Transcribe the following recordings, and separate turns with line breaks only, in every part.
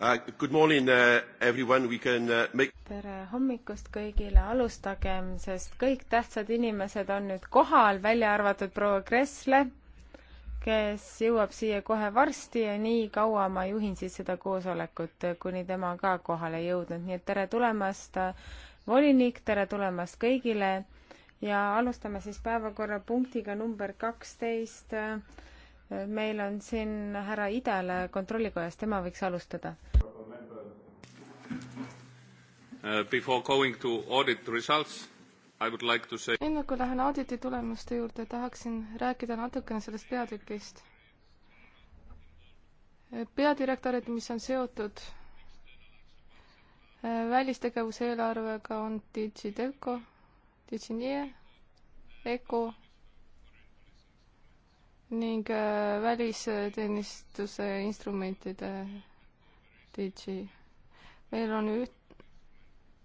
Uh, good morning, uh, everyone. We can uh, make
tere hommikust kõigile, alustagem, sest kõik tähtsad inimesed on nüüd kohal, välja arvatud proua Kressle, kes jõuab siia kohe varsti ja nii kaua ma juhin siis seda koosolekut, kuni tema on ka kohale jõudnud, nii et tere tulemast, äh, volinik, tere tulemast kõigile ja alustame siis päevakorrapunktiga number kaksteist 12 äh, meil on siin härra Idele Kontrollikojas, tema võiks alustada.
Uh, before going to audit results Like say...
enne kui lähen auditi tulemuste
juurde, tahaksin rääkida natukene sellest peatükist. peadirektorid, mis on seotud eh, välistegevuse eelarvega, on DigiDelco, DigiNie, ECO ning äh, välisteenistuse instrumentide DJ. meil on üht,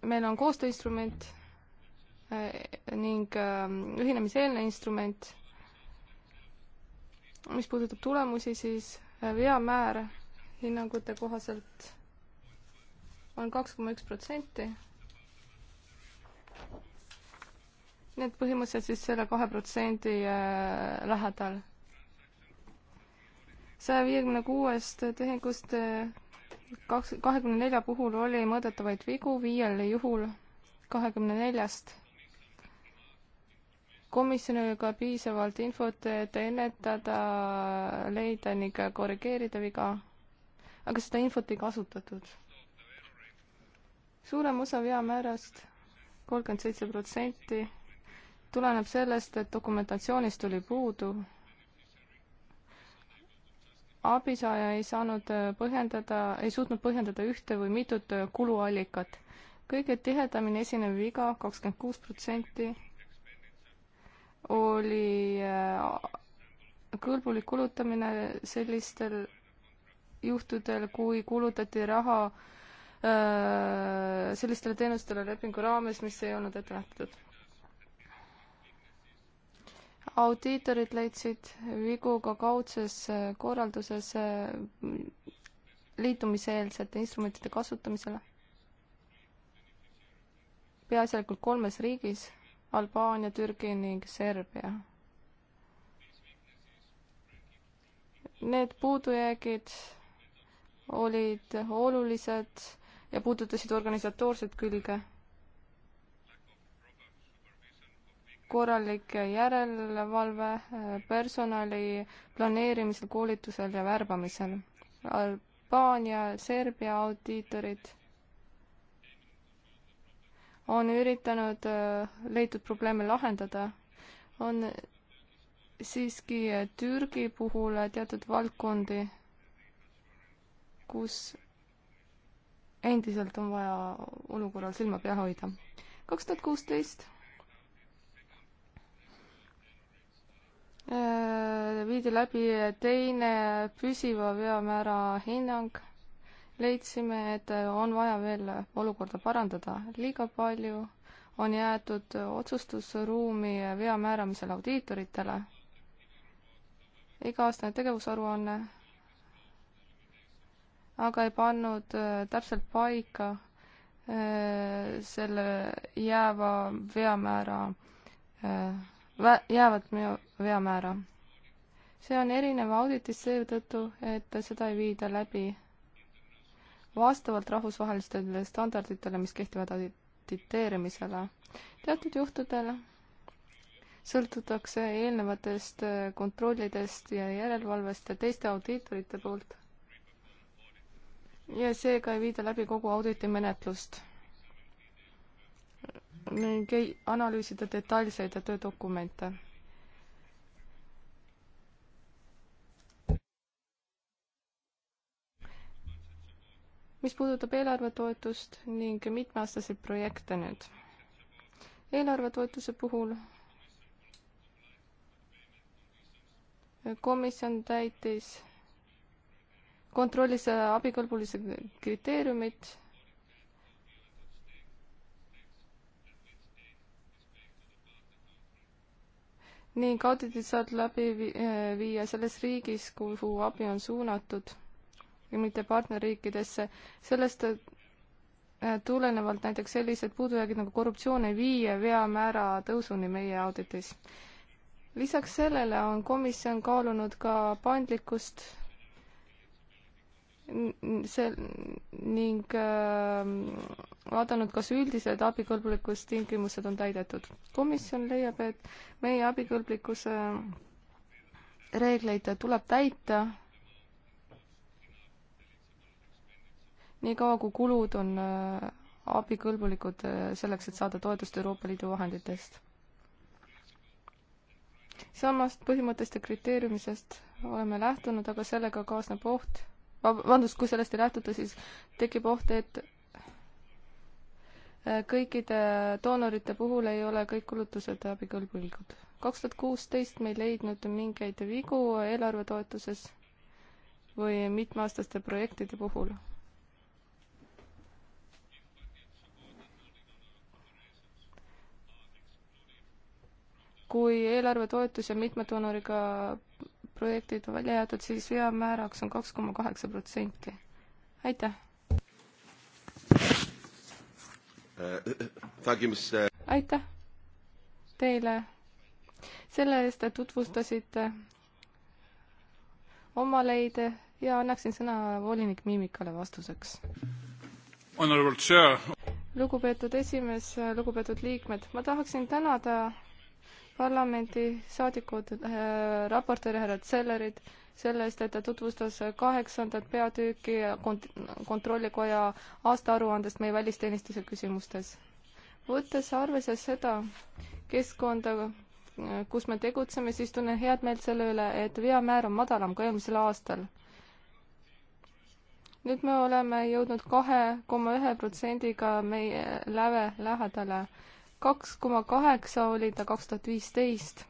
meil on koostööinstrument äh, ning äh, ühinemiseelne instrument. mis puudutab tulemusi, siis veamäär hinnangute kohaselt on kaks koma üks protsenti. nii et põhimõtteliselt siis selle kahe protsendi lähedal saja viiekümne kuuest tehingust kaks, kahekümne nelja puhul oli mõõdetavaid vigu, viiel juhul kahekümne neljast komisjonil oli ka piisavalt infot, et ennetada, leida ning korrigeerida viga. aga seda infot ei kasutatud. suurem osa veamäärast, kolmkümmend seitse protsenti, tuleneb sellest, et dokumentatsioonist oli puudu abisaaja ei saanud äh, põhjendada, ei suutnud põhjendada ühte või mitut äh, kuluallikat. kõige tihedamini esinev viga, kakskümmend kuus protsenti, oli äh, kõlbulik kulutamine sellistel juhtudel, kui kulutati raha sellistele teenustele lepingu raames, mis ei olnud ette nähtud audiitorid leidsid vigu ka kaudses äh, korralduses äh, liitumiseelsete instrumentide kasutamisele. peaasjalikult kolmes riigis Albaania, Türgi ning Serbia. Need puudujäägid olid olulised ja puudutasid organisatoorset külge korralik järelevalve eh, personali planeerimisel, koolitusel ja värbamisel. Albaania, Serbia audiitorid on üritanud eh, leitud probleeme lahendada, on siiski eh, Türgi puhul teatud valdkondi, kus endiselt on vaja olukorral silma peal hoida. kaks tuhat kuusteist Äh, viidi läbi teine püsiva veamäära hinnang. leidsime, et on vaja veel olukorda parandada. liiga palju on jäetud otsustusruumi vea määramisel audiitoritele. iga-aastane tegevusaruanne aga ei pannud äh, täpselt paika äh, selle jääva veamäära jäävad meo veamäära. see on erinev auditist seetõttu, et seda ei viida läbi vastavalt rahvusvahelistele standarditele, mis kehtivad auditeerimisele. teatud juhtudel sõltutakse eelnevatest kontrollidest ja järelevalvest ja teiste audiitorite poolt. ja seega ei viida läbi kogu auditi menetlust ning ei analüüsida detailseid töödokumente. mis puudutab eelarvetoetust ning mitmeaastaseid projekte nüüd. eelarvetoetuse puhul komisjon täitis, kontrollis abikõlbulised kriteeriumid ning auditid saad läbi äh, viia selles riigis, kuhu abi on suunatud ja mitte partnerriikidesse. sellest äh, tulenevalt näiteks sellised puudujäägid nagu korruptsioon ei vii veamäära tõusuni meie auditis. lisaks sellele on komisjon kaalunud ka paindlikkust see ning äh, vaadanud, kas üldised abikõlblikkustingimused on täidetud. komisjon leiab, et meie abikõlblikkuse reegleid tuleb täita niikaua, kui kulud on äh, abikõlbulikud äh, selleks, et saada toetust Euroopa Liidu vahenditest. samast põhimõttest ja kriteeriumisest oleme lähtunud, aga sellega kaasneb oht vabandust, kui sellest ei lähtuta, siis tekib oht, et äh, kõikide doonorite puhul ei ole kõik kulutused abikõlblikud. kaks tuhat kuusteist me ei leidnud mingeid vigu eelarvetoetuses või mitmeaastaste projektide puhul. kui eelarvetoetus ja mitme doonoriga projektid välja jäetud, siis veamääraks on kaks koma kaheksa protsenti. aitäh!
Äh,
äh, äh,
aitäh teile selle eest, et tutvustasite oma leide ja annaksin sõna volinik Miimikale vastuseks. lugupeetud esimees, lugupeetud liikmed, ma tahaksin tänada parlamendi saadikud äh,, raportööri härra Zellerit selle eest, et ta tutvustas kaheksandat peatüüki kont-, kontrollikoja aastaaruandest meie välisteenistuse küsimustes. võttes arvesse seda keskkonda, kus me tegutseme, siis tunnen head meelt selle üle, et veamäär on madalam kui eelmisel aastal. nüüd me oleme jõudnud kahe koma ühe protsendiga meie läve lähedale kaks koma kaheksa oli ta kaks tuhat viisteist.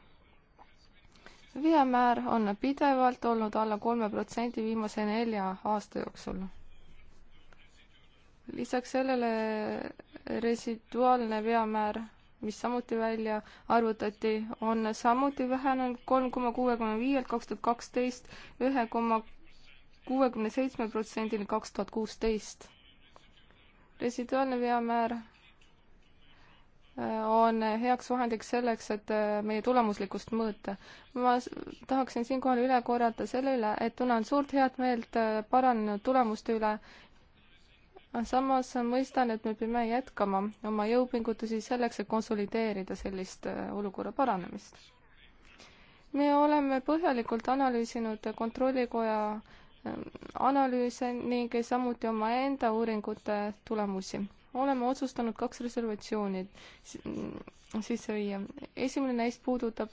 veamäär on pidevalt olnud alla kolme protsendi viimase nelja aasta jooksul. lisaks sellele residuaalne veamäär, mis samuti välja arvutati, on samuti vähenenud kolm koma kuuekümne viielt kaks tuhat kaksteist ühe koma kuuekümne seitsme protsendini kaks tuhat kuusteist. residuaalne veamäär on heaks vahendiks selleks, et äh, meie tulemuslikkust mõõta. ma tahaksin siinkohal üle korrata selle üle, et tunnen suurt head meelt äh, paranenud tulemuste üle. samas mõistan, et me peame jätkama oma jõupingutusi selleks, et konsolideerida sellist äh, olukorra paranemist. me oleme põhjalikult analüüsinud Kontrollikoja analüüse ning samuti omaenda uuringute tulemusi oleme otsustanud kaks reservatsiooni sisse viia. esimene neist puudutab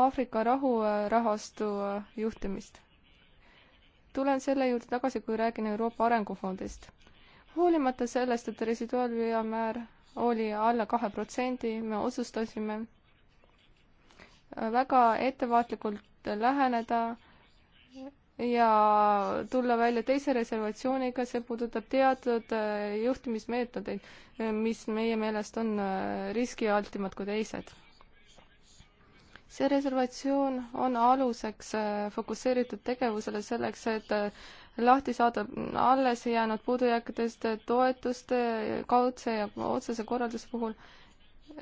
Aafrika rahurahastu äh, äh, juhtimist. tulen selle juurde tagasi, kui räägin Euroopa Arengufondist. hoolimata sellest, et residuaalvea määr oli alla kahe protsendi, me otsustasime äh, väga ettevaatlikult läheneda ja tulla välja teise reservatsiooniga, see puudutab teatud äh, juhtimismeetodeid, äh, mis meie meelest on äh, riskialtimad kui teised. see reservatsioon on aluseks fokusseeritud tegevusele selleks, et lahti saada alles jäänud puudujääkidest toetuste kaudse ja otsese korralduse puhul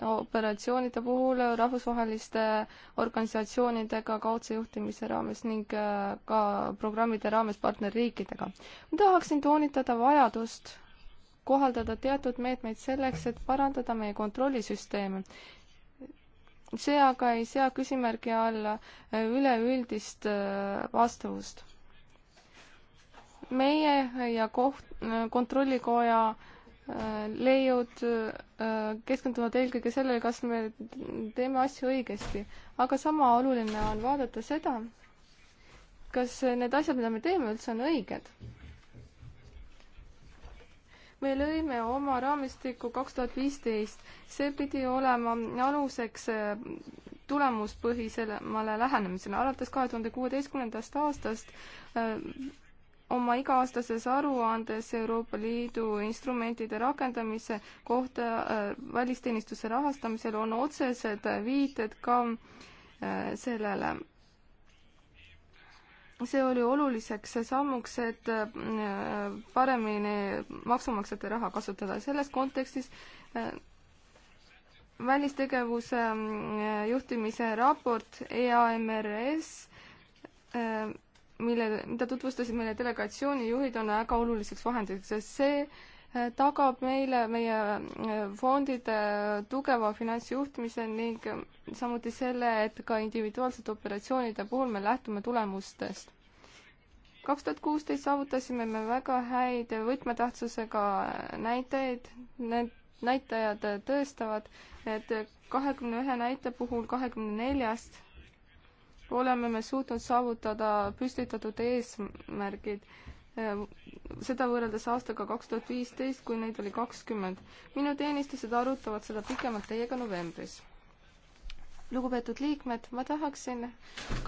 operatsioonide puhul rahvusvaheliste organisatsioonidega kaudse juhtimise raames ning äh, ka programmide raames partnerriikidega. ma tahaksin toonitada vajadust kohaldada teatud meetmeid selleks, et parandada meie kontrollisüsteeme. see aga ei sea küsimärgi alla äh, üleüldist äh, vastavust. meie ja koht, kontrollikoja äh, leiud äh, keskenduvad eelkõige sellele, kas me teeme asju õigesti. aga sama oluline on vaadata seda, kas need asjad, mida me teeme, üldse on õiged. me lõime oma raamistiku kaks tuhat viisteist, see pidi olema aluseks äh, tulemuspõhisemale lähenemisele. alates kahe tuhande kuueteistkümnendast aastast äh, oma iga-aastases aruandes Euroopa Liidu instrumentide rakendamise kohta äh, välisteenistuse rahastamisel on otsesed viited ka äh, sellele. see oli oluliseks sammuks, et äh, paremini maksumaksjate raha kasutada. selles kontekstis välistegevuse juhtimise raport EAMRS mille, mida tutvustasid meile delegatsiooni juhid, on väga oluliseks vahendiks, sest see äh, tagab meile meie äh, fondide äh, tugeva finantsjuhtimise ning samuti selle, et ka individuaalsete operatsioonide puhul me lähtume tulemustest. kaks tuhat kuusteist saavutasime me väga häid võtmetähtsusega näitajaid, need näitajad tõestavad, et kahekümne ühe näite puhul kahekümne neljast oleme me suutnud saavutada püstitatud eesmärgid, ehm, seda võrreldes aastaga kaks tuhat viisteist, kui neid oli kakskümmend. minu teenistused arutavad seda pikemalt teiega novembris. lugupeetud liikmed, ma tahaksin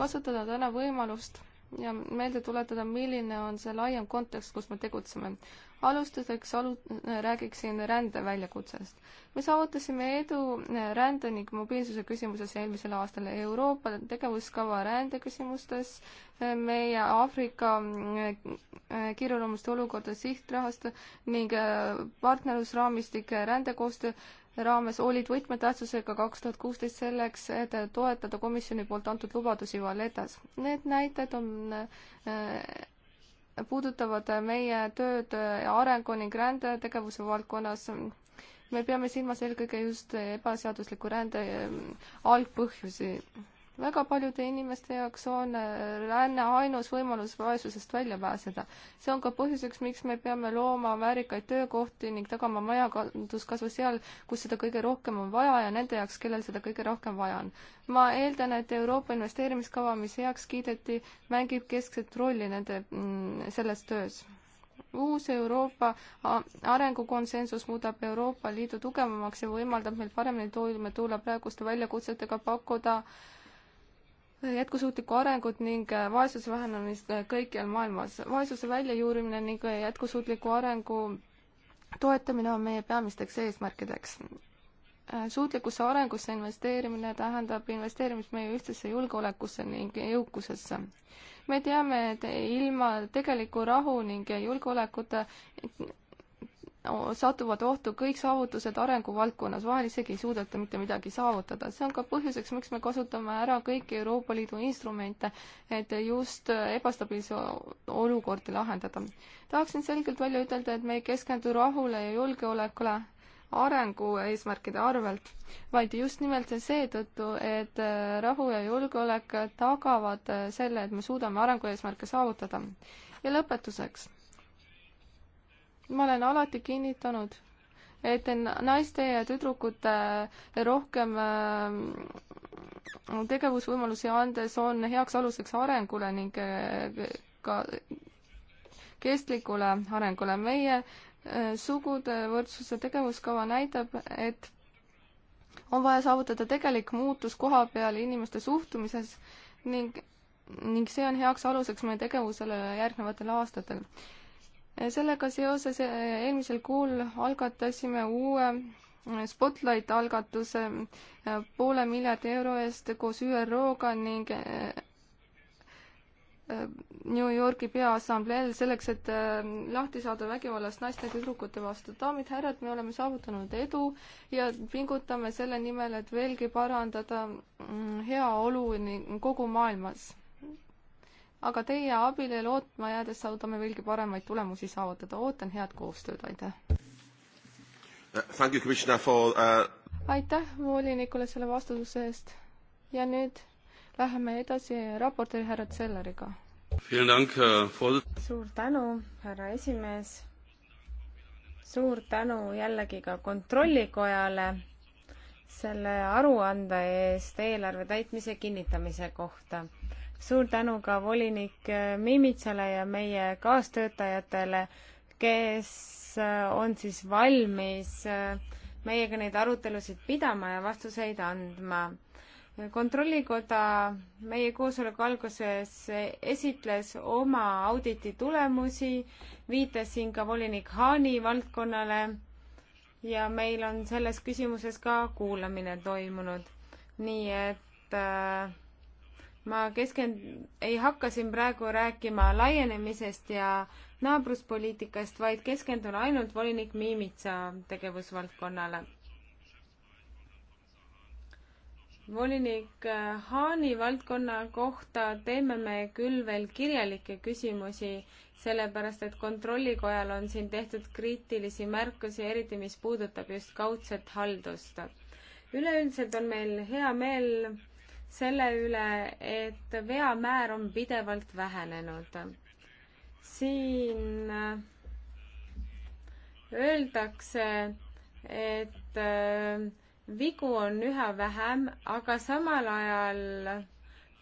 kasutada täna võimalust ja meelde tuletada, milline on see laiem kontekst, kus me tegutseme. alustuseks alu-, räägiksin rände väljakutsest. me saavutasime edu eh, rände ning mobiilsuse küsimuses eelmisel aastal Euroopa tegevuskava rändeküsimustes, eh, meie Aafrika eh, kiireloomuliste olukordade sihtrahast ning partnerlusraamistik rändekoostöö raames olid võtmetähtsusega kaks tuhat kuusteist selleks, et toetada komisjoni poolt antud lubadusi Valletas. Need näited on äh, puudutavad meie tööd arengu ning rändetegevuse valdkonnas. me peame silmas eelkõige just ebaseadusliku rände äh, algpõhjusi väga paljude inimeste jaoks on ränne äh, ainus võimalus vaesusest välja pääseda. see on ka põhjuseks, miks me peame looma väärikaid töökohti ning tagama majanduskasvu seal, kus seda kõige rohkem on vaja ja nende jaoks, kellel seda kõige rohkem vaja on. ma eeldan, et Euroopa investeerimiskava, mis heaks kiideti, mängib keskset rolli nende, mm, selles töös uus Euroopa arengukonsensus muudab Euroopa Liidu tugevamaks ja võimaldab meil paremini toime tulla praeguste väljakutsetega, pakkuda äh, jätkusuutlikku arengut ning äh, vaesuse vähenemist äh, kõikjal maailmas. vaesuse väljajuurimine ning äh, jätkusuutliku arengu toetamine on meie peamisteks eesmärkideks. suutlikkusse arengusse investeerimine tähendab investeerimist meie ühtsesse julgeolekusse ning jõukusesse. me teame, et ilma tegeliku rahu ning julgeolekuta satuvad ohtu kõik saavutused arenguvaldkonnas, vahel isegi ei suudeta mitte midagi saavutada. see on ka põhjuseks, miks me kasutame ära kõiki Euroopa Liidu instrumente, et just ebastabiilse olukordi lahendada. tahaksin selgelt välja ütelda, et me ei keskendu rahule ja julgeolekule arengu eesmärkide arvelt, vaid just nimelt seetõttu, et rahu ja julgeolek tagavad selle, et me suudame arengueesmärke saavutada. ja lõpetuseks ma olen alati kinnitanud, et naiste ja tüdrukute rohkem äh, tegevusvõimalusi andes on heaks aluseks arengule ning äh, ka kestlikule arengule. meie äh, sugude võrdsuse tegevuskava näitab, et on vaja saavutada tegelik muutus koha peal inimeste suhtumises ning, ning see on heaks aluseks meie tegevusele järgnevatel aastatel sellega seoses eh, eelmisel kuul algatasime uue eh, Spotlight algatuse eh, poole miljardi euro eest koos ÜRO-ga ning New Yorgi Peaassambleel selleks, et lahti saada vägivallast naiste ja tüdrukute vastu. daamid-härrad, me oleme saavutanud edu ja pingutame selle nimel, et veelgi parandada mm, heaolu kogu maailmas aga teie abile lootma jäädes saadame veelgi paremaid tulemusi saavutada. ootan head koostööd, aitäh!
Uh, uh,
aitäh volinikule selle vastuse eest ja nüüd
läheme edasi raportööri härra Zelleriga.
Äh,
suur tänu, härra esimees! suur tänu jällegi ka Kontrollikojale selle aruande eest eelarve täitmise kinnitamise kohta suur tänu ka volinik äh, Mimitsale ja meie kaastöötajatele, kes äh, on siis valmis äh, meiega neid arutelusid pidama ja vastuseid andma. kontrollikoda meie koosoleku alguses esitles oma auditi tulemusi, viitas siin ka volinik Haani valdkonnale ja meil on selles küsimuses ka kuulamine toimunud. nii et äh, ma keskend-, ei hakka siin praegu rääkima laienemisest ja naabruspoliitikast, vaid keskendun ainult volinik Miimitsa tegevusvaldkonnale. volinik äh, Haani valdkonna kohta teeme me küll veel kirjalikke küsimusi, sellepärast et Kontrollikojal on siin tehtud kriitilisi märkusi, eriti mis puudutab just kaudset haldust. üleüldiselt on meil hea meel selle üle, et veamäär on pidevalt vähenenud. siin äh, öeldakse, et äh, vigu on üha vähem, aga samal ajal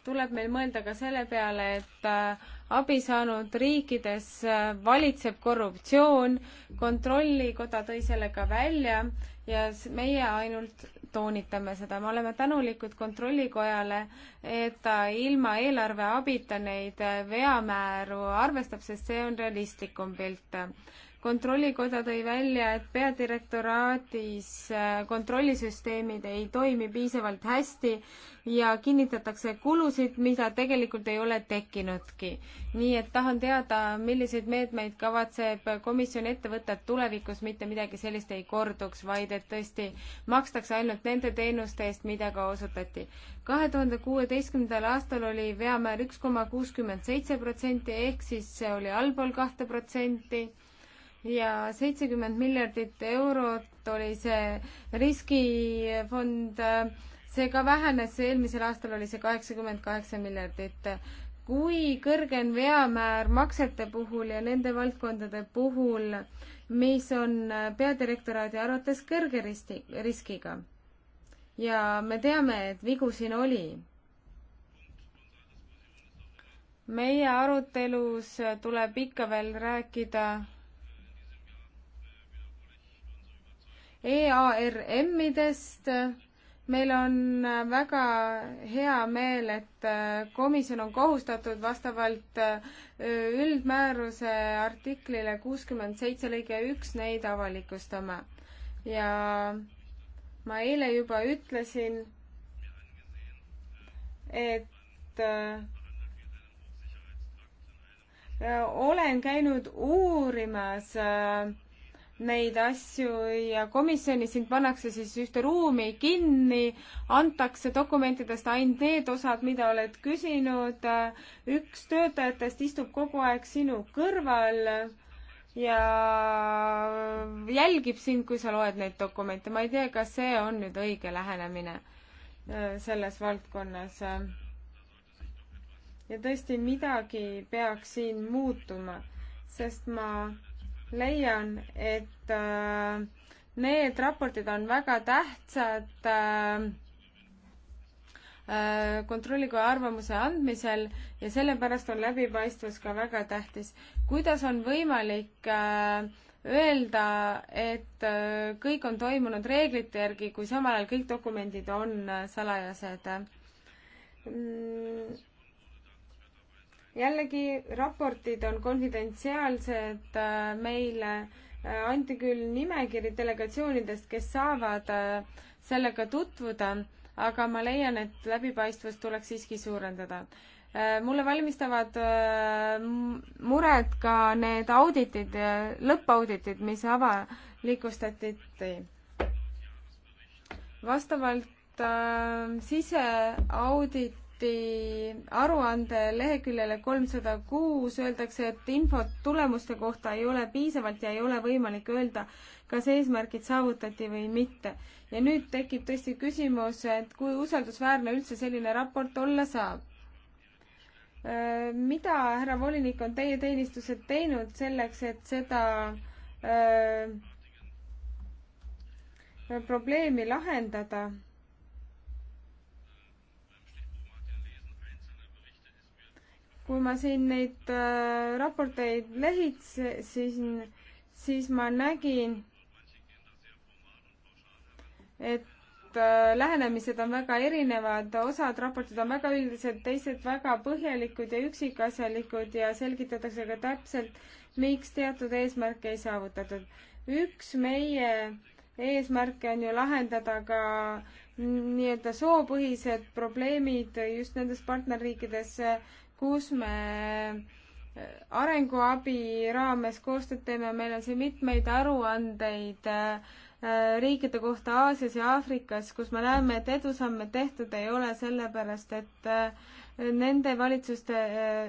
tuleb meil mõelda ka selle peale, et äh, abi saanud riikides äh, valitseb korruptsioon, kontrollikoda tõi selle ka välja ja meie ainult toonitame seda, me oleme tänulikud Kontrollikojale, et ta ilma eelarve abita neid äh, veamääru arvestab, sest see on realistlikum pilt kontrollikoda tõi välja, et peadirektoraadis äh, kontrollisüsteemid ei toimi piisavalt hästi ja kinnitatakse kulusid, mida tegelikult ei ole tekkinudki. nii et tahan teada, milliseid meetmeid kavatseb komisjon ette võtta, et tulevikus mitte midagi sellist ei korduks, vaid et tõesti makstakse ainult nende teenuste eest, mida ka osutati. kahe tuhande kuueteistkümnendal aastal oli veamäär üks koma kuuskümmend seitse protsenti ehk siis see oli allpool kahte protsenti ja seitsekümmend miljardit eurot oli see riskifond, see ka vähenes, eelmisel aastal oli see kaheksakümmend kaheksa miljardit. kui kõrge on veamäär maksete puhul ja nende valdkondade puhul, mis on peadirektoraadi arvates kõrge risti, riskiga? ja me teame, et vigu siin oli. meie arutelus tuleb ikka veel rääkida EARM-idest. meil on väga hea meel, et äh, komisjon on kohustatud vastavalt äh, üldmääruse artiklile kuuskümmend seitse lõige üks neid avalikustama. ja ma eile juba ütlesin, et äh, olen käinud uurimas äh, neid asju ja komisjoni sind pannakse siis ühte ruumi kinni, antakse dokumentidest ainult need osad, mida oled küsinud. üks töötajatest istub kogu aeg sinu kõrval ja jälgib sind, kui sa loed neid dokumente. ma ei tea, kas see on nüüd õige lähenemine äh, selles valdkonnas. ja tõesti, midagi peaks siin muutuma, sest ma leian, et äh, need raportid on väga tähtsad äh, äh, kontrollikoja arvamuse andmisel ja sellepärast on läbipaistvus ka väga tähtis. kuidas on võimalik öelda, et kõik on toimunud reeglite järgi, kui samal ajal kõik dokumendid on salajased? Mm, jällegi, raportid on konfidentsiaalsed, äh, meile äh, anti küll nimekiri delegatsioonidest, kes saavad äh, sellega tutvuda, aga ma leian, et läbipaistvust tuleks siiski suurendada mulle valmistavad mured ka need auditid, lõppauditid, mis avalikustati. vastavalt siseaudit raporti aruande leheküljele kolmsada kuus öeldakse, et infot tulemuste kohta ei ole piisavalt ja ei ole võimalik öelda, kas eesmärgid saavutati või mitte. ja nüüd tekib tõesti küsimus, et kui usaldusväärne üldse selline raport olla saab. Äh, mida, härra volinik, on teie teenistused teinud selleks, et seda öö, äh, probleemi lahendada? kui ma siin neid äh, raporteid lehitsesin, siis ma nägin, et äh, lähenemised on väga erinevad, osad raportid on väga üldised, teised väga põhjalikud ja üksikasjalikud ja selgitatakse ka täpselt, miks teatud eesmärke ei saavutatud. üks meie eesmärke on ju lahendada ka nii-öelda soopõhised probleemid just nendes partnerriikides äh,, kus me äh, arenguabi raames koostööd teeme, meil on siin mitmeid aruandeid äh, riikide kohta Aasias ja Aafrikas, kus me näeme, et edusamme tehtud ei ole, sellepärast et äh, nende valitsuste,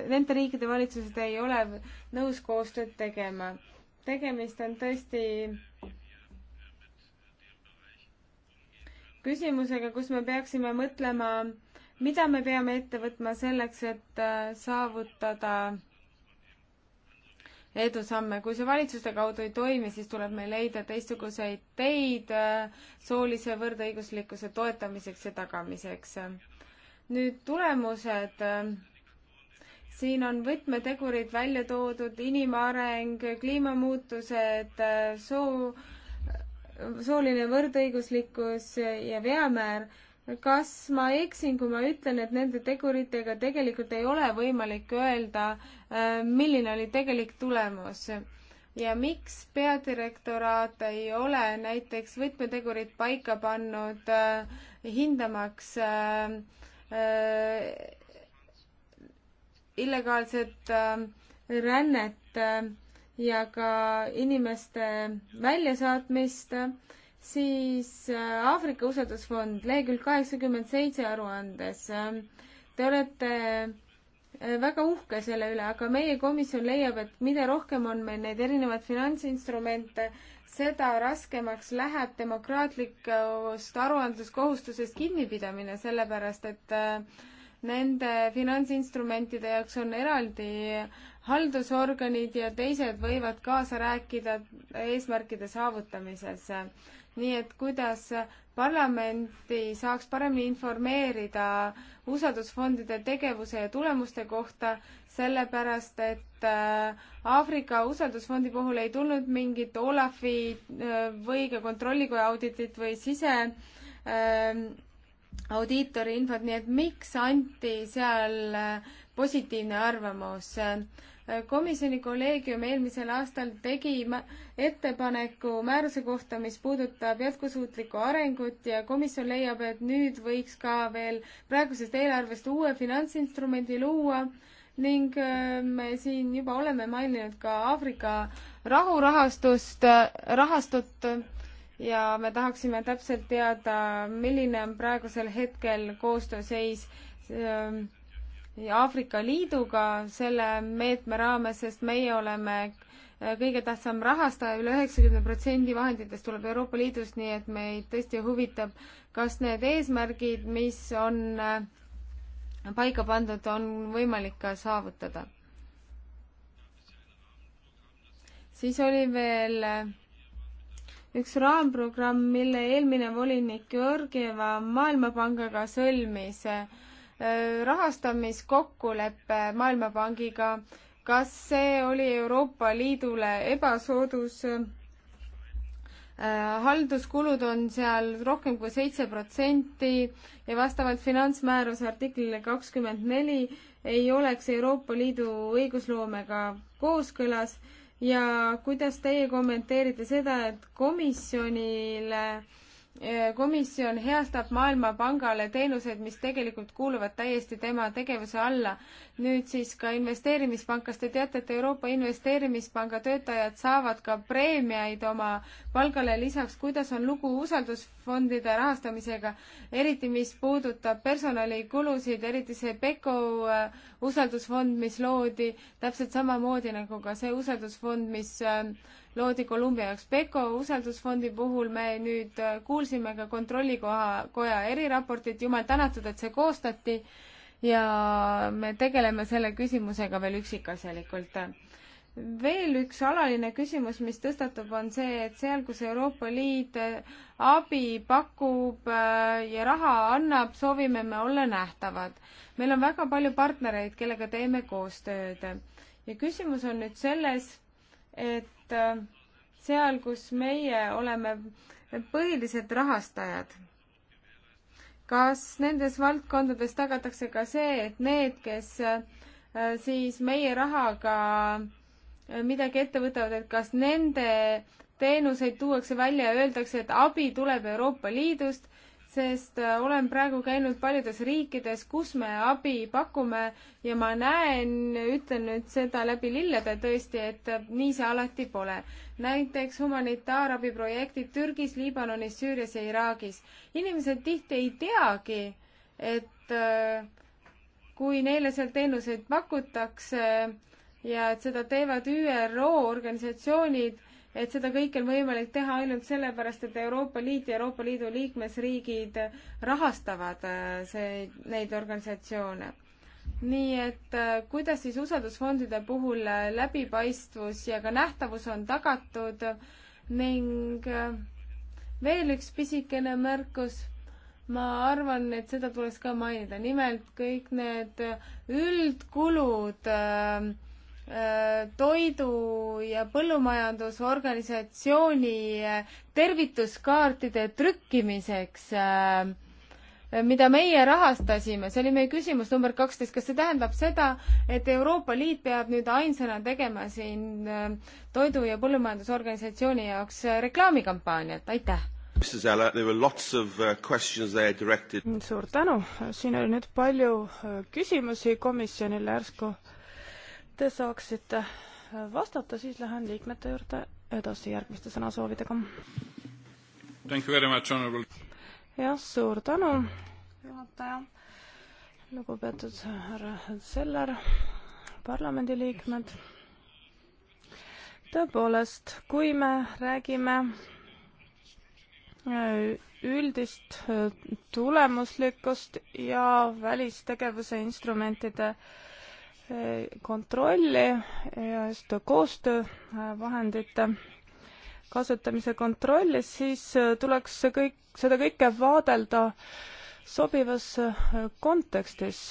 nende riikide valitsused ei ole nõus koostööd tegema. tegemist on tõesti küsimusega, kus me peaksime mõtlema mida me peame ette võtma selleks, et äh, saavutada edusamme, kui see valitsuste kaudu ei toimi, siis tuleb meil leida teistsuguseid teid äh, soolise võrdõiguslikkuse toetamiseks ja tagamiseks. nüüd tulemused. siin on võtmetegurid välja toodud, inimareng, kliimamuutused, soo, sooline võrdõiguslikkus ja veamäär kas ma eksin, kui ma ütlen, et nende teguritega tegelikult ei ole võimalik öelda, äh, milline oli tegelik tulemus? ja miks peadirektoraat ei ole näiteks võtmetegurit paika pannud äh, hindamaks äh, äh, illegaalset äh, rännet äh, ja ka inimeste väljasaatmist äh, siis äh, Aafrika usaldusfond, lehekülg kaheksakümmend seitse aruandes. Ähm, te olete äh, väga uhke selle üle, aga meie komisjon leiab, et mida rohkem on meil neid erinevaid finantsinstrumente, seda raskemaks läheb demokraatlikust aruandluskohustusest kinnipidamine, sellepärast et äh, nende finantsinstrumentide jaoks on eraldi haldusorganid ja teised võivad kaasa rääkida eesmärkide saavutamises nii et kuidas parlamenti saaks paremini informeerida usaldusfondide tegevuse ja tulemuste kohta, sellepärast et äh, Aafrika usaldusfondi puhul ei tulnud mingit Olafi äh, või ka kontrollikoja auditit või sise ähm, audiitori infot, nii et miks anti seal äh, positiivne arvamus? komisjoni kolleegium eelmisel aastal tegi ettepaneku määruse kohta, mis puudutab jätkusuutlikku arengut ja komisjon leiab, et nüüd võiks ka veel praegusest eelarvest uue finantsinstrumendi luua ning äh, me siin juba oleme maininud ka Aafrika rahurahastust, äh, rahastut ja me tahaksime täpselt teada, milline on praegusel hetkel koostööseis äh, Aafrika Liiduga selle meetme raames, sest meie oleme äh, kõige tähtsam rahastaja üle, üle üheksakümne protsendi vahenditest tuleb Euroopa Liidust, nii et meid tõesti huvitab, kas need eesmärgid, mis on äh, paika pandud, on võimalik ka saavutada. siis oli veel äh, üks raamprogramm, mille eelmine volinik Georgieva Maailmapangaga sõlmis rahastamiskokkulepe Maailmapangiga, kas see oli Euroopa Liidule ebasoodus? Äh, halduskulud on seal rohkem kui seitse protsenti ja vastavalt finantsmääruse artiklile kakskümmend neli ei oleks Euroopa Liidu õigusloomega kooskõlas ja kuidas teie kommenteerite seda, et komisjonile äh, Äh, komisjon heastab Maailmapangale teenused, mis tegelikult kuuluvad täiesti tema tegevuse alla. nüüd siis ka investeerimispankas, te teate, et Euroopa Investeerimispanga töötajad saavad ka preemiaid oma palgale lisaks, kuidas on lugu usaldusfondide rahastamisega, eriti mis puudutab personalikulusid, eriti see PECO äh, usaldusfond, mis loodi, täpselt samamoodi nagu ka see usaldusfond, mis äh, loodi Kolumbia jaoks PECO usaldusfondi puhul, me nüüd äh, kuulsime ka Kontrollikoha, koja eriraportit, jumal tänatud, et see koostati ja me tegeleme selle küsimusega veel üksikasjalikult. veel üks alaline küsimus, mis tõstatub, on see, et seal, kus Euroopa Liit äh, abi pakub äh, ja raha annab, soovime me olla nähtavad. meil on väga palju partnereid, kellega teeme koostööd ja küsimus on nüüd selles, et äh, seal, kus meie oleme põhilised rahastajad, kas nendes valdkondades tagatakse ka see, et need, kes äh, siis meie rahaga äh, midagi ette võtavad, et kas nende teenuseid tuuakse välja ja öeldakse, et abi tuleb Euroopa Liidust sest äh, olen praegu käinud paljudes riikides, kus me abi pakume ja ma näen, ütlen nüüd seda läbi lillede tõesti, et äh, nii see alati pole. näiteks humanitaarabiprojektid Türgis, Liibanonis, Süürias ja Iraagis. inimesed tihti ei teagi, et äh, kui neile seal teenuseid pakutakse ja et seda teevad ÜRO organisatsioonid, et seda kõike on võimalik teha ainult sellepärast, et Euroopa Liit ja Euroopa Liidu liikmesriigid rahastavad äh, see, neid organisatsioone. nii et äh, kuidas siis usaldusfondide puhul äh, läbipaistvus ja ka nähtavus on tagatud ning veel üks pisikene märkus ma arvan, et seda tuleks ka mainida, nimelt kõik need üldkulud äh, Äh, toidu- ja põllumajandusorganisatsiooni äh, tervituskaartide trükkimiseks, äh, mida meie rahastasime, see oli meie küsimus number kaksteist, kas see tähendab seda, et Euroopa Liit peab nüüd ainsana tegema siin toidu- ja põllumajandusorganisatsiooni jaoks reklaamikampaaniat, aitäh!
Uh, suur tänu, siin oli nüüd palju küsimusi komisjonile, järsku te saaksite vastata, siis lähen liikmete juurde edasi järgmiste sõnasoovidega. jah, suur tänu, juhataja, lugupeetud härra Seller, parlamendiliikmed. tõepoolest, kui me räägime äh, üldist äh, tulemuslikkust ja välistegevuse instrumentide äh, kontrolli ja seda koostöövahendite kasutamise kontrolli, siis tuleks see kõik, seda kõike vaadelda sobivas kontekstis,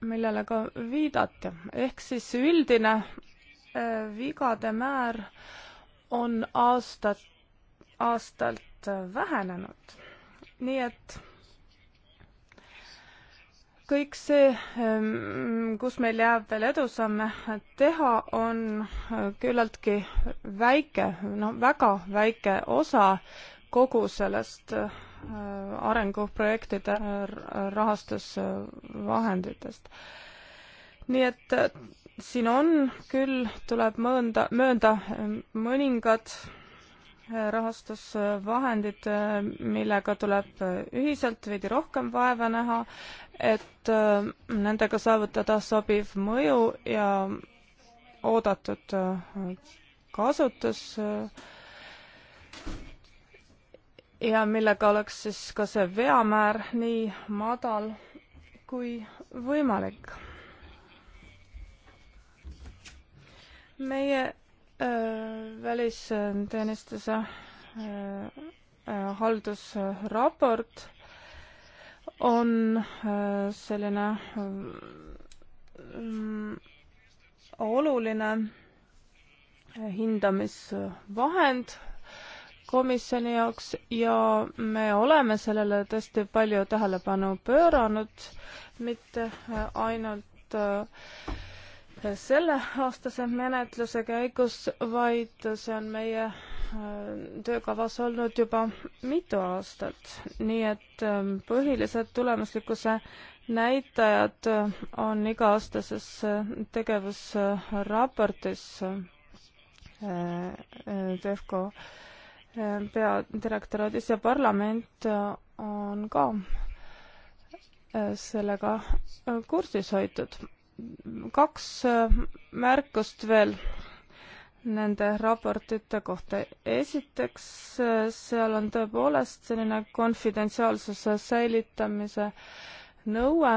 millele ka viidati. ehk siis üldine äh, vigade määr on aastat, aastalt vähenenud. nii et kõik see, ehm, kus meil jääb veel edusamme teha, on küllaltki väike, no väga väike osa kogu sellest eh, arenguprojektide rahastusvahenditest. nii et eh, siin on küll, tuleb mõõnda, möönda mõningad rahastusvahendid, millega tuleb ühiselt veidi rohkem vaeva näha, et äh, nendega saavutada sobiv mõju ja oodatud äh, kasutus äh, ja millega oleks siis ka see veamäär nii madal kui võimalik. meie Äh, välisteenistuse äh, äh, haldusraport on selline mm, oluline hindamisvahend komisjoni jaoks ja me oleme sellele tõesti palju tähelepanu pööranud, mitte ainult äh, selleaastase menetluse käigus, vaid see on meie äh, töökavas olnud juba mitu aastat, nii et ähm, põhilised tulemuslikkuse näitajad äh, on iga-aastases äh, tegevusraportis TEFCO peadirektoraadis ja parlament on ka sellega kursis hoitud kaks äh, märkust veel nende raportite kohta. esiteks, äh, seal on tõepoolest selline konfidentsiaalsuse säilitamise nõue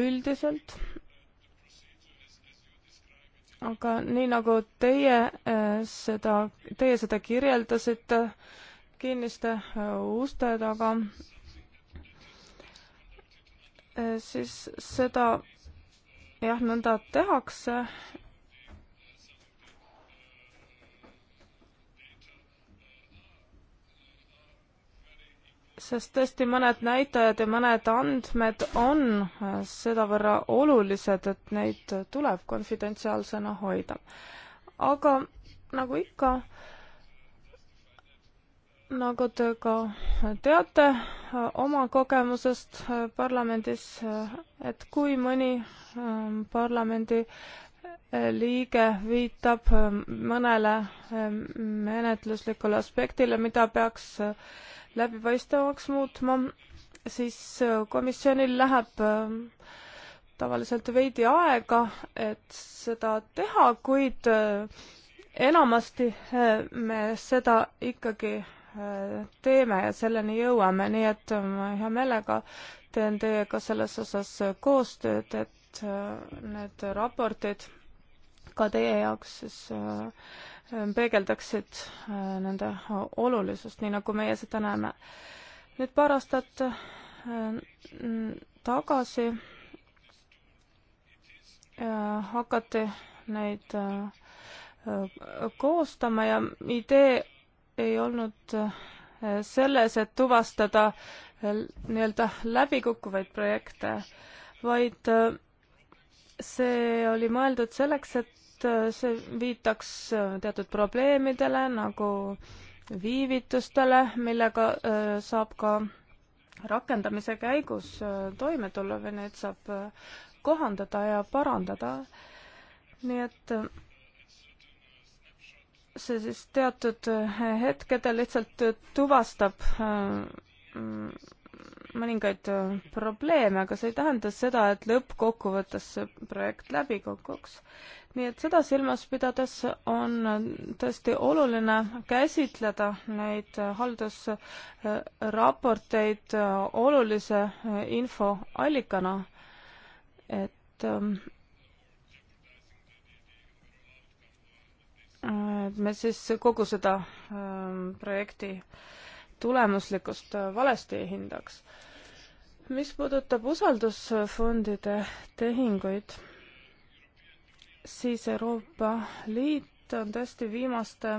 üldiselt, aga nii, nagu teie äh, seda, teie seda kirjeldasite kinniste uste taga, siis seda jah, nõnda tehakse. sest tõesti mõned näitajad ja mõned andmed on äh, sedavõrra olulised, et neid tuleb konfidentsiaalsena hoida. aga nagu ikka äh,, nagu te ka teate oma kogemusest äh, parlamendis, äh, et kui mõni ähm, parlamendi äh, liige viitab ähm, mõnele ähm, menetluslikule aspektile, mida peaks läbipaistvamaks muutma, siis komisjonil läheb tavaliselt veidi aega, et seda teha, kuid enamasti me seda ikkagi teeme ja selleni jõuame, nii et ma hea meelega teen teiega selles osas koostööd, et äh, need raportid ka teie jaoks siis äh, peegeldaksid äh, nende olulisust, nii nagu meie seda näeme. nüüd paar aastat tagasi hakati neid koostama ja idee ei olnud äh, selles, et tuvastada äh, nii-öelda läbikukkuvaid projekte, vaid äh, see oli mõeldud selleks, et see viitaks teatud probleemidele nagu viivitustele, millega saab ka rakendamise käigus toime tulla või neid saab kohandada ja parandada. nii et see siis teatud eh, hetkedel lihtsalt eh, tuvastab eh, mm, mõningaid probleeme, aga see ei tähenda seda, et lõppkokkuvõttes see projekt läbi kukuks. nii et seda silmas pidades on tõesti oluline käsitleda neid haldusraporteid olulise infoallikana, et Äh, me siis kogu seda ähm, projekti tulemuslikkust äh, valesti ei hindaks. mis puudutab usaldusfondide tehinguid, siis Euroopa Liit on tõesti viimaste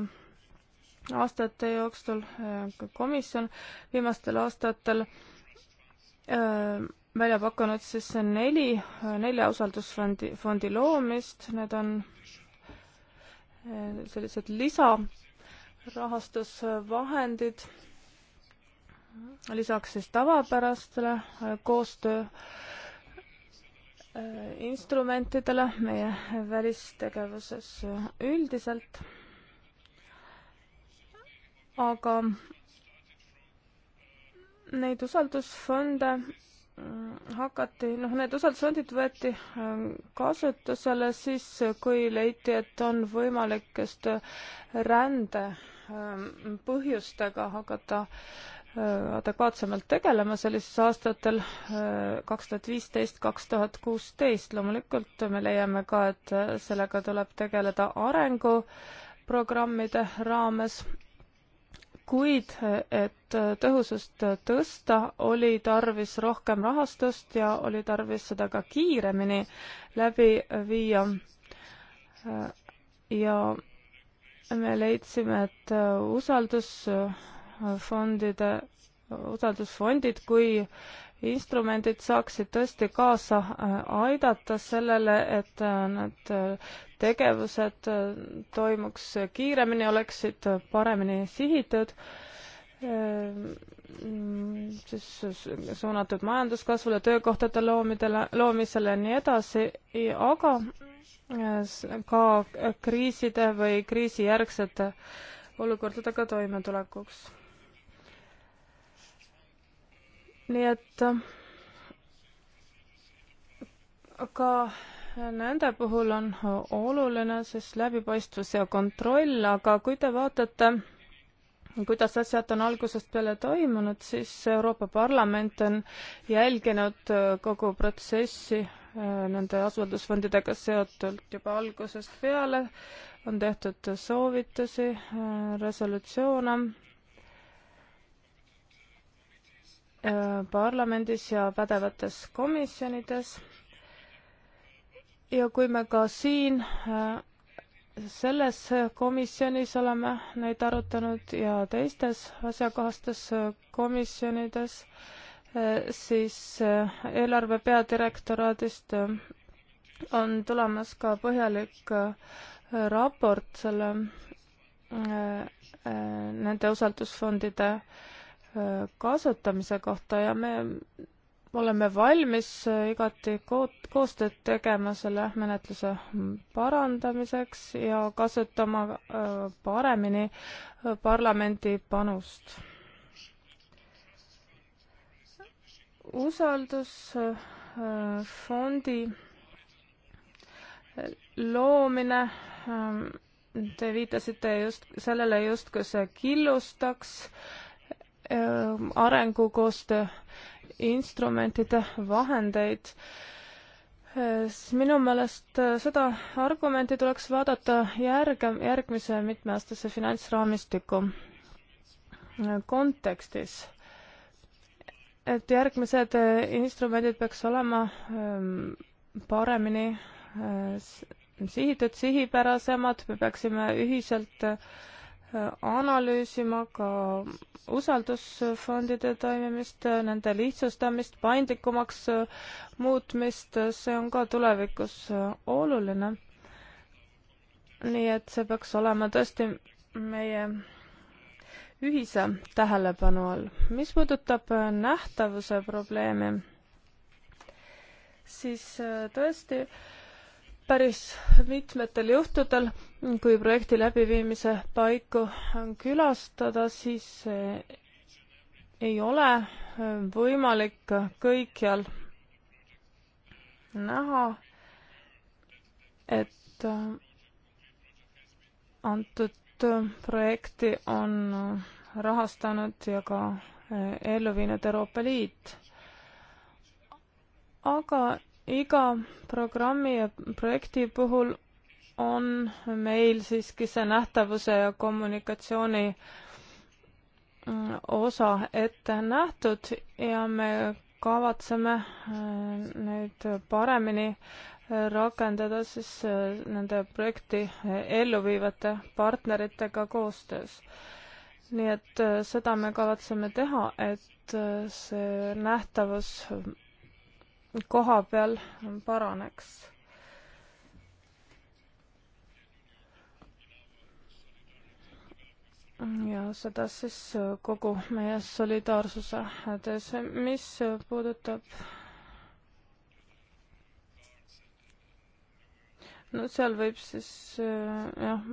aastate jooksul, äh, ka komisjon viimastel aastatel öö, välja pakkunud siis neli, nelja usaldusfondi, fondi loomist, need on sellised lisarahastusvahendid, lisaks siis tavapärastele äh, koostöö äh, instrumentidele meie välistegevuses äh, üldiselt. aga neid usaldusfonde hakati, noh, need usaldusfondid võeti ähm, kasutusele siis, kui leiti, et on võimalik just äh, rände ähm, põhjustega hakata äh, adekvaatsemalt tegelema sellises aastatel äh, kaks tuhat viisteist, kaks tuhat kuusteist. loomulikult me leiame ka, et sellega tuleb tegeleda arenguprogrammide raames kuid et tõhusust tõsta, oli tarvis rohkem rahastust ja oli tarvis seda ka kiiremini läbi viia. ja me leidsime, et usaldusfondide, usaldusfondid kui instrumendid saaksid tõesti kaasa äh, aidata sellele, et äh, need äh, tegevused toimuks kiiremini, oleksid paremini sihitud, siis suunatud majanduskasvule, töökohtade loomidele, loomisele ja nii edasi, aga ka kriiside või kriisijärgsete olukordadega toimetulekuks nii et äh, ka nende puhul on oluline siis läbipaistvus ja kontroll, aga kui te vaatate, kuidas asjad on algusest peale toimunud, siis Euroopa Parlament on jälginud äh, kogu protsessi äh, nende asundusfondidega seotult juba algusest peale, on tehtud soovitusi, resolutsioone Äh, parlamendis ja pädevates komisjonides. ja kui me ka siin äh, selles komisjonis oleme neid arutanud ja teistes asjakohastes komisjonides, äh, siis eelarve peadirektoraadist on tulemas ka põhjalik raport selle, nende usaldusfondide äh, Äh, kasutamise kohta ja me oleme valmis äh, igati koostööd tegema selle menetluse parandamiseks ja kasutama äh, paremini parlamendi panust. usaldusfondi loomine, ähm, te viitasite just sellele, justkui see killustaks äh, Ähm, arengukoostöö instrumentide vahendeid, äh, siis minu meelest äh, seda argumenti tuleks vaadata järg, järgmise mitmeaastase finantsraamistiku äh, kontekstis. et järgmised instrumendid peaks olema ähm, paremini sihitud, sihipärasemad, me peaksime ühiselt äh, analüüsima ka usaldusfondide toimimist, nende lihtsustamist, paindlikumaks muutmist, see on ka tulevikus oluline. nii et see peaks olema tõesti meie ühise tähelepanu all. mis puudutab nähtavuse probleemi, siis tõesti äh, päris mitmetel juhtudel, kui projekti läbiviimise paiku külastada, siis ei ole võimalik kõikjal näha, et antud projekti on rahastanud ja ka ellu viinud Euroopa Liit. aga iga programmi ja projekti puhul on meil siiski see nähtavuse ja kommunikatsiooni mm, osa ette nähtud ja me kavatseme äh, neid paremini äh, rakendada siis äh, nende projekti elluviivate partneritega koostöös. nii et seda me kavatseme teha, et see nähtavus koha peal paraneks. ja seda siis kogu meie solidaarsuse hädes, mis puudutab no seal võib siis jah,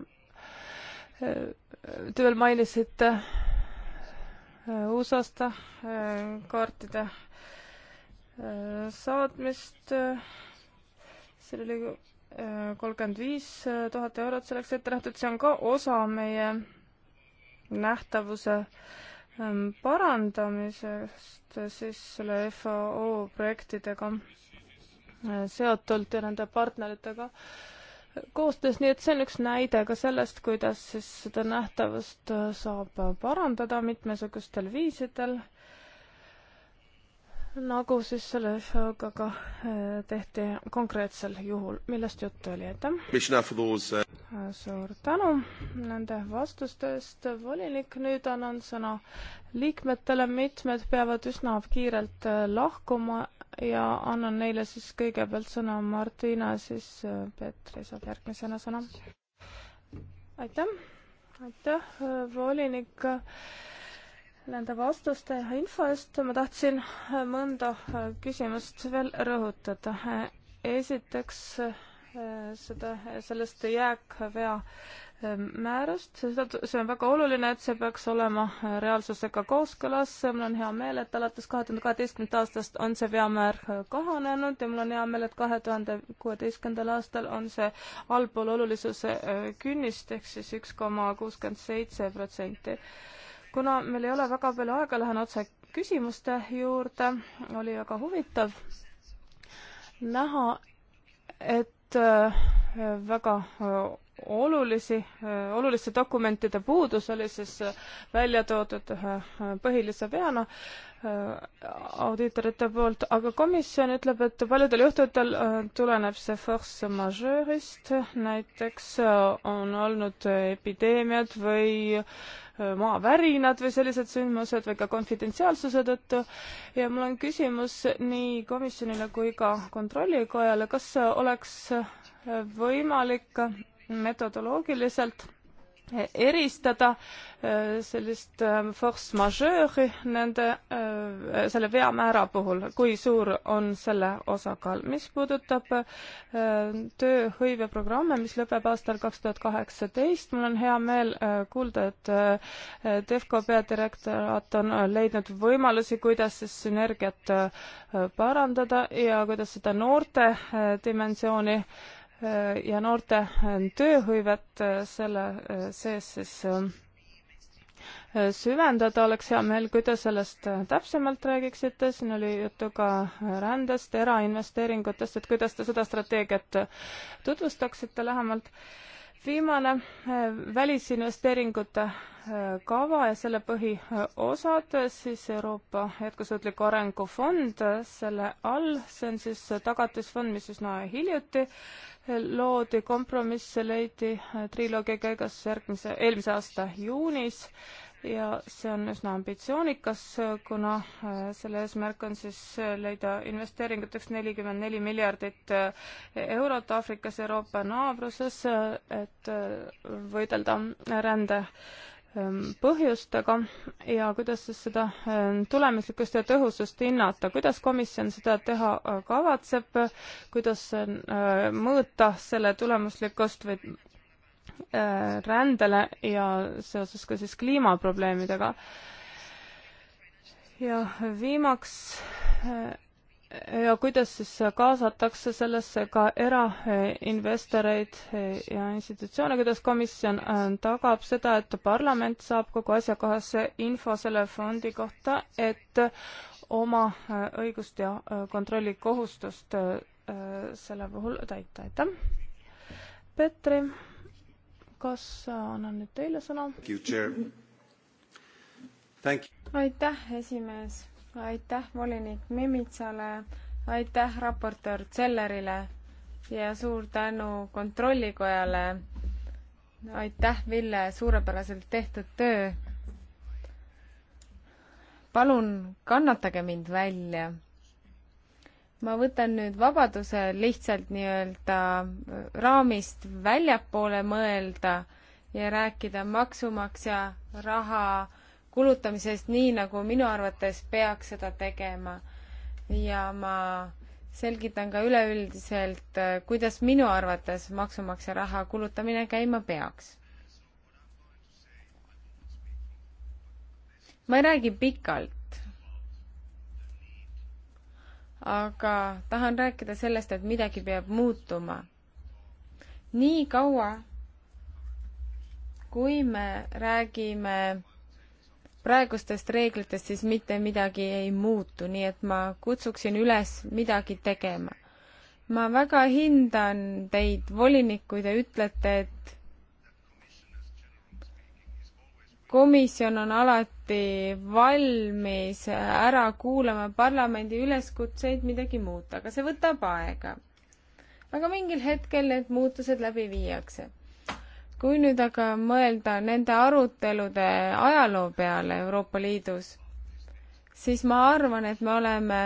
te veel mainisite äh, USA-st äh, kaartide äh, saatmist. Äh, seal oli äh, kolmkümmend viis äh, tuhat eurot selleks ette nähtud, see on ka osa meie nähtavuse ähm, parandamisest siis selle FAO projektidega seotult ja nende partneritega koostöös, nii et see on üks näide ka sellest, kuidas siis seda nähtavust saab parandada mitmesugustel viisidel nagu siis selle ka, ka äh, tehti konkreetsel juhul, millest juttu oli, aitäh!
Äh,
äh, suur tänu nende vastuste eest, volinik, nüüd annan sõna liikmetele, mitmed peavad üsna kiirelt lahkuma ja annan neile siis kõigepealt sõna Martina, siis Petri saab järgmisena sõna. aitäh, aitäh, volinik nende vastuste ja info eest. ma tahtsin äh, mõnda äh, küsimust veel rõhutada. Äh, esiteks seda, sellest jääkvea määrust, seda, see on väga oluline, et see peaks olema reaalsusega kooskõlas. mul on hea meel, et alates kahe tuhande kaheteistkümnendast aastast on see veamäär kahanenud ja mul on hea meel, et kahe tuhande kuueteistkümnendal aastal on see allpool olulisuse künnist ehk siis üks koma kuuskümmend seitse protsenti kuna meil ei ole väga palju aega, lähen otse küsimuste juurde, oli väga huvitav näha, et äh, väga äh, olulisi, äh, oluliste dokumentide puudus oli siis välja toodud ühe põhilise veana audiitorite poolt, aga komisjon ütleb, et paljudel juhtudel tuleneb see force majeure'ist, näiteks on olnud epideemiad või äh, maavärinad või sellised sündmused või ka konfidentsiaalsuse tõttu. ja mul on küsimus nii komisjonile kui ka kontrollikojale, kas oleks võimalik metodoloogiliselt eristada äh, sellist ähm, force majeure'i nende, äh, selle veamäära puhul, kui suur on selle osakaal. mis puudutab äh, tööhõiveprogramme, mis lõpeb aastal kaks tuhat kaheksateist, mul on hea meel kuulda, et Defco peadirektorat on leidnud võimalusi, kuidas siis sünergiat parandada ja kuidas seda noorte dimensiooni Äh, ja noorte äh, tööhõivet äh, selle sees siis ähm, süvendada, oleks hea meel, kui te sellest täpsemalt räägiksite, siin oli juttu ka rändest, erainvesteeringutest, et kuidas te seda strateegiat tutvustaksite lähemalt viimane äh, välisinvesteeringute äh, kava ja selle põhiosad, äh, siis Euroopa Jätkusuutliku Arengu Fond selle all, see on siis tagatisfond, mis üsna hiljuti loodi, kompromiss leidi triloogia käigus järgmise, eelmise aasta juunis ja see on üsna ambitsioonikas, kuna äh, selle eesmärk on siis äh, leida investeeringuteks nelikümmend neli miljardit äh, eurot Aafrikas, Euroopa naabruses, et võidelda rände ähm, põhjustega ja kuidas siis seda ähm, tulemuslikkust ja tõhusust hinnata, kuidas komisjon seda teha kavatseb, kuidas mõõta selle tulemuslikkust või Äh, rändele ja seoses ka siis kliimaprobleemidega. ja viimaks äh, ja kuidas siis kaasatakse sellesse ka erainvestoreid ja institutsioone, kuidas komisjon äh, tagab seda, et parlament saab kogu asjakohase info selle fondi kohta, et oma õigust ja kontrollikohustust selle puhul täita, aitäh. Petri kas äh, annan nüüd teile sõna? aitäh, esimees,
aitäh volinik Mimitsale, aitäh raportöör Zellerile ja suur tänu Kontrollikojale. aitäh, Ville, suurepäraselt tehtud töö. palun kannatage mind välja ma võtan nüüd vabaduse lihtsalt nii-öelda äh, raamist väljapoole mõelda ja rääkida maksumaksja raha kulutamisest nii, nagu minu arvates peaks seda tegema. ja ma selgitan ka üleüldiselt, äh, kuidas minu arvates maksumaksja raha kulutamine käima peaks. ma ei räägi pikalt, aga tahan rääkida sellest, et midagi peab muutuma. nii kaua, kui me räägime praegustest reeglitest, siis mitte midagi ei muutu, nii et ma kutsuksin üles midagi tegema. ma väga hindan teid, volinik, kui te ütlete, et komisjon on alati valmis ära kuulama parlamendi üleskutseid midagi muuta, aga see võtab aega. aga mingil hetkel need muutused läbi viiakse. kui nüüd aga mõelda nende arutelude ajaloo peale Euroopa Liidus, siis ma arvan, et me oleme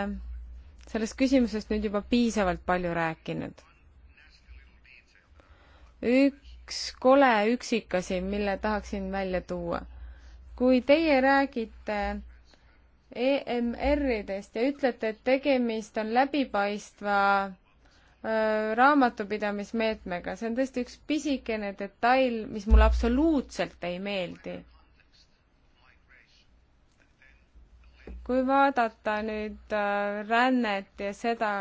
sellest küsimusest nüüd juba piisavalt palju rääkinud. üks kole üksikasi, mille tahaksin välja tuua kui teie räägite EMR-idest ja ütlete, et tegemist on läbipaistva raamatupidamismeetmega, see on tõesti üks pisikene detail, mis mulle absoluutselt ei meeldi. kui vaadata nüüd rännet ja seda,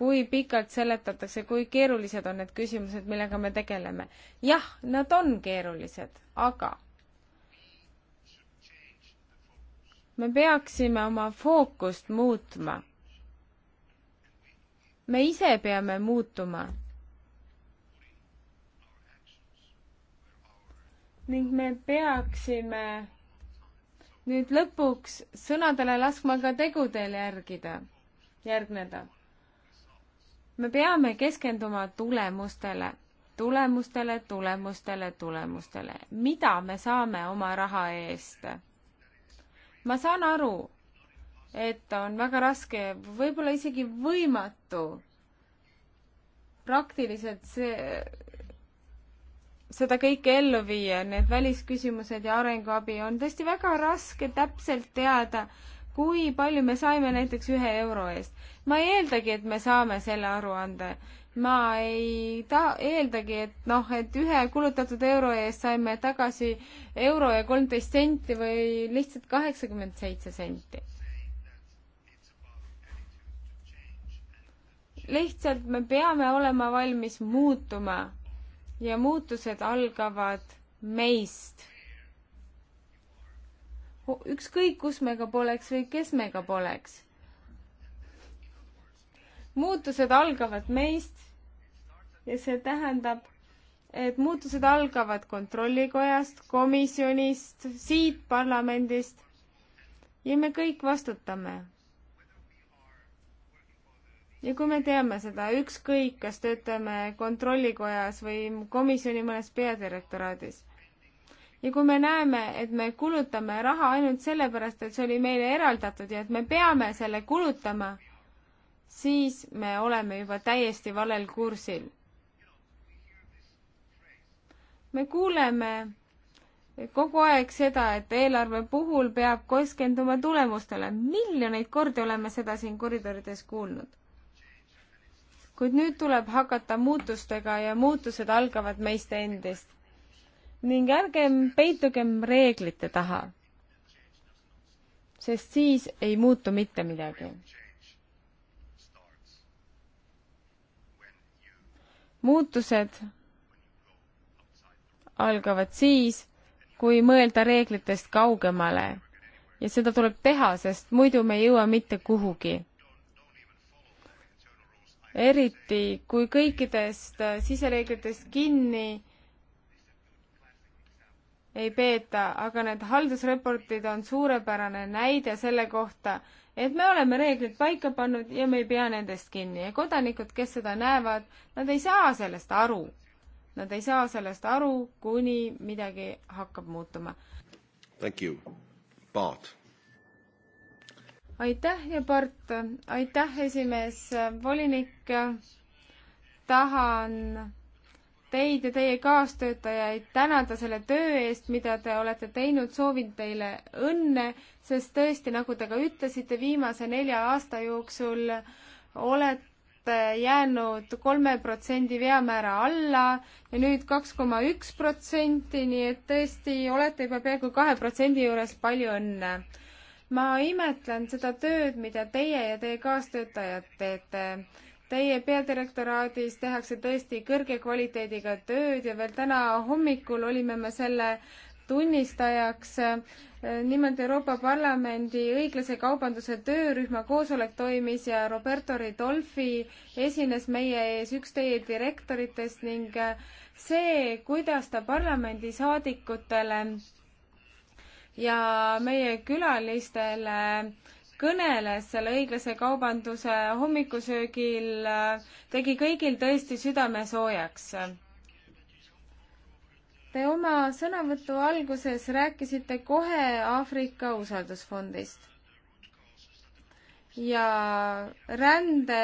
kui pikalt seletatakse, kui keerulised on need küsimused, millega me tegeleme. jah, nad on keerulised, aga me peaksime oma fookust muutma. me ise peame muutuma. ning me peaksime nüüd lõpuks sõnadele laskma ka tegudel järgida, järgneda. me peame keskenduma tulemustele, tulemustele, tulemustele, tulemustele, mida me saame oma raha eest ma saan aru, et on väga raske, võib-olla isegi võimatu praktiliselt see, seda kõike ellu viia, need välisküsimused ja arenguabi on tõesti väga raske täpselt teada, kui palju me saime näiteks ühe euro eest. ma ei eeldagi, et me saame selle aruande ma ei ta-, eeldagi, et noh, et ühe kulutatud euro eest saime tagasi euro ja kolmteist senti või lihtsalt kaheksakümmend seitse senti. lihtsalt me peame olema valmis muutuma ja muutused algavad meist. ükskõik, kus me ka poleks või kes me ka poleks muutused algavad meist ja see tähendab, et muutused algavad kontrollikojast, komisjonist, siit parlamendist ja me kõik vastutame. ja kui me teame seda, ükskõik, kas töötame kontrollikojas või komisjoni mõnes peadirektoraadis, ja kui me näeme, et me kulutame raha ainult sellepärast, et see oli meile eraldatud ja et me peame selle kulutama siis me oleme juba täiesti valel kursil. me kuuleme kogu aeg seda, et eelarve puhul peab keskenduma tulemustele. miljoneid kordi oleme seda siin koridorides kuulnud. kuid nüüd tuleb hakata muutustega ja muutused algavad meist endist. ning ärgem peitugem reeglite taha, sest siis ei muutu mitte midagi muutused algavad siis, kui mõelda reeglitest kaugemale ja seda tuleb teha, sest muidu me ei jõua mitte kuhugi. eriti, kui kõikidest äh, sisereeglitest kinni ei peeta, aga need haldusraportid on suurepärane näide selle kohta, et me oleme reeglid paika pannud ja me ei pea nendest kinni ja kodanikud, kes seda näevad, nad ei saa sellest aru. Nad ei saa sellest aru, kuni midagi hakkab muutuma.
Thank you, Paat.
aitäh ja Bart, aitäh, esimees, volinik. tahan teid ja teie kaastöötajaid tänada selle töö eest, mida te olete teinud, soovin teile õnne sest tõesti, nagu te ka ütlesite, viimase nelja aasta jooksul olete jäänud kolme protsendi veamäära alla ja nüüd kaks koma üks protsenti, nii et tõesti olete juba peaaegu kahe protsendi juures, palju õnne! ma imetlen seda tööd, mida teie ja teie kaastöötajad teete Teie peadirektoraadis tehakse tõesti kõrge kvaliteediga tööd ja veel täna hommikul olime me selle tunnistajaks nimelt Euroopa Parlamendi õiglase kaubanduse töörühma koosolek toimis ja Roberto Ridolfi esines meie ees üks teie direktoritest ning see, kuidas ta parlamendisaadikutele ja meie külalistele kõneles selle õiglase kaubanduse hommikusöögil, tegi kõigil tõesti südame soojaks Te oma sõnavõtu alguses rääkisite kohe Aafrika usaldusfondist ja rände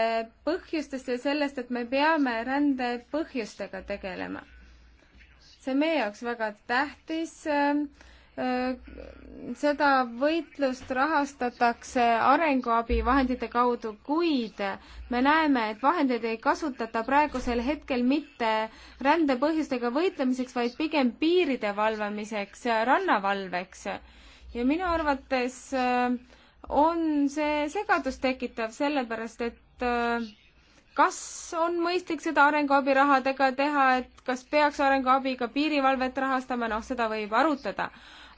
põhjustest ja sellest, et me peame rände põhjustega tegelema. see on meie jaoks väga tähtis äh, Äh, seda võitlust rahastatakse arenguabivahendite kaudu, kuid me näeme, et vahendeid ei kasutata praegusel hetkel mitte rändepõhjustega võitlemiseks, vaid pigem piiride valvamiseks, rannavalveks. ja minu arvates äh, on see segadust tekitav, sellepärast et äh, kas on mõistlik seda arenguabi rahadega teha, et kas peaks arenguabiga piirivalvet rahastama, noh, seda võib arutada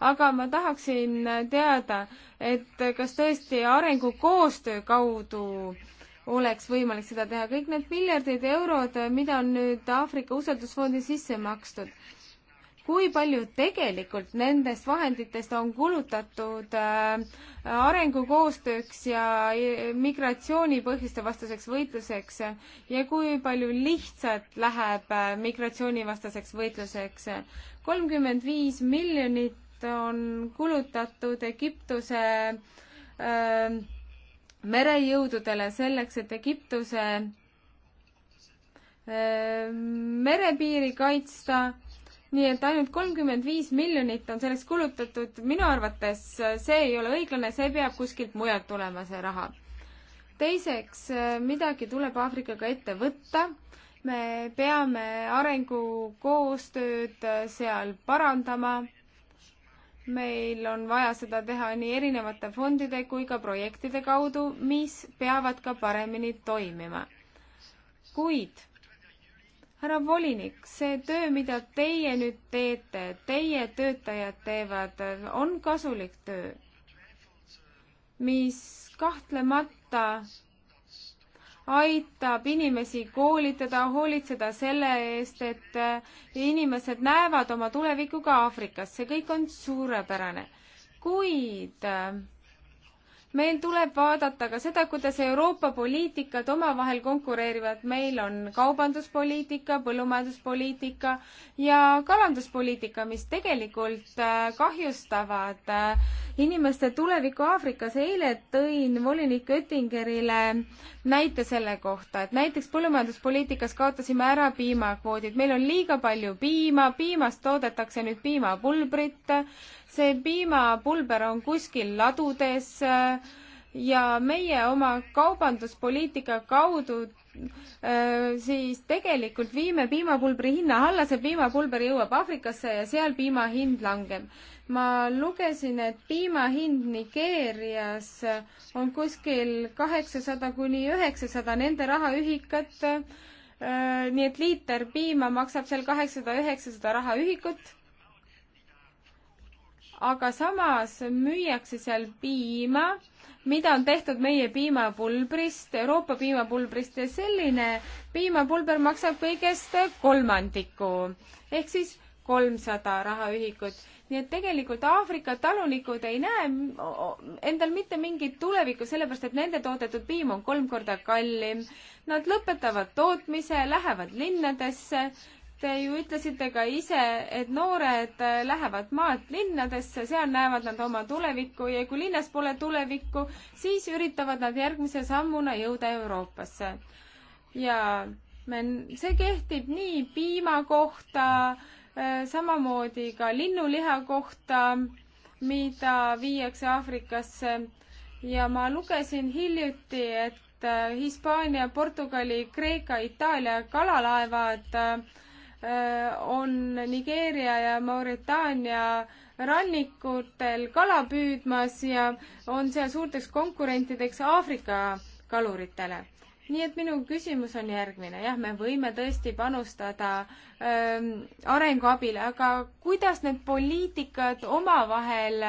aga ma tahaksin teada, et kas tõesti arengukoostöö kaudu oleks võimalik seda teha, kõik need miljardid eurod, mida on nüüd Aafrika usaldusfondi sisse makstud, kui palju tegelikult nendest vahenditest on kulutatud äh, arengukoostööks ja äh, migratsioonipõhjuste vastaseks võitluseks ja kui palju lihtsalt läheb äh, migratsioonivastaseks võitluseks. kolmkümmend viis miljonit on kulutatud Egiptuse äh, merejõududele selleks, et Egiptuse äh, merepiiri kaitsta. nii et ainult kolmkümmend viis miljonit on selleks kulutatud. minu arvates see ei ole õiglane, see peab kuskilt mujalt tulema, see raha. teiseks, äh, midagi tuleb Aafrikaga ette võtta me peame arengukoostööd äh, seal parandama meil on vaja seda teha nii erinevate fondide kui ka projektide kaudu, mis peavad ka paremini toimima. kuid härra volinik, see töö, mida teie nüüd teete, teie töötajad teevad, on kasulik töö, mis kahtlemata aitab inimesi koolitada, hoolitseda selle eest, et äh, inimesed näevad oma tulevikku ka Aafrikas, see kõik on suurepärane. kuid äh, meil tuleb vaadata ka seda, kuidas Euroopa poliitikad omavahel konkureerivad. meil on kaubanduspoliitika, põllumajanduspoliitika ja kalanduspoliitika, mis tegelikult äh, kahjustavad äh, inimeste tulevikku Aafrikas. eile tõin volinik Oettingerile näite selle kohta, et näiteks põllumajanduspoliitikas kaotasime ära piimakvoodid. meil on liiga palju piima, piimast toodetakse nüüd piimapulbrit see piimapulber on kuskil ladudes äh, ja meie oma kaubanduspoliitika kaudu äh, siis tegelikult viime piimapulbri hinna alla, see piimapulber jõuab Aafrikasse ja seal piima hind langeb. ma lugesin, et piima hind Nigeerias on kuskil kaheksasada kuni üheksasada nende rahaühikat. Äh, nii et liiter piima maksab seal kaheksasada, üheksasada rahaühikut aga samas müüakse seal piima, mida on tehtud meie piimapulbrist, Euroopa piimapulbrist ja selline piimapulber maksab kõigest kolmandiku ehk siis kolmsada rahaühikut. nii et tegelikult Aafrika talunikud ei näe endal mitte mingit tulevikku, sellepärast et nende toodetud piim on kolm korda kallim. Nad lõpetavad tootmise, lähevad linnadesse Te ju ütlesite ka ise, et noored lähevad maalt linnadesse, seal näevad nad oma tulevikku ja kui linnas pole tulevikku, siis üritavad nad järgmise sammuna jõuda Euroopasse. ja me, see kehtib nii piima kohta, äh, samamoodi ka linnuliha kohta, mida viiakse Aafrikasse ja ma lugesin hiljuti, et äh, Hispaania, Portugali, Kreeka, Itaalia kalalaevad äh, Äh, on Nigeeria ja Mauritaania rannikutel kala püüdmas ja on seal suurteks konkurentideks Aafrika kaluritele. nii et minu küsimus on järgmine, jah, me võime tõesti panustada ähm, arenguabile, aga kuidas need poliitikad omavahel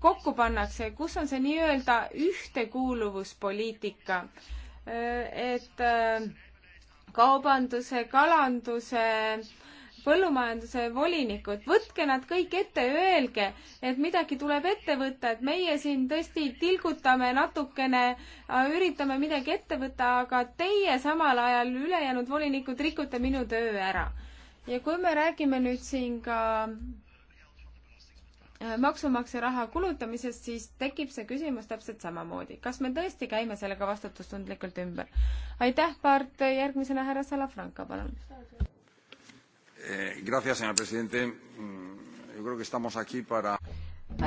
kokku pannakse, kus on see nii-öelda ühtekuuluvuspoliitika äh,? et äh, kaubanduse, kalanduse, põllumajanduse volinikud, võtke nad kõik ette, öelge, et midagi tuleb ette võtta, et meie siin tõesti tilgutame natukene, üritame midagi ette võtta, aga teie samal ajal, ülejäänud volinikud, rikute minu töö ära. ja kui me räägime nüüd siin ka Äh, maksumaksja raha kulutamisest, siis tekib see küsimus täpselt samamoodi. kas me tõesti käime sellega vastutustundlikult ümber? aitäh, Bart, järgmisena härra Salafranca, palun.
Eh, mm,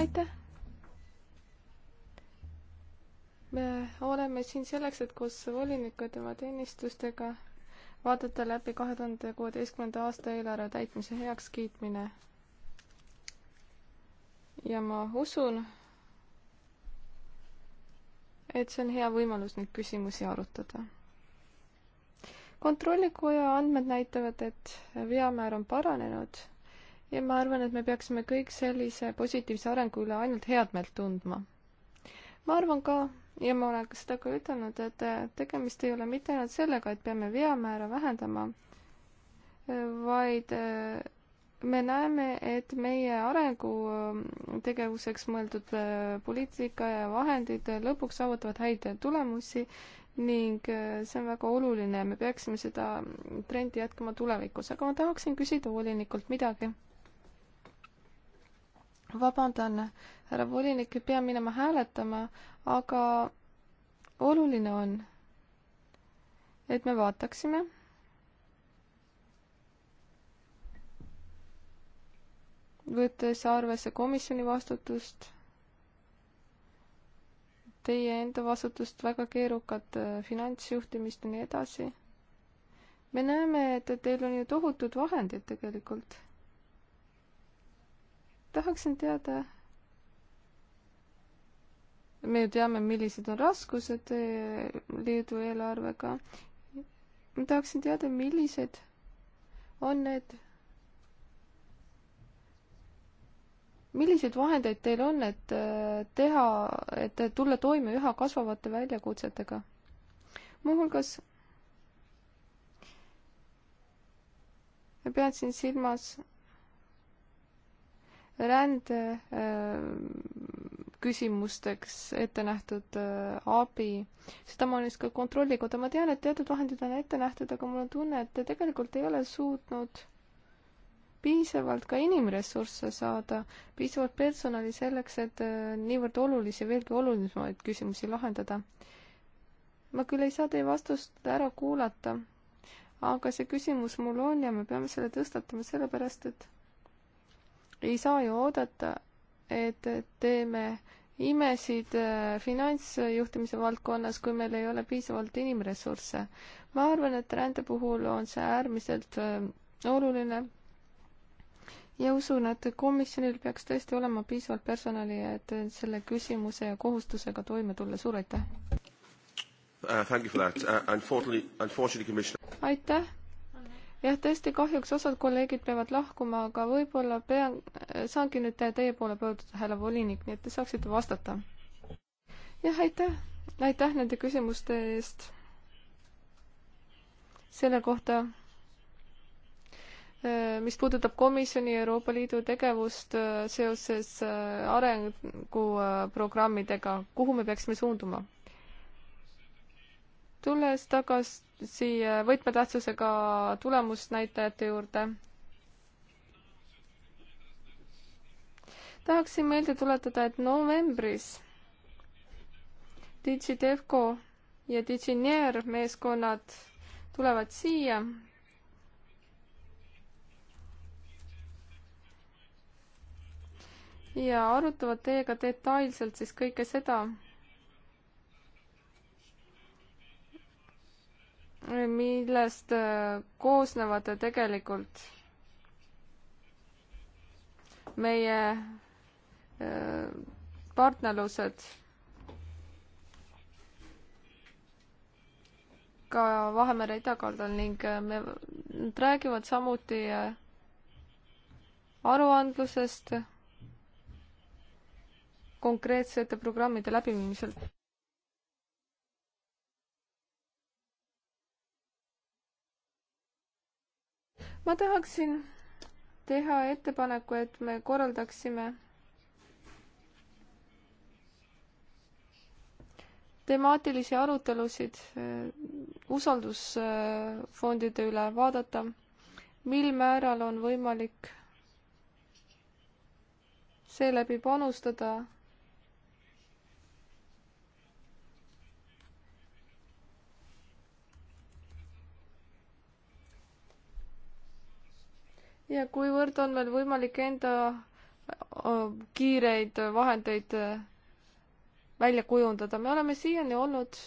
aitäh. me oleme siin selleks, et koos voliniku ja tema teenistustega vaadata läbi kahe tuhande kuueteistkümnenda aasta eelarve täitmise heakskiitmine ja ma usun, et see on hea võimalus neid küsimusi arutada. kontrollikoja andmed näitavad, et veamäär on paranenud ja ma arvan, et me peaksime kõik sellise positiivse arengu üle ainult head meelt tundma. ma arvan ka ja ma olen ka seda ka ütelnud, et tegemist ei ole mitte ainult sellega, et peame veamäära vähendama, vaid me näeme, et meie arengutegevuseks mõeldud äh, poliitika ja vahendid lõpuks saavutavad häid tulemusi ning äh, see on väga oluline ja me peaksime seda trendi jätkama tulevikus, aga ma tahaksin küsida volinikult midagi. vabandan, härra volinik, pean minema hääletama, aga oluline on, et me vaataksime võttes arvesse komisjoni vastutust, teie enda vastutust, väga keerukat äh, finantsjuhtimist ja nii edasi. me näeme, et teil on ju tohutud vahendid tegelikult. tahaksin teada, me ju teame, millised on raskused äh, Leedu eelarvega. ma tahaksin teada, millised on need milliseid vahendeid teil on, et äh, teha, et tulla toime üha kasvavate väljakutsetega? muuhulgas ma pean siin silmas rände äh, küsimusteks ette nähtud äh, abi. seda mainis ka Kontrollikoda, ma tean, et teatud vahendid on ette nähtud, aga mul on tunne, et te tegelikult ei ole suutnud piisavalt ka inimressursse saada, piisavalt personali selleks, et äh, niivõrd olulisi, veelgi olulisemaid küsimusi lahendada. ma küll ei saa teie vastust ära kuulata, aga see küsimus mul on ja me peame selle tõstatama sellepärast, et ei saa ju oodata, et teeme imesid äh, finantsjuhtimise valdkonnas, kui meil ei ole piisavalt inimressursse. ma arvan, et rände puhul on see äärmiselt äh, oluline ja usun, et komisjonil peaks tõesti olema piisavalt personali, et selle küsimuse ja kohustusega toime tulla. suur aitäh
uh,! uh
aitäh! jah, tõesti kahjuks osad kolleegid peavad lahkuma, aga võib-olla pean, saangi nüüd teie poole pöörduda, härra volinik, nii et te saaksite vastata. jah, aitäh, aitäh nende küsimuste eest. selle kohta Äh, mis puudutab komisjoni ja Euroopa Liidu tegevust äh, seoses äh, arenguprogrammidega, kuhu me peaksime suunduma? tulles tagasi võtmetähtsusega tulemusnäitajate juurde, tahaksin meelde tuletada, et novembris DigiDevco ja DigiNeer meeskonnad tulevad siia ja arutavad teiega detailselt siis kõike seda, millest äh, koosnevad tegelikult meie äh, partnerlused ka Vahemere idakaldal ning äh, me, nad räägivad samuti aruandlusest konkreetsete programmide läbiviimisel. ma tahaksin teha ettepaneku, et me korraldaksime temaatilisi arutelusid äh, usaldusfondide üle, vaadata, mil määral on võimalik seeläbi panustada ja kuivõrd on meil võimalik enda äh, kiireid vahendeid äh, välja kujundada, me oleme siiani olnud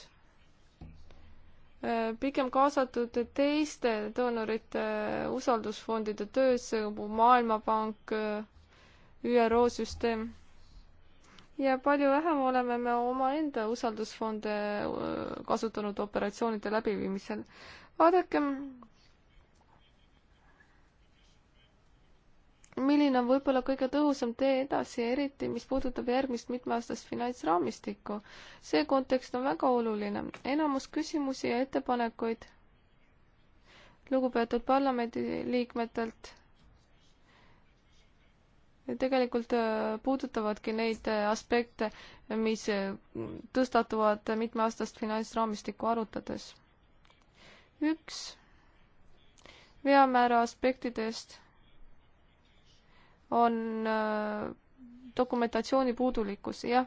äh, pigem kaasatud teiste doonorite usaldusfondide töösse, nagu Maailmapank, ÜRO süsteem. ja palju vähem oleme me omaenda usaldusfonde kasutanud operatsioonide läbiviimisel. vaadakem milline on võib-olla kõige tõhusam tee edasi, eriti mis puudutab järgmist mitmeaastast finantsraamistikku. see kontekst on väga oluline. enamus küsimusi ja ettepanekuid lugupeetud parlamendiliikmetelt tegelikult äh, puudutavadki neid äh, aspekte, mis äh, tõstatuvad mitmeaastast finantsraamistikku arutades. üks veamäära aspektidest on äh, dokumentatsiooni puudulikkus, jah.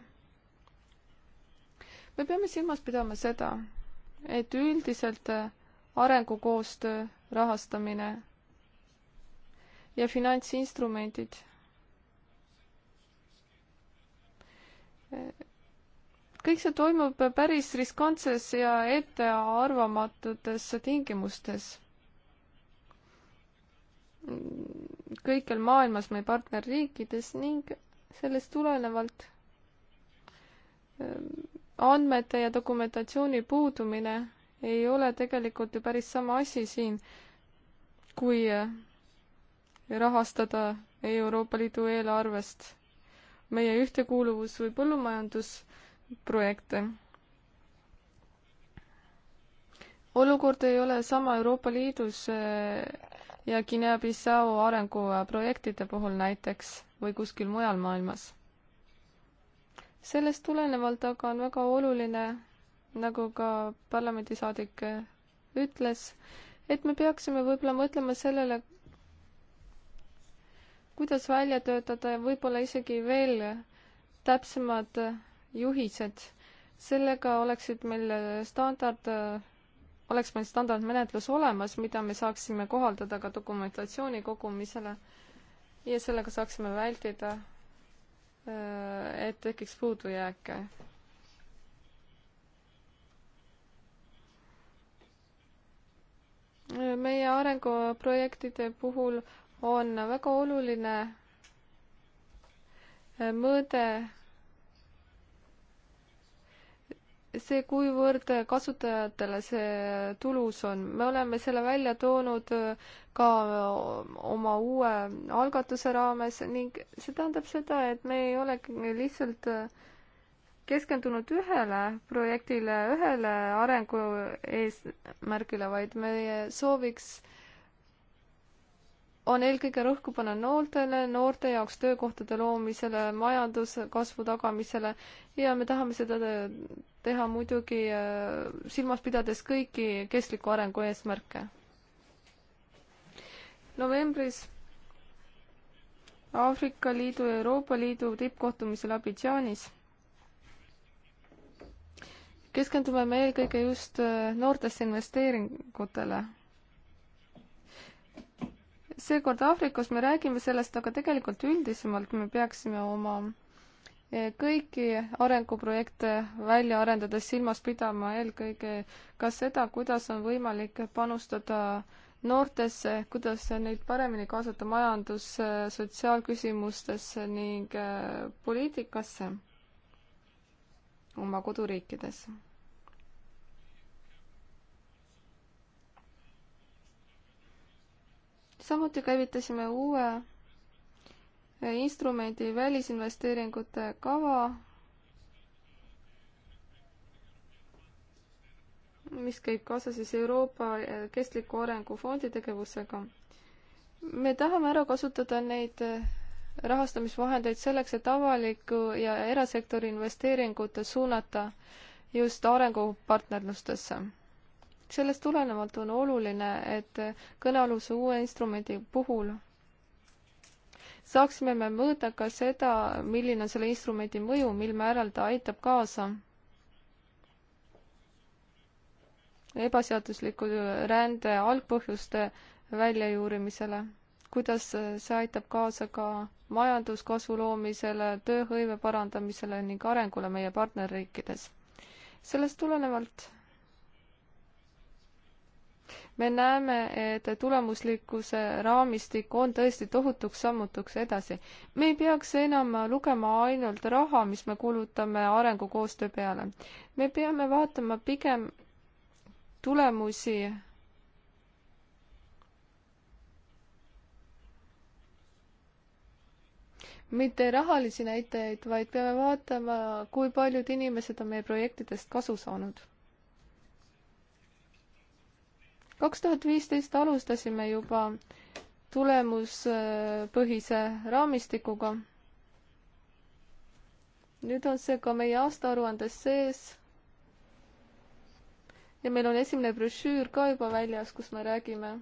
me peame silmas pidama seda, et üldiselt äh, arengukoostöö rahastamine ja finantsinstrumendid äh, kõik see toimub päris riskantses ja ettearvamatutes tingimustes kõikjal maailmas meie partnerriikides ning sellest tulenevalt ehm, andmete ja dokumentatsiooni puudumine ei ole tegelikult ju päris sama asi siin, kui eh, rahastada Euroopa Liidu eelarvest meie ühtekuuluvus- või põllumajandusprojekte. olukord ei ole sama Euroopa Liidus eh, ja Guinea-Bissau arenguprojektide puhul näiteks või kuskil mujal maailmas. sellest tulenevalt aga on väga oluline, nagu ka parlamendisaadik ütles, et me peaksime võib-olla mõtlema sellele, kuidas välja töötada ja võib-olla isegi veel täpsemad juhised. sellega oleksid meil standard oleks meil standardmenetlus olemas, mida me saaksime kohaldada ka dokumentatsiooni kogumisele ja sellega saaksime vältida, äh, et tekiks puudujääke. meie arenguprojektide puhul on väga oluline mõõde see, kuivõrd kasutajatele see tulus on. me oleme selle välja toonud ka oma uue algatuse raames ning see tähendab seda, et me ei ole lihtsalt keskendunud ühele projektile, ühele arengu eesmärgile, vaid meie sooviks on eelkõige rõhku panna noortele, noorte jaoks töökohtade loomisele, majanduskasvu tagamisele ja me tahame seda teha muidugi äh, silmas pidades kõiki kestliku arengu eesmärke. novembris Aafrika Liidu ja Euroopa Liidu tippkohtumisel Abidžaanis keskendume me eelkõige just äh, noortesse investeeringutele. seekord Aafrikas me räägime sellest, aga tegelikult üldisemalt me peaksime oma kõiki arenguprojekte välja arendades silmas pidama eelkõige ka seda, kuidas on võimalik panustada noortesse, kuidas neid paremini kaasata majandus, sotsiaalküsimustesse ning äh, poliitikasse oma koduriikides. samuti käivitasime uue instrumendi välisinvesteeringute kava, mis käib kaasa siis Euroopa Kestliku Arengu Fondi tegevusega. me tahame ära kasutada neid rahastamisvahendeid selleks, et avaliku ja erasektori investeeringud suunata just arengupartnerlustesse. sellest tulenevalt on oluline, et kõnealuse uue instrumendi puhul saaksime me mõõta ka seda, milline on selle instrumendi mõju, mil määral ta aitab kaasa ebaseadusliku rände algpõhjuste väljajuurimisele, kuidas see aitab kaasa ka majanduskasvu loomisele, tööhõive parandamisele ning arengule meie partnerriikides. sellest tulenevalt me näeme, et tulemuslikkuse raamistik on tõesti tohutuks sammutuks edasi. me ei peaks enam lugema ainult raha, mis me kulutame arengukoostöö peale. me peame vaatama pigem tulemusi mitte rahalisi näitajaid, vaid peame vaatama, kui paljud inimesed on meie projektidest kasu saanud kaks tuhat viisteist alustasime juba tulemuspõhise raamistikuga. nüüd on see ka meie aastaaruandes sees. ja meil on esimene brošüür ka juba väljas, kus me räägime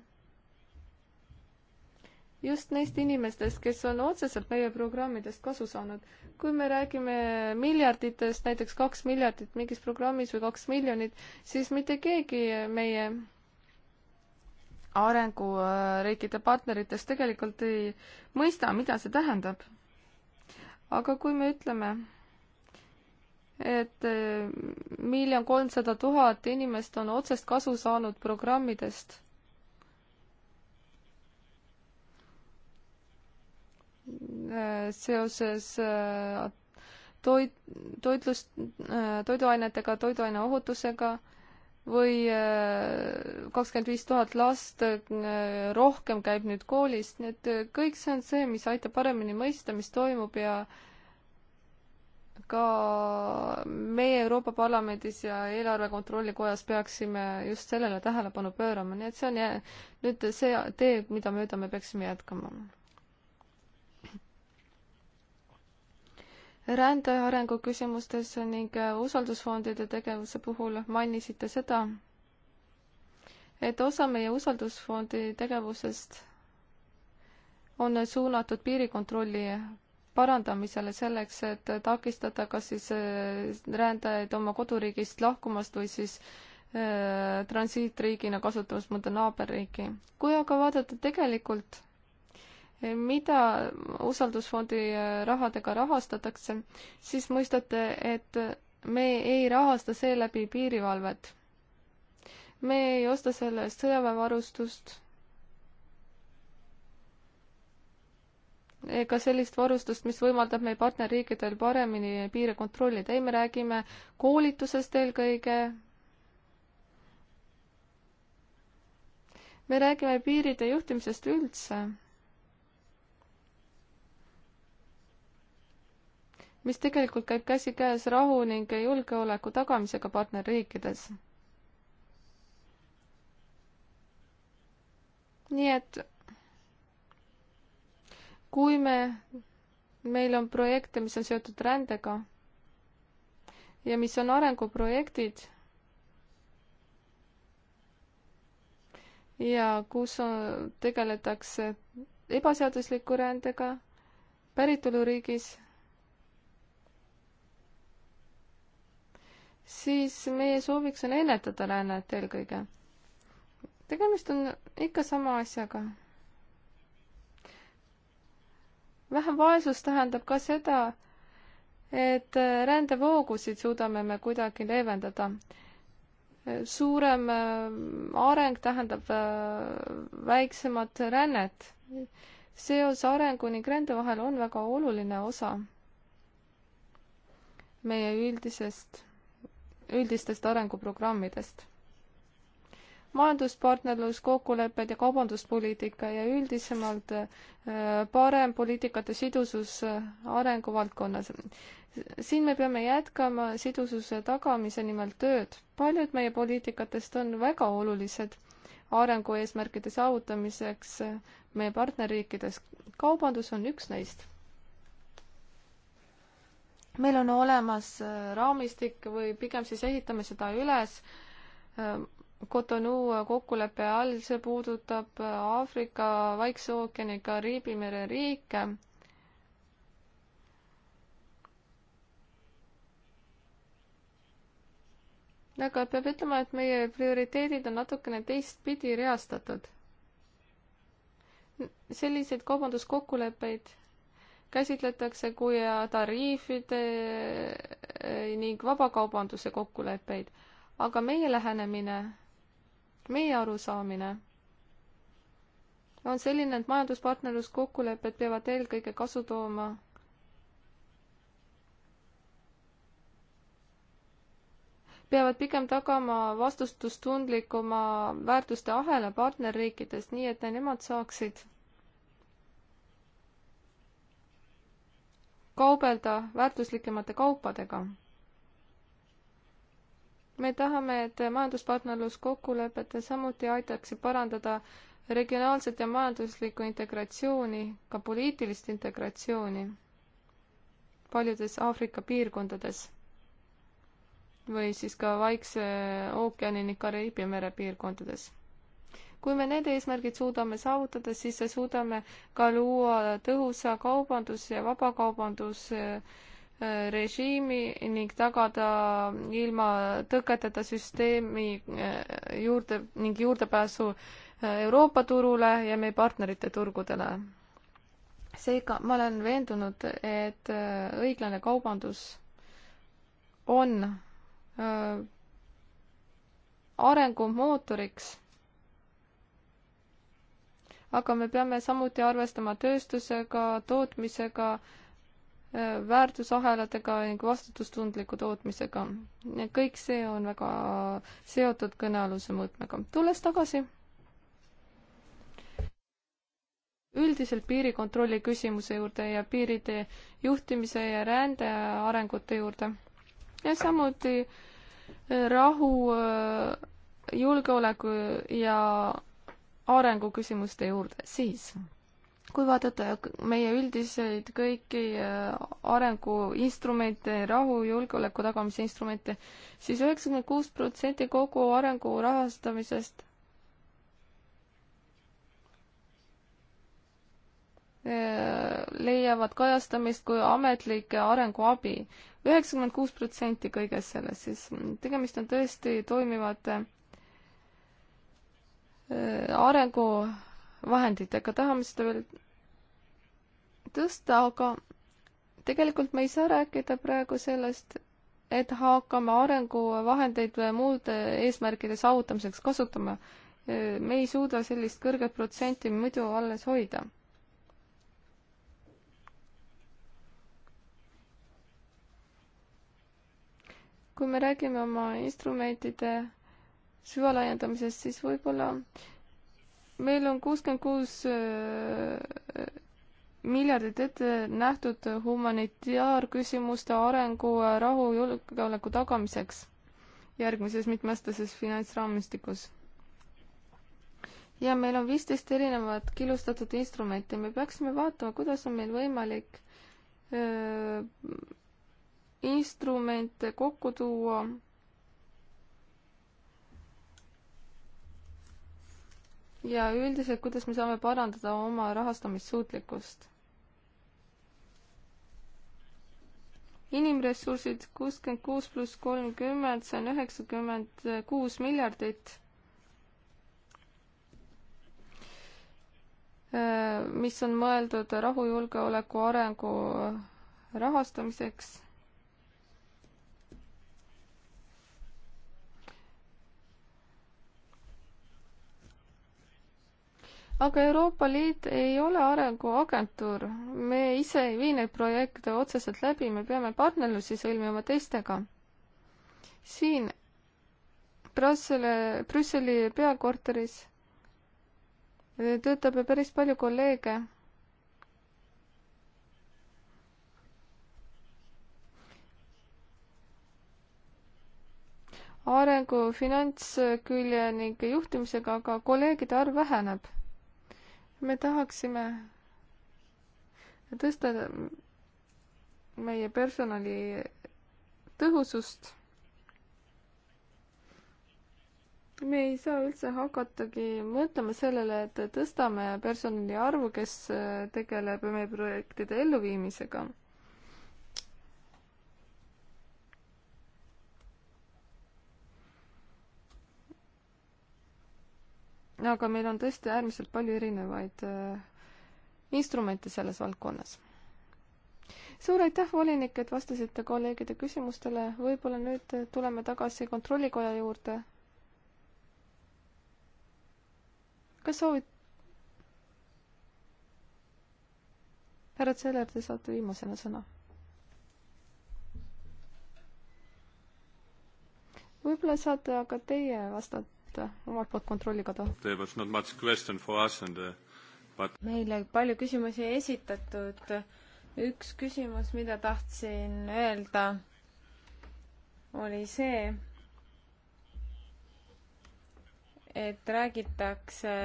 just neist inimestest, kes on otseselt meie programmidest kasu saanud. kui me räägime miljarditest, näiteks kaks miljardit mingis programmis või kaks miljonit, siis mitte keegi meie arenguriikide partneritest tegelikult ei mõista, mida see tähendab. aga kui me ütleme, et eh, miljon kolmsada tuhat inimest on otsest kasu saanud programmidest, eh, seoses eh, toit, toitlust, toiduainetega, toiduaine ohutusega või äh, kakskümmend viis tuhat last äh, rohkem käib nüüd koolis, nii et äh, kõik see on see, mis aitab paremini mõista, mis toimub ja ka meie Euroopa Parlamendis ja eelarve kontrollikojas peaksime just sellele tähelepanu pöörama, nii et see on jää, nüüd see tee, mida mööda me peaksime jätkama rände arengu küsimustes ning äh, usaldusfondide tegevuse puhul mainisite seda, et osa meie usaldusfondi tegevusest on suunatud piirikontrolli parandamisele selleks, et takistada kas siis äh, rändajaid oma koduriigist lahkumast või siis äh, transiitriigina kasutamas mõnda naaberriiki. kui aga vaadata tegelikult mida usaldusfondi äh, rahadega rahastatakse, siis mõistate, et me ei rahasta seeläbi piirivalvet. me ei osta selle eest sõjaväevarustust ega sellist varustust, mis võimaldab meie partnerriikidel paremini piire kontrollida. ei, me räägime koolitusest eelkõige. me räägime piiride juhtimisest üldse mis tegelikult käib käsikäes rahu ning julgeoleku tagamisega partnerriikides. nii et kui me, meil on projekte, mis on seotud rändega ja mis on arenguprojektid ja kus on, tegeletakse ebaseadusliku rändega päritoluriigis siis meie sooviks on ennetada rännet eelkõige. tegemist on ikka sama asjaga. vähem vaesust tähendab ka seda, et rändevoogusid suudame me kuidagi leevendada. suurem äh, areng tähendab äh, väiksemat rännet. seos arengu ning rände vahel on väga oluline osa meie üldisest üldistest arenguprogrammidest. majanduspartnerlus, kokkulepped ja kaubanduspoliitika ja üldisemalt äh, parem poliitikate sidusus äh, arenguvaldkonnas. siin me peame jätkama sidususe tagamise nimel tööd. paljud meie poliitikatest on väga olulised arengueesmärkide saavutamiseks äh, meie partnerriikides. kaubandus on üks neist meil on olemas äh, raamistik või pigem siis ehitame seda üles. Ähm, Cotonou äh, kokkuleppe all, see puudutab äh, Aafrika, Vaikse ookeani, Kariibi mere riike. aga peab ütlema, et meie prioriteedid on natukene teistpidi reastatud. selliseid kaubanduskokkuleppeid käsitletakse kui tariifide eh, ning vabakaubanduse kokkuleppeid. aga meie lähenemine, meie arusaamine on selline, et majanduspartnerluskokkulepped peavad eelkõige kasu tooma peavad pigem tagama vastutustundlikuma väärtuste ahela partnerriikidest, nii et nemad saaksid kaubelda väärtuslikemate kaupadega. me tahame, et majanduspartnerluskokkulepete samuti aitaksid parandada regionaalset ja majanduslikku integratsiooni, ka poliitilist integratsiooni paljudes Aafrika piirkondades või siis ka Vaikse ookeani ning Kariibi mere piirkondades kui me need eesmärgid suudame saavutada, siis suudame ka luua tõhusa kaubandus- ja vabakaubandusrežiimi ning tagada ilma tõketeta süsteemi eh, juurde ning juurdepääsu eh, Euroopa turule ja meie partnerite turgudele. seega ma olen veendunud, et eh, õiglane kaubandus on arengumootoriks aga me peame samuti arvestama tööstusega, tootmisega, äh, väärtusahelatega ning vastutustundliku tootmisega. kõik see on väga seotud kõnealuse mõõtmega. tulles tagasi üldiselt piirikontrolli küsimuse juurde ja piiride juhtimise ja rände arengute juurde. ja samuti äh, rahu, äh, julgeoleku ja arenguküsimuste juurde, siis kui vaadata meie üldiseid kõiki äh, arenguinstrumente, rahu, julgeoleku tagamise instrumente, siis üheksakümmend kuus protsenti kogu arengu rahastamisest äh, leiavad kajastamist kui ametlik arenguabi. üheksakümmend kuus protsenti kõigest sellest siis. tegemist on tõesti toimivate Äh, arenguvahenditega, tahame seda veel tõsta, aga tegelikult me ei saa rääkida praegu sellest, et hakkame arenguvahendeid muude eesmärkide saavutamiseks kasutama. Äh, me ei suuda sellist kõrget protsenti muidu alles hoida kui me räägime oma instrumentide süvalaiendamisest, siis võib-olla meil on kuuskümmend kuus äh, miljardit ette nähtud humanitaarküsimuste arengu, äh, rahu, julgeoleku tagamiseks järgmises mitmeaastases finantsraamistikus. ja meil on viisteist erinevat killustatud instrumenti, me peaksime vaatama, kuidas on meil võimalik öö, äh, instrumente kokku tuua ja üldiselt, kuidas me saame parandada oma rahastamissuutlikkust? inimressursid kuuskümmend kuus pluss kolmkümmend, see on üheksakümmend kuus miljardit äh, mis on mõeldud rahujulgeoleku arengu rahastamiseks. aga Euroopa Liit ei ole arenguagentuur, me ise ei vii neid projekte otseselt läbi, me peame partnerlusi sõlmima teistega. siin Brüsseli, Brüsseli peakorteris töötab ju päris palju kolleege arengu finantskülje ning juhtimisega, aga kolleegide arv väheneb me tahaksime tõsta meie personali tõhusust. me ei saa üldse hakatagi mõtlema sellele, et tõstame personali arvu, kes tegeleb meie projektide elluviimisega aga meil on tõesti äärmiselt palju erinevaid äh, instrumente selles valdkonnas. suur aitäh, volinik, et vastasite kolleegide küsimustele, võib-olla nüüd tuleme tagasi Kontrollikoja juurde. kas soovid? härra Zeller, te saate viimasena sõna võib-olla saate aga teie
vastata et omalt poolt kontrolliga
teha. Uh,
meile palju küsimusi ei esitatud. üks küsimus, mida tahtsin öelda, oli see, et räägitakse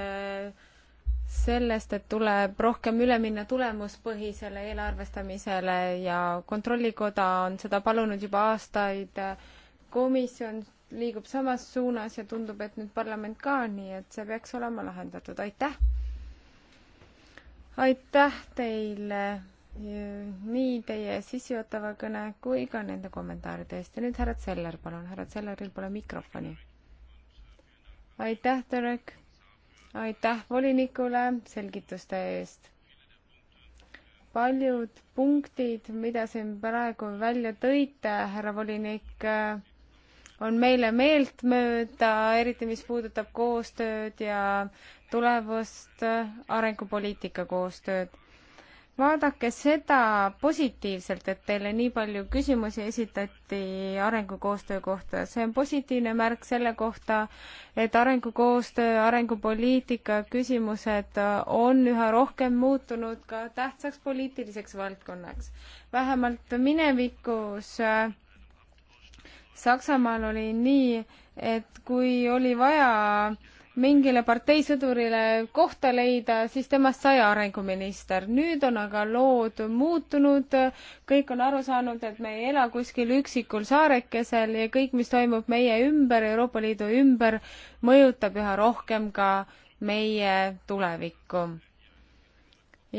sellest, et tuleb rohkem üle minna tulemuspõhisele eelarvestamisele ja Kontrollikoda on seda palunud juba aastaid. komisjon liigub samas suunas ja tundub, et nüüd parlament ka, nii et see peaks olema lahendatud, aitäh! aitäh teile nii teie sissejuhatava kõne kui ka nende kommentaaride eest ja nüüd härra Zeller, palun, härra Zelleril pole mikrofoni. aitäh, Derek! aitäh volinikule selgituste eest! paljud punktid, mida siin praegu välja tõite, härra volinik äh,, on meile meeltmööda, eriti mis puudutab koostööd ja tulevast äh, arengupoliitika koostööd. vaadake seda positiivselt, et teile nii palju küsimusi esitati arengukoostöö kohta. see on positiivne märk selle kohta, et arengukoostöö, arengupoliitika küsimused äh, on üha rohkem muutunud ka tähtsaks poliitiliseks valdkonnaks. vähemalt minevikus äh, Saksamaal oli nii, et kui oli vaja mingile parteisõdurile kohta leida, siis temast sai arenguminister. nüüd on aga lood muutunud, kõik on aru saanud, et me ei ela kuskil üksikul saarekesel ja kõik, mis toimub meie ümber, Euroopa Liidu ümber, mõjutab üha rohkem ka meie tulevikku.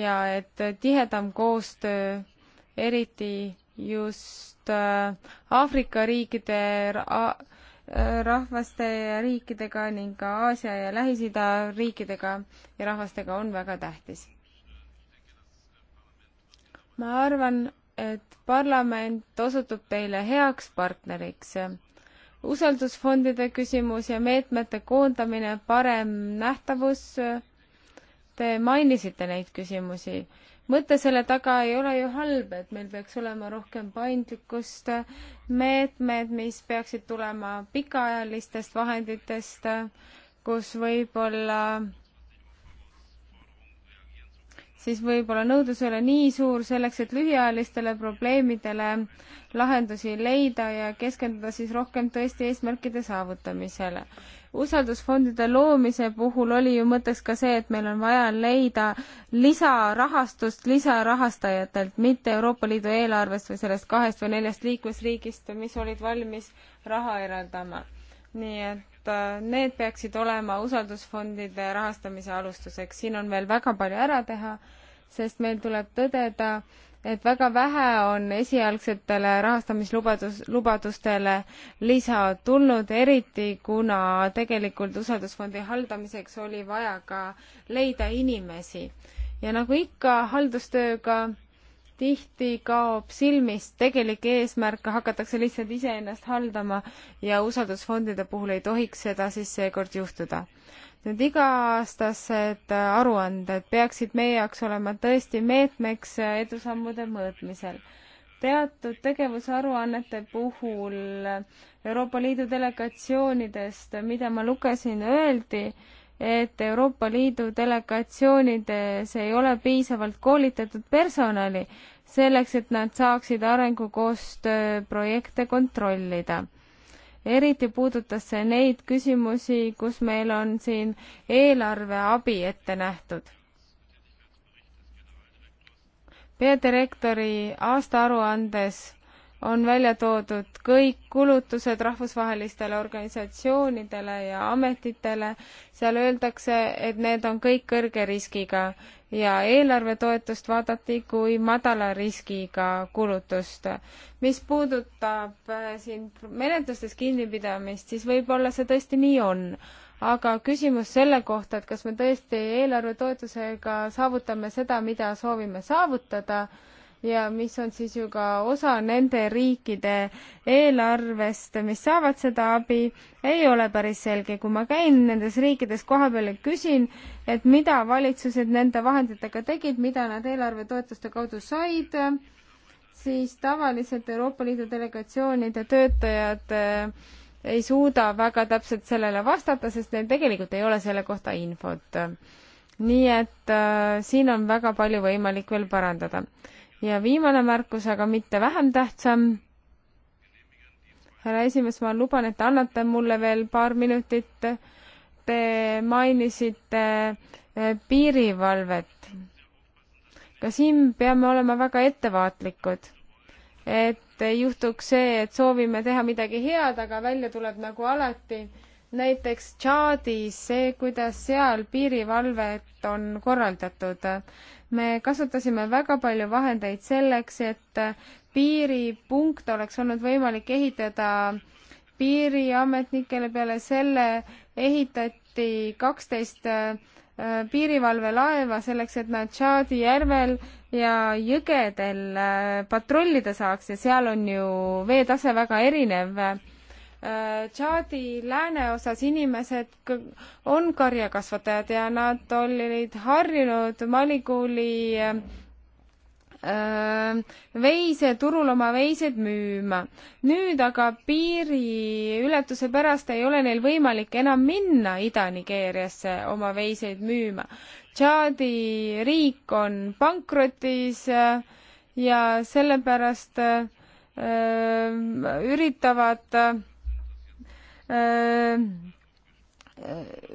ja et tihedam koostöö, eriti just äh, Aafrika riikide äh, rahvaste ja riikidega ning ka Aasia ja Lähis-Ida riikidega ja rahvastega on väga tähtis. ma arvan, et parlament osutub teile heaks partneriks. usaldusfondide küsimus ja meetmete koondamine, parem nähtavus. Te mainisite neid küsimusi mõte selle taga ei ole ju halb, et meil peaks olema rohkem paindlikkust, meetmed, mis peaksid tulema pikaajalistest vahenditest, kus võib-olla siis võib-olla nõudlus ei ole nii suur selleks, et lühiajalistele probleemidele lahendusi leida ja keskenduda siis rohkem tõesti eesmärkide saavutamisele usaldusfondide loomise puhul oli ju mõtteks ka see, et meil on vaja leida lisarahastust lisarahastajatelt, mitte Euroopa Liidu eelarvest või sellest kahest või neljast liikmesriigist, mis olid valmis raha eraldama. nii et äh, need peaksid olema usaldusfondide rahastamise alustuseks, siin on veel väga palju ära teha, sest meil tuleb tõdeda, et väga vähe on esialgsetele rahastamislubadus, lubadustele lisa tulnud, eriti kuna tegelikult usaldusfondi haldamiseks oli vaja ka leida inimesi. ja nagu ikka haldustööga, tihti kaob silmist tegelik eesmärk, hakatakse lihtsalt iseennast haldama ja usaldusfondide puhul ei tohiks seda siis seekord juhtuda. Need iga-aastased äh, aruanded peaksid meie jaoks olema tõesti meetmeks äh, edusammude mõõtmisel teatud tegevusaruannete puhul äh, Euroopa Liidu delegatsioonidest, mida ma lugesin, öeldi, et Euroopa Liidu delegatsioonides ei ole piisavalt koolitatud personali selleks, et nad saaksid arengukoostöö projekte kontrollida eriti puudutas see neid küsimusi, kus meil on siin eelarveabi ette nähtud. peadirektori aastaaruandes on välja toodud kõik kulutused rahvusvahelistele organisatsioonidele ja ametitele, seal öeldakse, et need on kõik kõrge riskiga ja eelarvetoetust vaadati kui madala riskiga kulutust. mis puudutab äh, siin menetlustes kinnipidamist, siis võib-olla see tõesti nii on, aga küsimus selle kohta, et kas me tõesti eelarvetoetusega saavutame seda, mida soovime saavutada, ja mis on siis ju ka osa nende riikide eelarvest, mis saavad seda abi, ei ole päris selge. kui ma käin nendes riikides kohapeal ja küsin, et mida valitsused nende vahenditega tegid, mida nad eelarvetoetuste kaudu said, siis tavaliselt Euroopa Liidu delegatsioonide töötajad eh, ei suuda väga täpselt sellele vastata, sest neil tegelikult ei ole selle kohta infot. nii et äh, siin on väga palju võimalik veel parandada ja viimane märkus, aga mitte vähem tähtsam. härra esimees, ma luban, et annate mulle veel paar minutit. Te mainisite eh, piirivalvet. ka siin peame olema väga ettevaatlikud, et ei juhtuks see, et soovime teha midagi head, aga välja tuleb nagu alati äh, näiteks Tšaadis see, kuidas seal piirivalvet on korraldatud. me kasutasime väga palju vahendeid selleks, et piiripunkt oleks olnud võimalik ehitada piiriametnikele, peale selle ehitati kaksteist äh, piirivalvelaeva selleks, et nad Tšaadi järvel ja jõgedel äh, patrullida saaks ja seal on ju veetase väga erinev Äh, Tšaadi lääneosas inimesed on karjakasvatajad ja nad olid harjunud Malikuuli äh, veiseturul oma veised müüma. nüüd aga piiriületuse pärast ei ole neil võimalik enam minna Ida-Nigeeriasse oma veiseid müüma. Tšaadi riik on pankrotis äh, ja sellepärast üritavad Äh,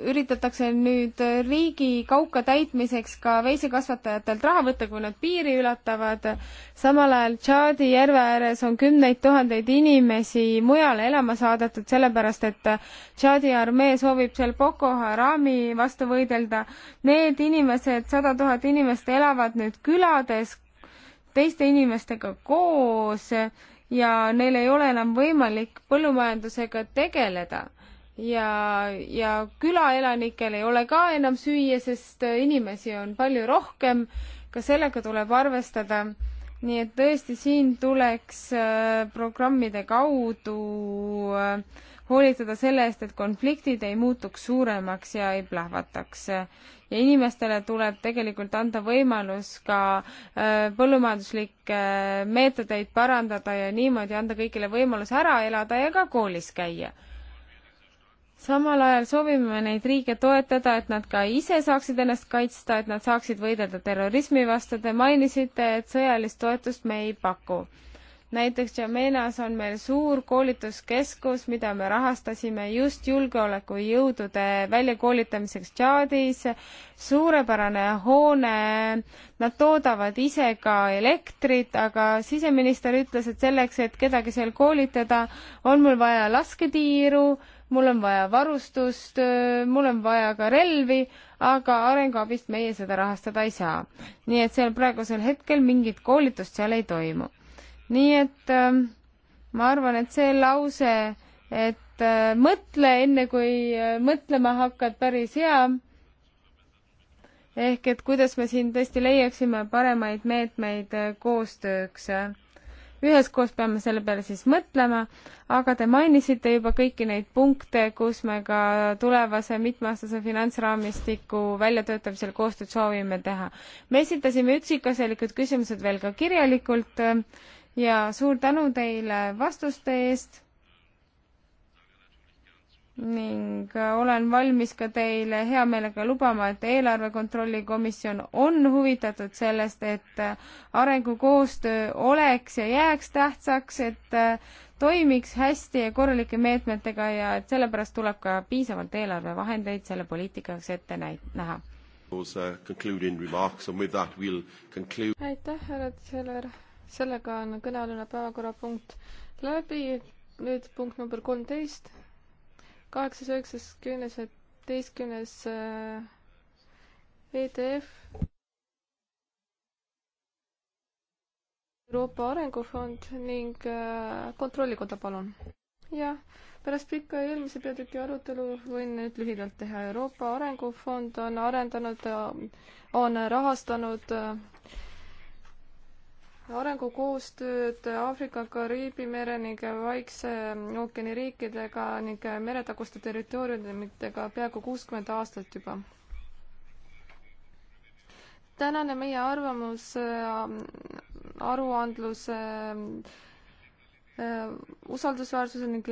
üritatakse nüüd riigi kauka täitmiseks ka veisekasvatajatelt raha võtta, kui nad piiri ületavad. samal ajal Tšaadi järve ääres on kümneid tuhandeid inimesi mujale elama saadetud, sellepärast et Tšaadi armee soovib seal Boko Harami vastu võidelda. Need inimesed, sada tuhat inimest elavad nüüd külades teiste inimestega koos ja neil ei ole enam võimalik põllumajandusega tegeleda ja, ja külaelanikel ei ole ka enam süüa, sest inimesi on palju rohkem, ka sellega tuleb arvestada. nii et tõesti, siin tuleks äh, programmide kaudu äh, hoolitseda selle eest, et konfliktid ei muutuks suuremaks ja ei plahvataks. ja inimestele tuleb tegelikult anda võimalus ka äh, põllumajanduslikke äh, meetodeid parandada ja niimoodi anda kõigile võimalus ära elada ja ka koolis käia samal ajal soovime neid riike toetada, et nad ka ise saaksid ennast kaitsta, et nad saaksid võidelda terrorismi vastu. Te mainisite, et sõjalist toetust me ei paku näiteks Jamenas on meil suur koolituskeskus, mida me rahastasime just julgeolekujõudude väljakoolitamiseks Tšaadis. suurepärane hoone, nad toodavad ise ka elektrit, aga siseminister ütles, et selleks, et kedagi seal koolitada, on mul vaja lasketiiru, mul on vaja varustust, mul on vaja ka relvi, aga arenguabist meie seda rahastada ei saa. nii et seal praegusel hetkel mingit koolitust seal ei toimu nii et äh, ma arvan, et see lause, et äh, mõtle enne, kui äh, mõtlema hakkad, päris hea. ehk et kuidas me siin tõesti leiaksime paremaid meetmeid äh, koostööks. üheskoos peame selle peale siis mõtlema, aga te mainisite juba kõiki neid punkte, kus me ka tulevase mitmeaastase finantsraamistiku väljatöötamisel koostööd soovime teha. me esitasime üksikasjalikud küsimused veel ka kirjalikult äh, ja suur tänu teile vastuste eest ning olen valmis ka teile hea meelega lubama, et eelarve kontrolli komisjon on huvitatud sellest, et arengukoostöö oleks ja jääks tähtsaks, et toimiks hästi ja korralike meetmetega ja et sellepärast tuleb ka piisavalt eelarvevahendeid selle poliitika jaoks ette näha. aitäh, härra Tseller sellega on kõnealune päevakorrapunkt
läbi. nüüd punkt number kolmteist, kaheksas, üheksas, kümnes, üheteistkümnes äh, EDF. Euroopa Arengufond ning äh, Kontrollikoda, palun. jah, pärast pikka eelmise peatüki arutelu võin nüüd lühidalt teha. Euroopa Arengufond on arendanud, on rahastanud äh, arengukoostööd Aafrika, Kariibi mere ning Vaikse ookeani riikidega ning meretaguste territooriumitega peaaegu kuuskümmend aastat juba. tänane meie arvamus, äh, aruandluse äh, äh, usaldusväärsuse ning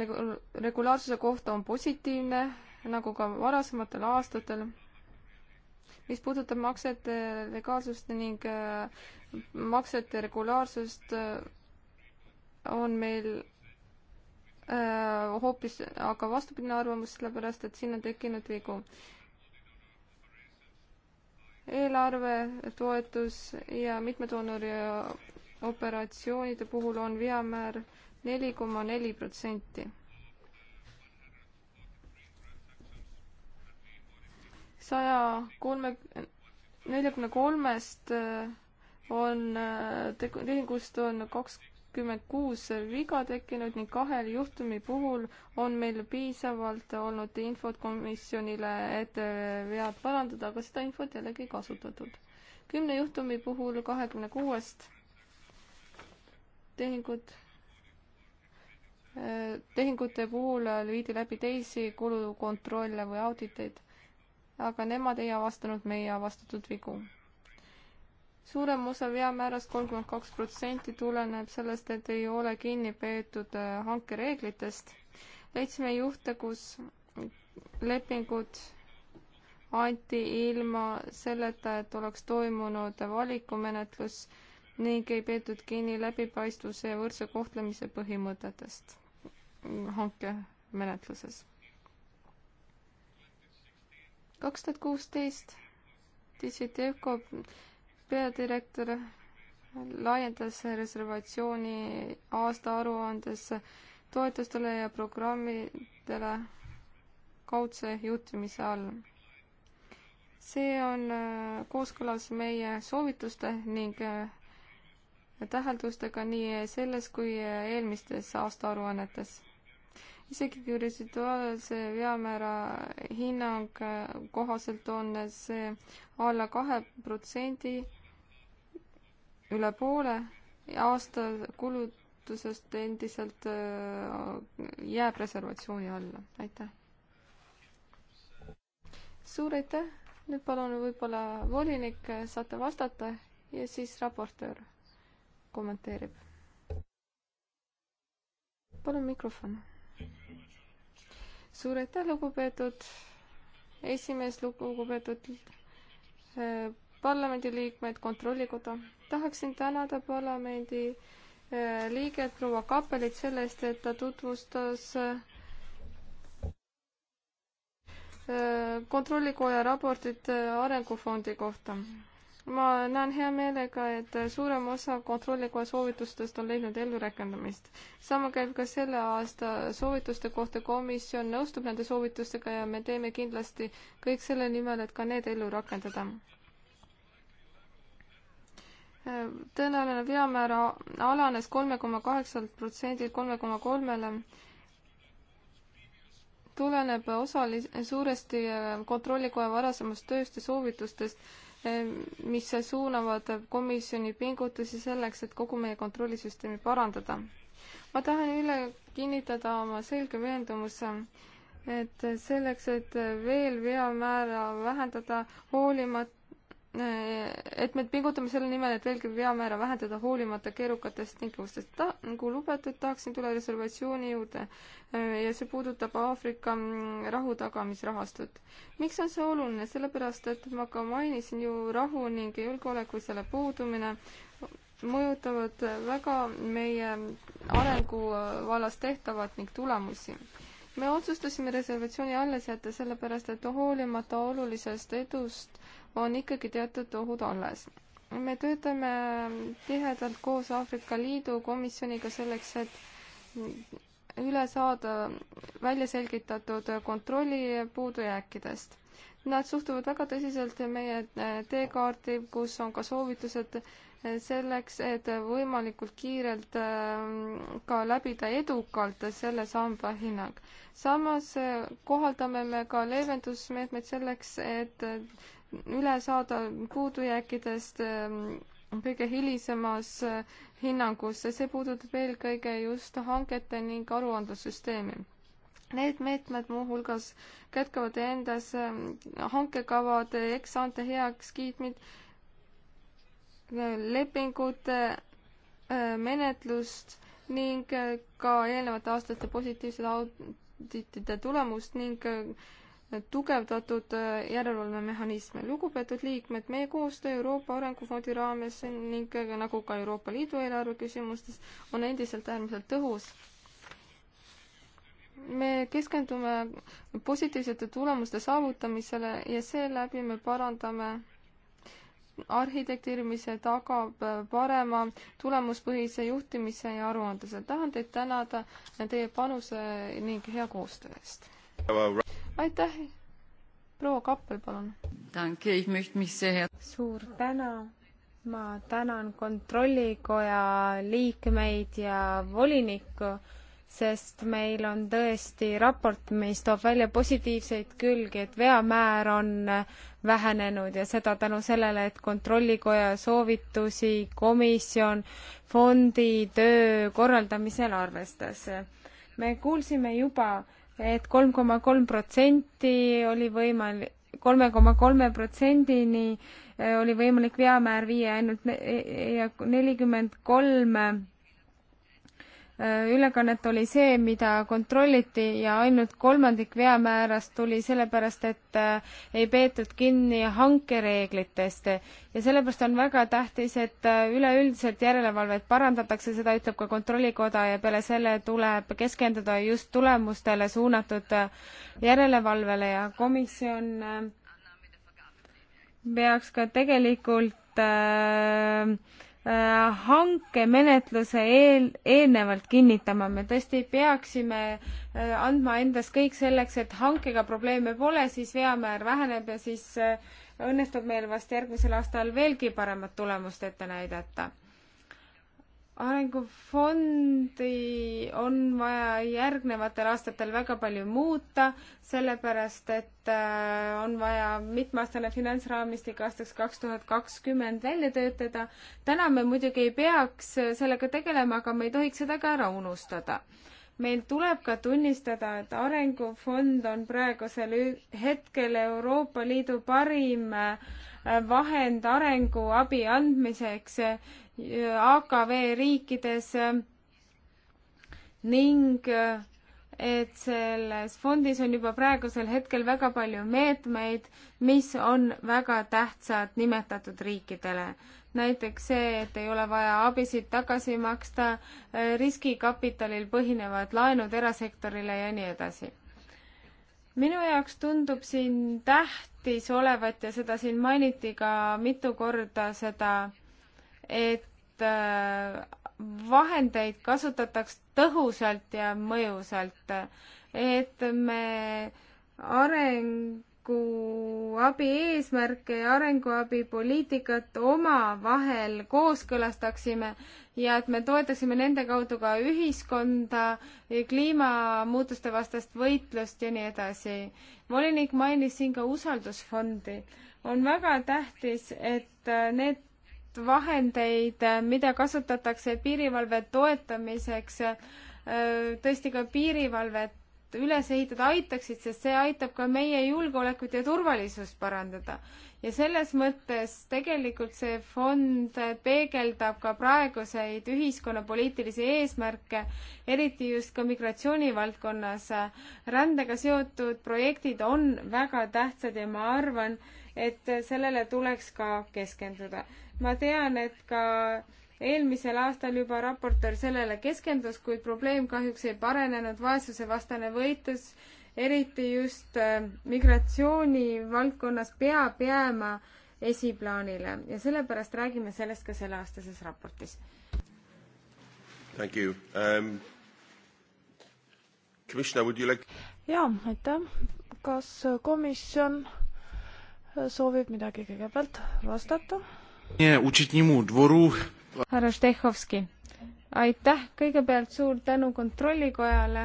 regulaarsuse kohta on positiivne, nagu ka varasematel aastatel mis puudutab maksete legaalsust ning maksete regulaarsust äh, on meil äh, hoopis aga vastupidine arvamus, sellepärast et siin on tekkinud vigu. eelarve toetus ja mitmedoonori operatsioonide puhul on veamäär neli koma neli protsenti saja kolme, neljakümne kolmest äh, on, tehingust on kakskümmend kuus viga tekkinud ning kahel juhtumi puhul on meil piisavalt olnud infot komisjonile, et vead parandada, aga seda infot jällegi ei kasutatud. kümne juhtumi puhul kahekümne kuuest tehingut tehingute puhul viidi läbi teisi kulukontrolle või auditeid, aga nemad ei avastanud meie avastatud vigu suurem osa veamäärast, kolmkümmend kaks protsenti, tuleneb sellest, et ei ole kinni peetud äh, hankereeglitest. leidsime juhte, kus lepingud anti ilma selleta, et oleks toimunud valikumenetlus ning ei peetud kinni läbipaistvuse ja võrdse kohtlemise põhimõtetest hankemenetluses. kaks tuhat kuusteist DigiDevco peadirektor laiendas reservatsiooni aastaaruandes toetustele ja programmidele kaudse juhtimise all. see on äh, kooskõlas meie soovituste ning äh, täheldustega nii selles kui äh, eelmistes aastaaruannetes isegi kui residuaalse veamäära hinnang kohaselt on see alla kahe protsendi üle poole aasta kulutusest endiselt äh, jääb reservatsiooni alla, aitäh. suur aitäh, nüüd palun võib-olla volinik, äh, saate vastata ja siis raportöör kommenteerib. palun mikrofon suur aitäh, lugupeetud esimees, lugupeetud eh, parlamendiliikmed, kontrollikoda. tahaksin tänada parlamendi eh, liiget proua Kappelit selle eest, et ta tutvustas eh, kontrollikoja raportit Arengufondi kohta ma näen hea meelega, et suurem osa kontrollikoja soovitustest on leidnud ellurakendamist. sama käib ka selle aasta soovituste kohta, komisjon nõustub nende soovitustega ja me teeme kindlasti kõik selle nimel, et ka need ellu rakendada. tõenäoline veamäär alanes kolme koma kaheksalt protsendilt kolme koma kolmele tuleneb osalis-, suuresti kontrollikoja varasemast tööst ja soovitustest Eh, mis suunavad komisjoni pingutusi selleks, et kogu meie kontrollisüsteemi parandada. ma tahan üle kinnitada oma selge veendumuse, et selleks, et veel veamäära vähendada, hoolimata et me pingutame selle nimel, et veelgi veamäära vähendada hoolimata keerukatest tingimustest. nagu lubatud, tahaksin tulla reservatsiooni juurde ja see puudutab Aafrika mm, rahu tagamisrahastut. miks on see oluline, sellepärast et ma ka mainisin ju rahu ning julgeoleku selle puudumine mõjutavad väga meie arengu vallas tehtavat ning tulemusi me otsustasime reservatsiooni alles jätta sellepärast, et hoolimata olulisest edust on ikkagi teatud ohud alles. me töötame tihedalt koos Aafrika Liidu komisjoniga selleks, et üle saada välja selgitatud kontrolli puudujääkidest. Nad suhtuvad väga tõsiselt meie teekaardi, kus on ka soovitused selleks, et võimalikult kiirelt ähm, ka läbida edukalt selle samba hinnang. samas äh, kohaldame me ka leevendusmeetmeid selleks, et üle saada puudujääkidest ähm, kõige hilisemas äh, hinnangus, see puudutab eelkõige just hangete ning aruandlussüsteemi. Need meetmed muuhulgas kätkevad endas ähm, hankekavade äh, eksante heakskiitmid, äh, lepingute menetlust ning ka eelnevate aastate positiivsete auditite tulemust ning tugevdatud äh, järelevalvemehhanisme. lugupeetud liikmed, meie koostöö Euroopa Arengufondi raames ning nagu ka Euroopa Liidu eelarve küsimustes on endiselt äärmiselt tõhus. me keskendume positiivsete tulemuste saavutamisele ja seeläbi me parandame arhitekteerimise tagab äh, parema tulemuspõhise juhtimise ja aruandluse. tahan teid tänada teie panuse ning hea koostöö eest aitäh,
proua Kappel, palun. suur tänu, ma tänan Kontrollikoja liikmeid ja volinikku, sest meil on tõesti raport, mis toob välja positiivseid külgi, et veamäär on vähenenud ja seda tänu sellele, et Kontrollikoja soovitusi komisjon fondi töö korraldamisel arvestas. me kuulsime juba, et kolm koma kolm protsenti oli võimalik, kolme koma kolme protsendini äh, oli võimalik veamäär viia ainult ja nelikümmend kolm Äh, ülekannet oli see, mida kontrolliti ja ainult kolmandik veamäärast tuli sellepärast, et äh, ei peetud kinni hankereeglitest. ja sellepärast on väga tähtis, et äh, üleüldiselt järelevalvet parandatakse, seda ütleb ka Kontrollikoda ja peale selle tuleb keskenduda just tulemustele suunatud järelevalvele ja komisjon peaks ka tegelikult äh, Äh, hankemenetluse eel, eelnevalt kinnitama, me tõesti peaksime äh, andma endast kõik selleks, et hankega probleeme pole, siis veamäär väheneb ja siis äh, õnnestub meil vast järgmisel aastal veelgi paremat tulemust ette näidata arengufondi on vaja järgnevatel aastatel väga palju muuta, sellepärast et äh, on vaja mitmeaastane finantsraamistik aastaks kaks tuhat kakskümmend välja töötada. täna me muidugi ei peaks äh, sellega tegelema, aga me ei tohiks seda ka ära unustada. meil tuleb ka tunnistada, et arengufond on praegusel hetkel Euroopa Liidu parim äh, vahend arenguabi andmiseks AKV riikides ning et selles fondis on juba praegusel hetkel väga palju meetmeid, mis on väga tähtsad nimetatud riikidele. näiteks see, et ei ole vaja abisid tagasi maksta, riskikapitalil põhinevad laenud erasektorile ja nii edasi. minu jaoks tundub siin tähtis olevat ja seda siin mainiti ka mitu korda, seda et äh, vahendeid kasutataks tõhusalt ja mõjusalt, et me arenguabi eesmärke ja arenguabipoliitikat omavahel kooskõlastaksime ja et me toetaksime nende kaudu ka ühiskonda, kliimamuutuste vastast võitlust ja nii edasi. volinik mainis siin ka usaldusfondi. on väga tähtis, et äh, need vahendeid, mida kasutatakse piirivalve toetamiseks, tõesti ka piirivalvet üles ehitada aitaksid, sest see aitab ka meie julgeolekut ja turvalisust parandada. ja selles mõttes tegelikult see fond peegeldab ka praeguseid ühiskonnapoliitilisi eesmärke, eriti just ka migratsioonivaldkonnas. rändega seotud projektid on väga tähtsad ja ma arvan, et sellele tuleks ka keskenduda ma tean, et ka eelmisel aastal juba raportöör sellele keskendus, kuid probleem kahjuks ei parenenud, vaesusevastane võitlus, eriti just äh, migratsiooni valdkonnas peab jääma esiplaanile ja sellepärast räägime sellest ka selleaastases raportis.
Thank you um,. Commissioner, would you like?
jaa, aitäh. kas komisjon soovib midagi kõigepealt vastata? härra Štehhovski, aitäh, kõigepealt suur
tänu Kontrollikojale,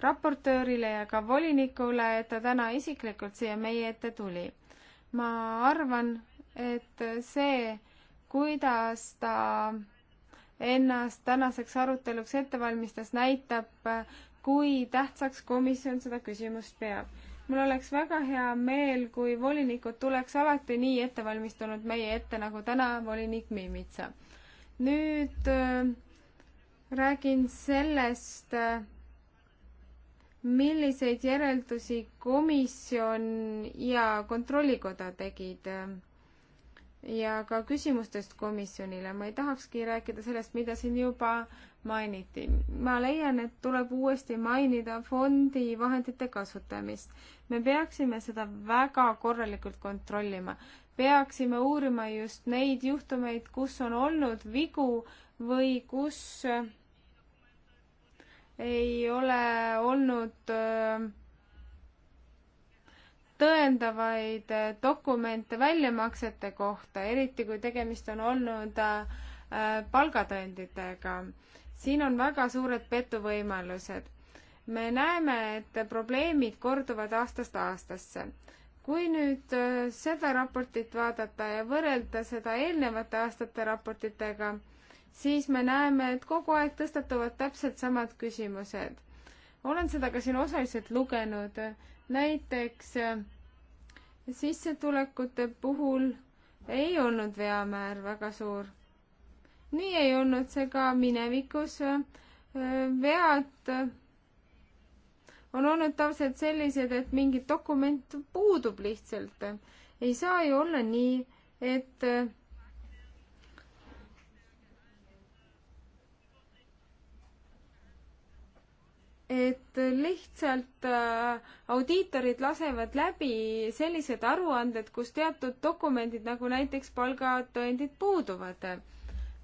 raportöörile ja ka volinikule, et ta täna isiklikult siia meie ette tuli. ma arvan, et see, kuidas ta ennast tänaseks aruteluks ette valmistas, näitab, kui tähtsaks komisjon seda küsimust peab mul oleks väga hea meel, kui volinikud tuleks alati nii ettevalmistunud meie ette, nagu täna volinik Mimitsa. nüüd äh, räägin sellest äh,, milliseid järeldusi komisjon ja kontrollikoda tegid äh, ja ka küsimustest komisjonile. ma ei tahakski rääkida sellest, mida siin juba mainiti. ma leian, et tuleb uuesti mainida fondi vahendite kasutamist. me peaksime seda väga korralikult kontrollima. peaksime uurima just neid juhtumeid, kus on olnud vigu või kus äh, ei ole olnud äh, tõendavaid äh, dokumente väljamaksete kohta, eriti kui tegemist on olnud palgatõenditega siin on väga suured petuvõimalused. me näeme, et probleemid korduvad aastast aastasse. kui nüüd äh, seda raportit vaadata ja võrrelda seda eelnevate aastate raportitega, siis me näeme, et kogu aeg tõstatuvad täpselt samad küsimused. olen seda ka siin osaliselt lugenud, näiteks äh, sissetulekute puhul ei olnud veamäär väga suur nii ei olnud see ka minevikus. vead on olnud tavaliselt sellised, et mingi dokument puudub lihtsalt. ei saa ju olla nii, et et lihtsalt äh, audiitorid lasevad läbi sellised aruanded, kus teatud dokumendid nagu näiteks palgatõendid puuduvad äh,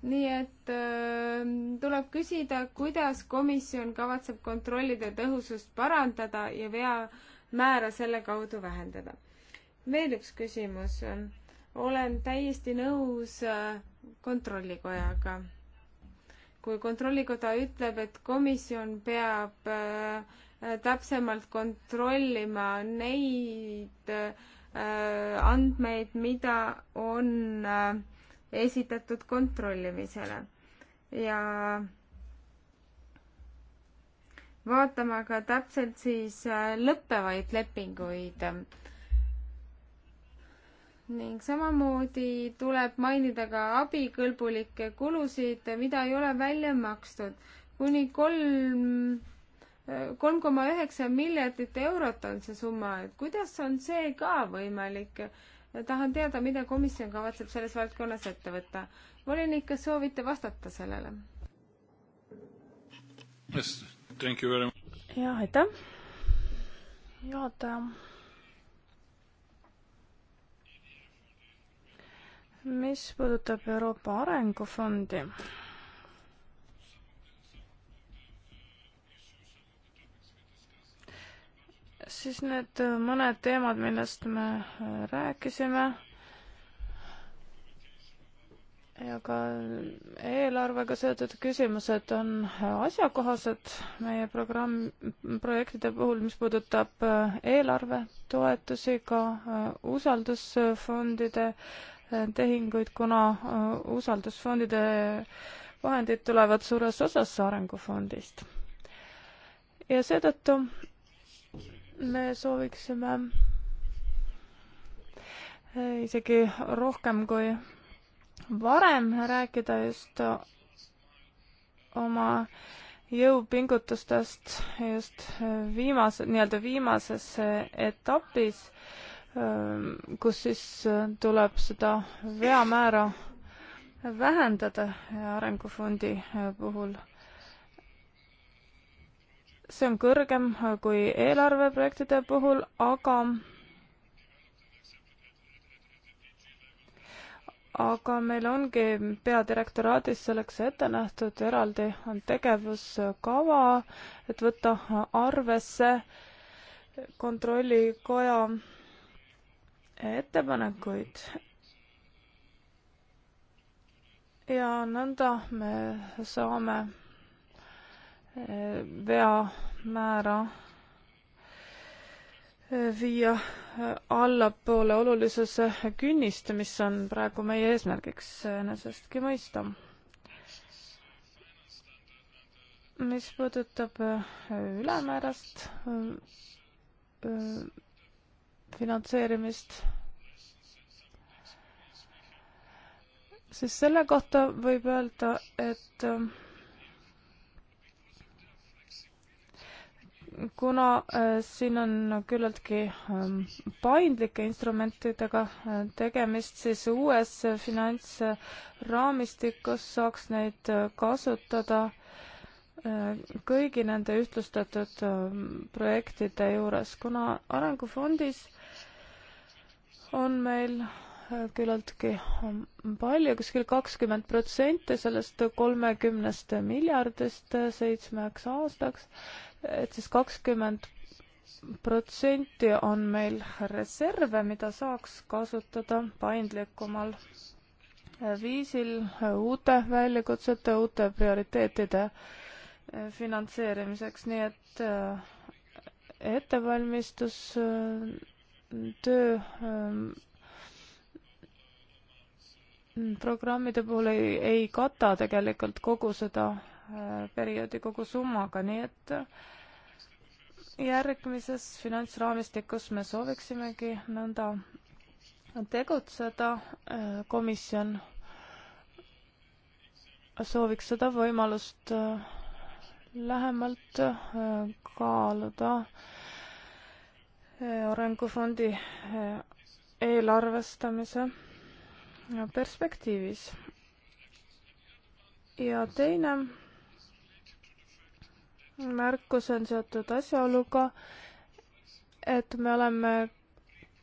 nii et äh, tuleb küsida, kuidas komisjon kavatseb kontrollide tõhusust parandada ja veamäära selle kaudu vähendada. veel üks küsimus. olen täiesti nõus äh, kontrollikojaga. kui kontrollikoda ütleb, et komisjon peab äh, täpsemalt kontrollima neid äh, andmeid, mida on äh, esitatud kontrollimisele ja vaatama ka täpselt siis äh, lõppevaid lepinguid. ning samamoodi tuleb mainida ka abikõlbulikke kulusid, mida ei ole välja makstud. kuni kolm, äh, kolm koma üheksa miljardit eurot on see summa, et kuidas on see ka võimalik tahan teada, mida komisjon kavatseb selles valdkonnas ette võtta. volinik, kas soovite vastata sellele?
jah, aitäh. juhataja. mis puudutab Euroopa Arengufondi, siis need äh, mõned teemad, millest me äh, rääkisime ja ka eelarvega seotud küsimused on äh, asjakohased meie programm, projektide puhul, mis puudutab eelarvetoetusi, ka usaldusfondide tehinguid, kuna usaldusfondide vahendid tulevad suures osas arengufondist. ja seetõttu me sooviksime äh, isegi rohkem kui varem rääkida just oma jõupingutustest just äh, viimase, nii-öelda viimases äh, etapis, ähm, kus siis tuleb seda veamäära vähendada arengufondi puhul see on kõrgem äh, kui eelarveprojektide puhul, aga aga meil ongi peadirektoraadis selleks ette nähtud eraldi on tegevuskava, et võtta arvesse kontrollikoja ettepanekuid. ja nõnda me saame veamäära eh, viia eh, allapoole olulisuse eh, künnist, mis on praegu meie eesmärgiks enesestki mõista. mis puudutab ülemäärast finantseerimist, siis selle kohta võib öelda, et kuna äh, siin on küllaltki ähm, paindlike instrumentidega äh, tegemist, siis uues finantsraamistikus saaks neid äh, kasutada kõigi nende ühtlustatud ähm, projektide juures, kuna Arengufondis on meil küllaltki palju, kuskil kakskümmend protsenti sellest kolmekümnest miljardist seitsmeks aastaks, et siis kakskümmend protsenti on meil reserve, mida saaks kasutada paindlikumal viisil uute väljakutsete, uute prioriteetide finantseerimiseks, nii et äh, ettevalmistustöö äh, ähm, Mm, programmide puhul ei, ei kata tegelikult kogu seda äh, perioodi kogu summaga, nii et äh, järgmises finantsraamistikus me sooviksimegi nõnda tegutseda, äh, komisjon sooviks seda võimalust lähemalt kaaluda arengufondi eelarvestamise perspektiivis. ja teine märkus on seotud asjaoluga, et me oleme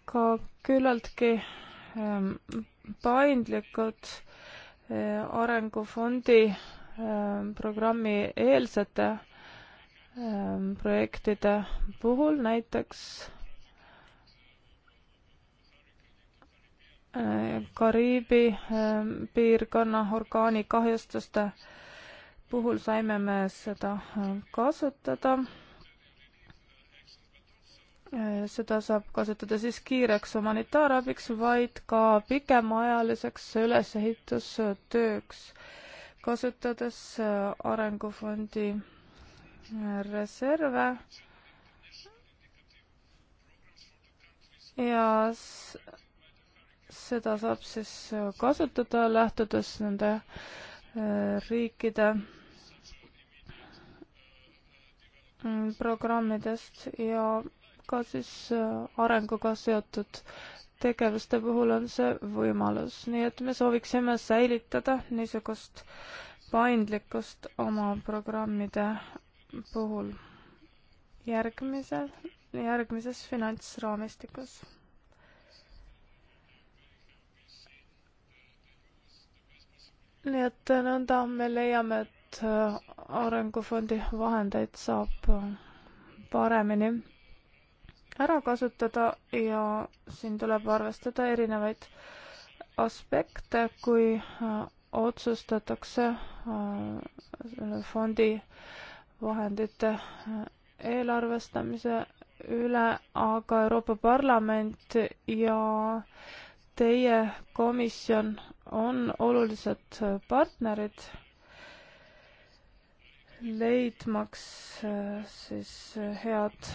ka küllaltki ähm, paindlikud äh, arengufondi ähm, programmi eelsete ähm, projektide puhul, näiteks Kariibi ähm, piirkonna orgaanikahjustuste puhul saime me seda ähm, kasutada. Äh, seda saab kasutada siis kiireks humanitaarabiks, vaid ka pikemaajaliseks ülesehitustööks, kasutades äh, Arengufondi äh, reserve ja seda saab siis kasutada, lähtudes nende äh, riikide mm, programmidest ja ka siis äh, arenguga seotud tegevuste puhul on see võimalus, nii et me sooviksime säilitada niisugust paindlikkust oma programmide puhul järgmise, järgmises finantsraamistikus nii et nõnda me leiame, et äh, arengufondi vahendeid saab äh, paremini ära kasutada ja siin tuleb arvestada erinevaid aspekte, kui äh, otsustatakse fondi vahendite eelarvestamise üle, aga Euroopa Parlament ja teie komisjon on olulised partnerid, leidmaks äh, siis äh, head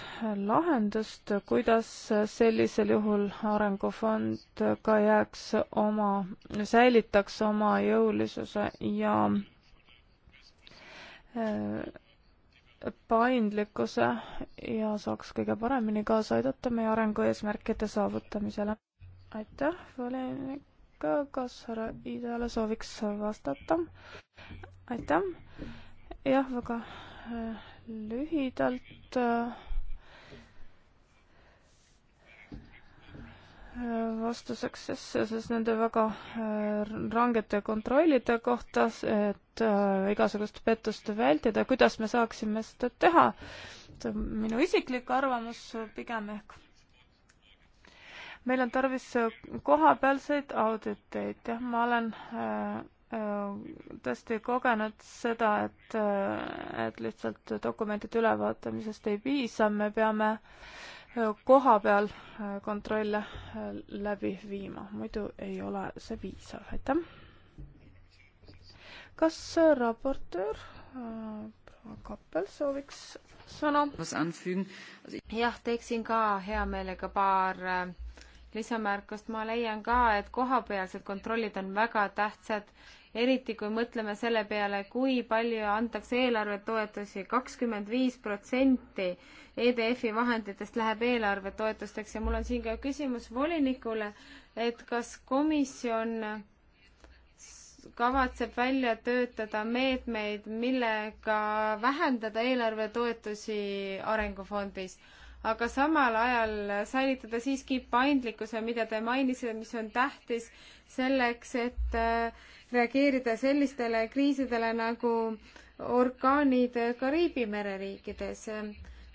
lahendust, kuidas äh, sellisel juhul Arengufond ka jääks oma, säilitaks oma jõulisuse ja paindlikkuse ja saaks kõige paremini kaasa aidata meie arengueesmärkide saavutamisele. aitäh, volinik kas härra Iidale sooviks vastata? aitäh. jah, väga äh, lühidalt äh, vastuseks siis, siis nende väga äh, rangete kontrollide kohta, et igasugust pettust vältida, kuidas me saaksime seda teha? see on minu isiklik arvamus pigem ehk meil on tarvis äh, kohapealseid auditeid, jah, ma olen äh, äh, tõesti kogenud seda, et, et lihtsalt dokumentide ülevaatamisest ei piisa, me peame koha peal kontrolle läbi viima, muidu ei ole see piisav, aitäh. kas raportöör proua Kappel sooviks sõna? jah, teeksin ka hea
meelega paar lisamärkust, ma leian ka, et kohapealsed kontrollid on väga tähtsad, eriti kui mõtleme selle peale, kui palju antakse eelarvetoetusi, kakskümmend viis protsenti EDF-i vahenditest läheb eelarvetoetusteks ja mul on siin ka küsimus volinikule, et kas komisjon kavatseb välja töötada meetmeid, millega vähendada eelarvetoetusi Arengufondis aga samal ajal säilitada siiski paindlikkuse, mida te mainisite, mis on tähtis selleks, et äh, reageerida sellistele kriisidele nagu orkaanid Kariibi mereriikides.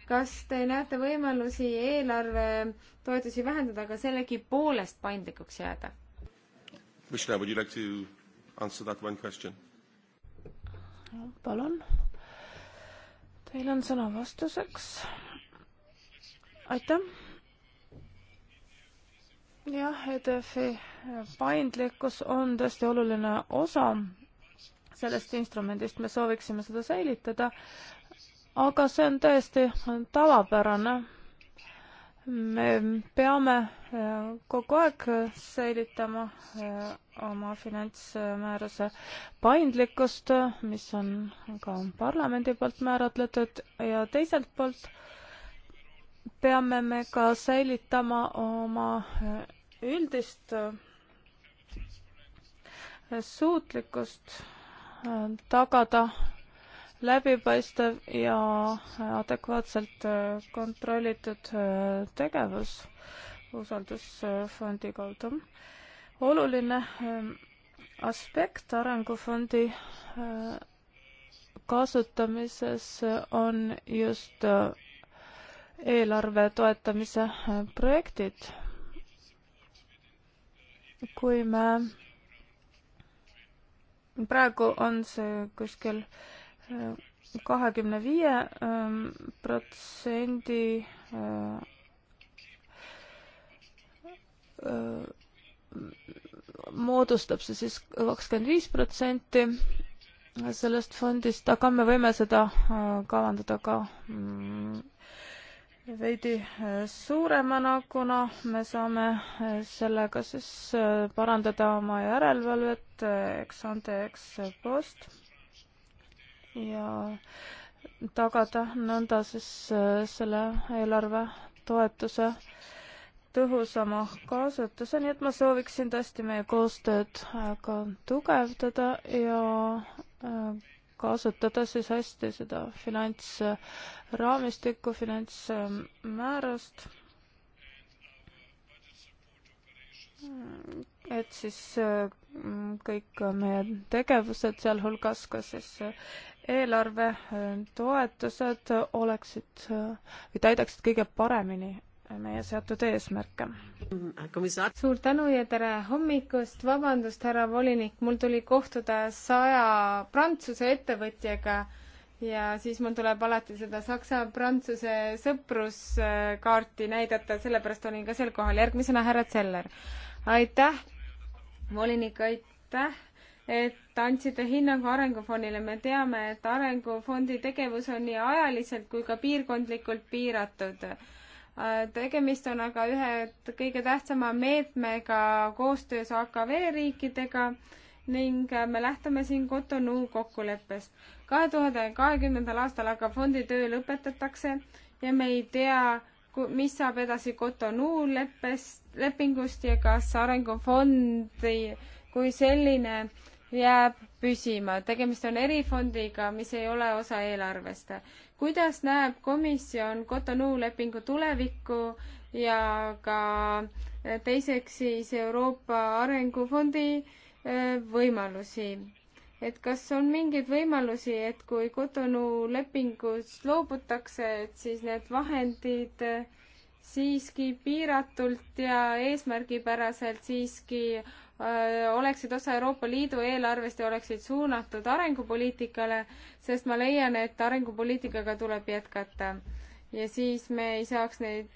kas te näete võimalusi eelarvetoetusi vähendada, aga sellegipoolest paindlikuks jääda?
Commissioner, would you like to answer that one question?
palun, teil on sõna vastuseks aitäh! jah, EDF-i paindlikkus on tõesti oluline osa sellest instrumendist, me sooviksime seda säilitada, aga see on täiesti tavapärane. me peame äh, kogu aeg säilitama äh, oma finantsmääruse paindlikkust, mis on ka parlamendi poolt määratletud ja teiselt poolt äh, peame me ka säilitama oma äh, üldist äh, suutlikkust äh, tagada läbipaistev ja adekvaatselt kontrollitud tegevus usaldusfondi kaudu. oluline aspekt arengufondi kasutamises on just eelarve toetamise äh, projektid. kui me, praegu on see kuskil äh, kahekümne viie ähm, protsendi äh, moodustab see siis kakskümmend viis protsenti sellest fondist, aga me võime seda kavandada ka mm, veidi äh, suuremana, kuna me saame äh, sellega siis äh, parandada oma järelevalvet eks ante, eks post ja tagada nõnda siis selle eelarve toetuse tõhusama kaasatuse, nii et ma sooviksin tõesti meie koostööd ka tugevdada ja kasutada siis hästi seda finantsraamistikku, finantsmäärast. et siis mm, kõik meie tegevused, sealhulgas ka siis eelarve äh, toetused oleksid äh, või täidaksid kõige paremini meie seatud eesmärke. suur tänu ja tere hommikust, vabandust, härra
volinik, mul tuli kohtuda saja Prantsuse ettevõtjaga ja siis mul tuleb alati seda Saksa-Prantsuse sõpruskaarti näidata, sellepärast olin ka sel kohal. järgmisena härra Zeller. aitäh, volinik, aitäh, et andsite hinnangu Arengufondile. me teame, et Arengufondi tegevus on nii ajaliselt kui ka piirkondlikult piiratud Äh, tegemist on aga ühe kõige tähtsama meetmega koostöös AKV riikidega ning äh, me lähtume siin Cotonou kokkuleppest. kahe tuhande kahekümnendal aastal aga fondi töö lõpetatakse ja me ei tea, mis saab edasi Cotonou leppest, lepingust ja kas arengufondi kui selline jääb püsima, tegemist on erifondiga, mis ei ole osa eelarvest. kuidas näeb komisjon Cotonou lepingu tulevikku ja ka teiseks siis Euroopa Arengufondi äh, võimalusi? et kas on mingeid võimalusi, et kui Cotonou lepingust loobutakse, et siis need vahendid äh, siiski piiratult ja eesmärgipäraselt siiski Äh, oleksid osa Euroopa Liidu eelarvest ja oleksid suunatud arengupoliitikale, sest ma leian, et arengupoliitikaga tuleb jätkata. ja siis me ei saaks neid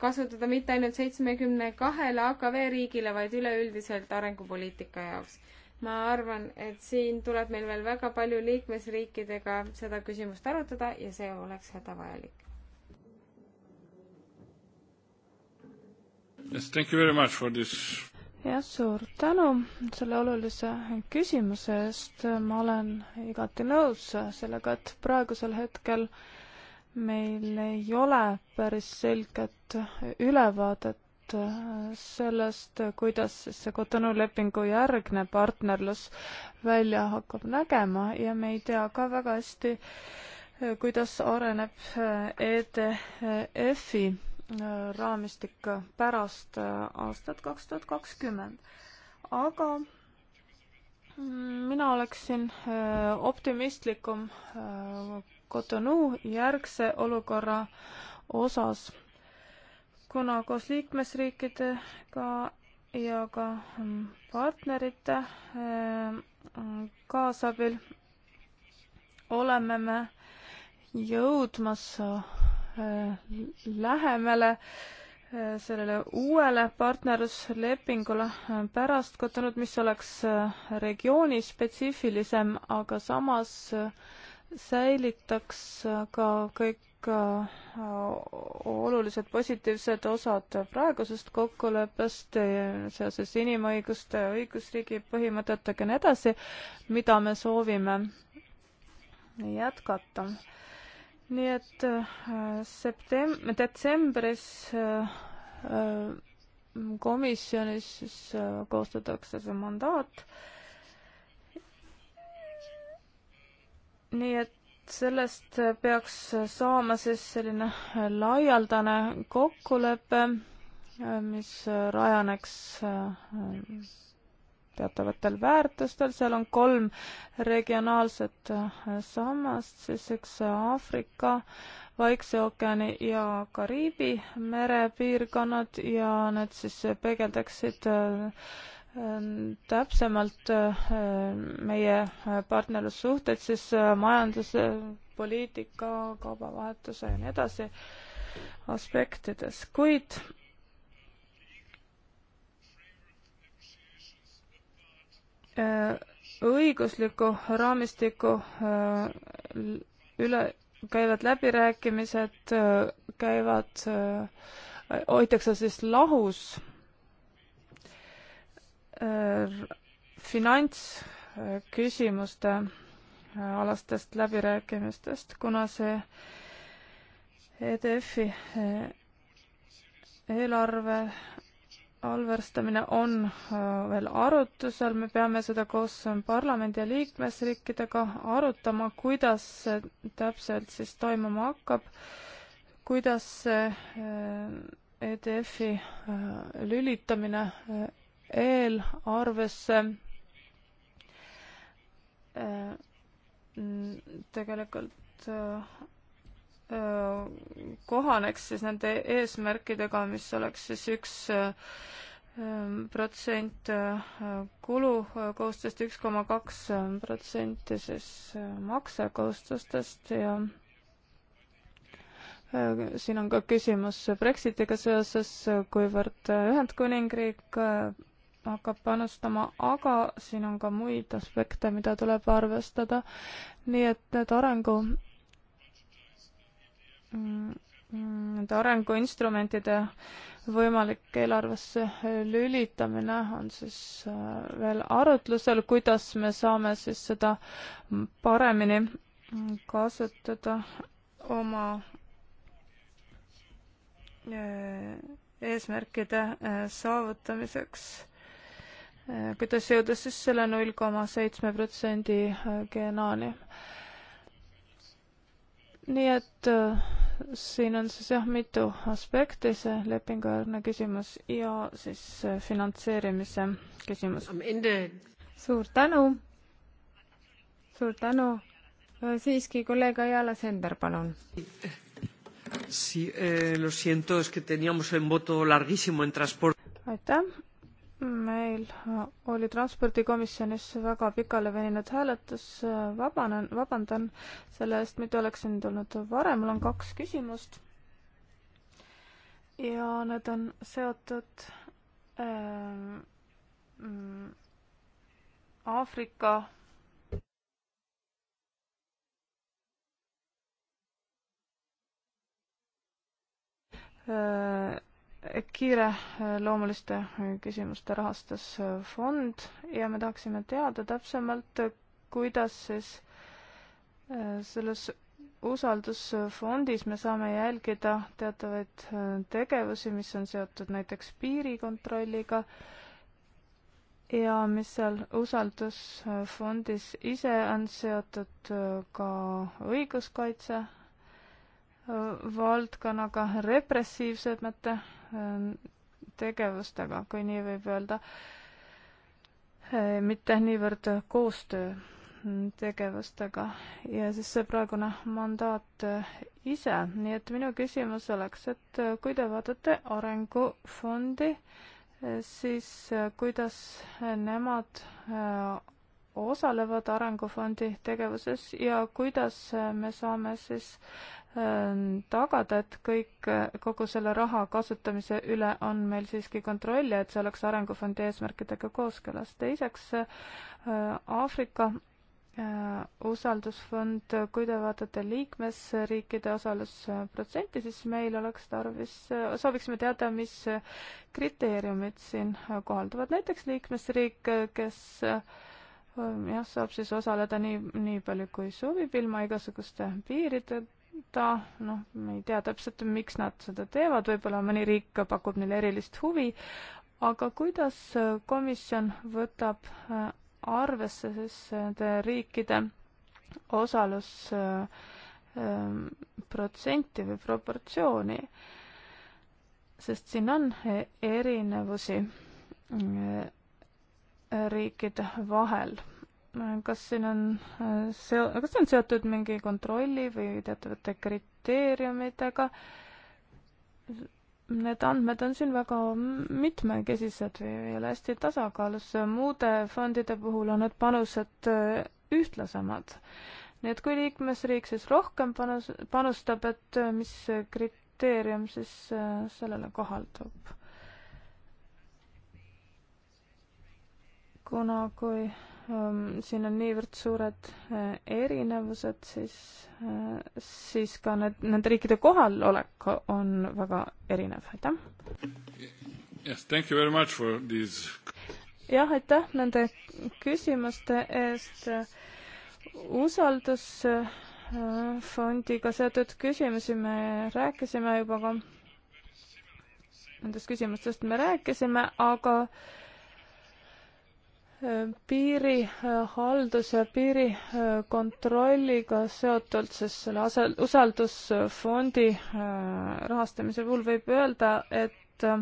kasutada mitte ainult seitsmekümne kahele AKV riigile, vaid üleüldiselt arengupoliitika jaoks. ma arvan, et siin tuleb meil veel väga palju liikmesriikidega seda küsimust arutada ja see oleks hädavajalik.
Yes, thank you very much for this jah, suur tänu selle olulise küsimuse eest. ma olen igati nõus sellega, et praegusel hetkel meil ei ole päris selget ülevaadet sellest, kuidas siis see Cotonou lepingu järgne partnerlus välja hakkab nägema ja me ei tea ka väga hästi, kuidas areneb EDF-i raamistik pärast äh, aastat kaks tuhat kakskümmend. aga mina oleksin äh, optimistlikum äh, Cotonou järgse olukorra osas, kuna koos liikmesriikidega ja ka mm, partnerite kaasabil oleme me jõudmas Äh, lähemale äh, sellele uuele partnerluslepingule äh, pärast kodunud, mis oleks regiooni spetsiifilisem, aga samas säilitaks ka kõik olulised positiivsed osad praegusest kokkuleppest seoses inimõiguste, õigusriigi põhimõtetega ja nii edasi, mida me soovime jätkata nii et äh, septem-, detsembris äh, äh, komisjonis siis koostatakse see mandaat. nii et sellest peaks saama siis selline laialdane kokkulepe, mis rajaneks teatavatel väärtustel, seal on kolm regionaalset äh, sammast, siis üks Aafrika, Vaikse ookeani ja Kariibi merepiirkonnad ja need siis peegeldaksid äh, äh, täpsemalt meie partnerlussuhteid siis majanduse, poliitika, kaubavahetuse ja nii edasi aspektides, kuid Äh, õigusliku raamistiku äh, üle käivad läbirääkimised, äh, käivad, hoitakse siis lahus finantsküsimuste alastest läbirääkimistest, kuna see EDF-i eelarve allverstamine on äh, veel arutusel, me peame seda koos ähm, parlamendi ja liikmesriikidega arutama, kuidas see täpselt siis toimuma hakkab, kuidas see äh, EDF-i äh, lülitamine eelarvesse tegelikult kohaneks siis nende eesmärkidega, mis oleks siis üks protsent kulukohustust, üks koma kaks protsenti siis maksekohustustest ja siin on ka küsimus Brexitiga seoses, kuivõrd Ühendkuningriik hakkab panustama, aga siin on ka muid aspekte, mida tuleb arvestada. nii et need arengu nende mm, mm, arenguinstrumentide võimalik eelarvesse lülitamine on siis äh, veel arutlusel, kuidas me saame siis seda paremini kasutada oma äh, eesmärkide äh, saavutamiseks. kuidas jõuda siis selle null koma seitsme protsendi GNA-ni? -ni nii et äh, siin on siis jah, mitu aspekti, see lepinguäärne küsimus ja siis äh, finantseerimise küsimus. suur tänu. suur tänu. Äh, siiski
kolleeg Ajala Sender, palun.
Sí, eh, lo siento, es que teníamos el voto larguísimo en transporte.
Aitäh, meil oli transpordikomisjonis väga pikale veninud hääletus, vabanen, vabandan selle eest, mitte oleksin tulnud varem, mul on kaks küsimust. ja need on seotud ähm, mm, Aafrika ähm, äh, kiireloomuliste äh, äh, küsimuste rahastusfond äh, ja me tahaksime teada täpsemalt, kuidas siis selles usaldusfondis me saame jälgida teatavaid tegevusi, mis on seotud näiteks piirikontrolliga ja mis seal usaldusfondis ise on seotud ka õiguskaitse valdkonnaga, repressiivsemate ähm, tegevustega, kui nii võib öelda, äh, mitte niivõrd koostöö mm, tegevustega ja siis see praegune mandaat äh, ise, nii et minu küsimus oleks, et äh, kui te vaatate arengufondi, siis kuidas nemad osalevad Arengufondi tegevuses ja kuidas me saame siis tagada, et kõik, kogu selle raha kasutamise üle on meil siiski kontroll ja et see oleks Arengufondi eesmärkidega kooskõlas. teiseks, Aafrika usaldusfond, kui te vaatate liikmesriikide osalusprotsenti, siis meil oleks tarvis, sooviksime teada, mis kriteeriumid siin kohalduvad. näiteks liikmesriik, kes jah, saab siis osaleda nii, nii palju kui soovib, ilma igasuguste piirideta ta, noh, me ei tea täpselt, miks nad seda teevad, võib-olla mõni riik pakub neile erilist huvi, aga kuidas komisjon võtab äh, arvesse siis äh, nende riikide osalusprotsenti äh, või proportsiooni, sest siin on erinevusi riikide vahel kas siin on äh, seo-, kas see on seotud mingi kontrolli või teatavate kriteeriumidega? Need andmed on siin väga mitmekesised või ei ole hästi tasakaalus. muude fondide puhul on need panused äh, ühtlasemad. nii et kui liikmesriik siis rohkem panus, panustab, et äh, mis kriteerium siis sellele kohaldub? kuna kui Ehm, siin on niivõrd suured eh, erinevused, siis, eh, siis ka need, nende riikide kohalolek on väga erinev, aitäh. Yes, thank you very much for these. jah, aitäh nende küsimuste eest. usaldusfondiga seotud küsimusi me rääkisime juba ka, nendest küsimustest me rääkisime, aga äh, piirihalduse, piirikontrolliga seotult, sest selle asel-, usaldusfondi äh, rahastamise puhul võib öelda, et äh,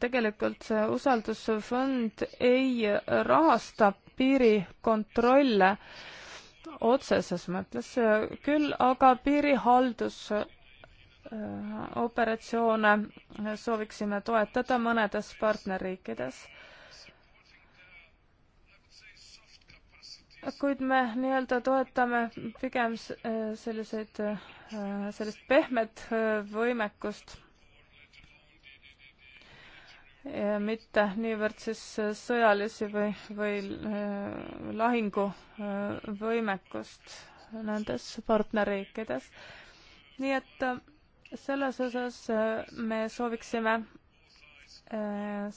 tegelikult see usaldusfond ei rahasta piirikontrolle otseses mõttes, küll aga piirihaldus äh, operatsioone sooviksime toetada mõnedes partnerriikides kuid me nii-öelda toetame pigem äh, selliseid, äh, sellist pehmet äh, võimekust, mitte niivõrd siis sõjalisi või, või lahinguvõimekust nendes partnerriikides. nii et selles osas me sooviksime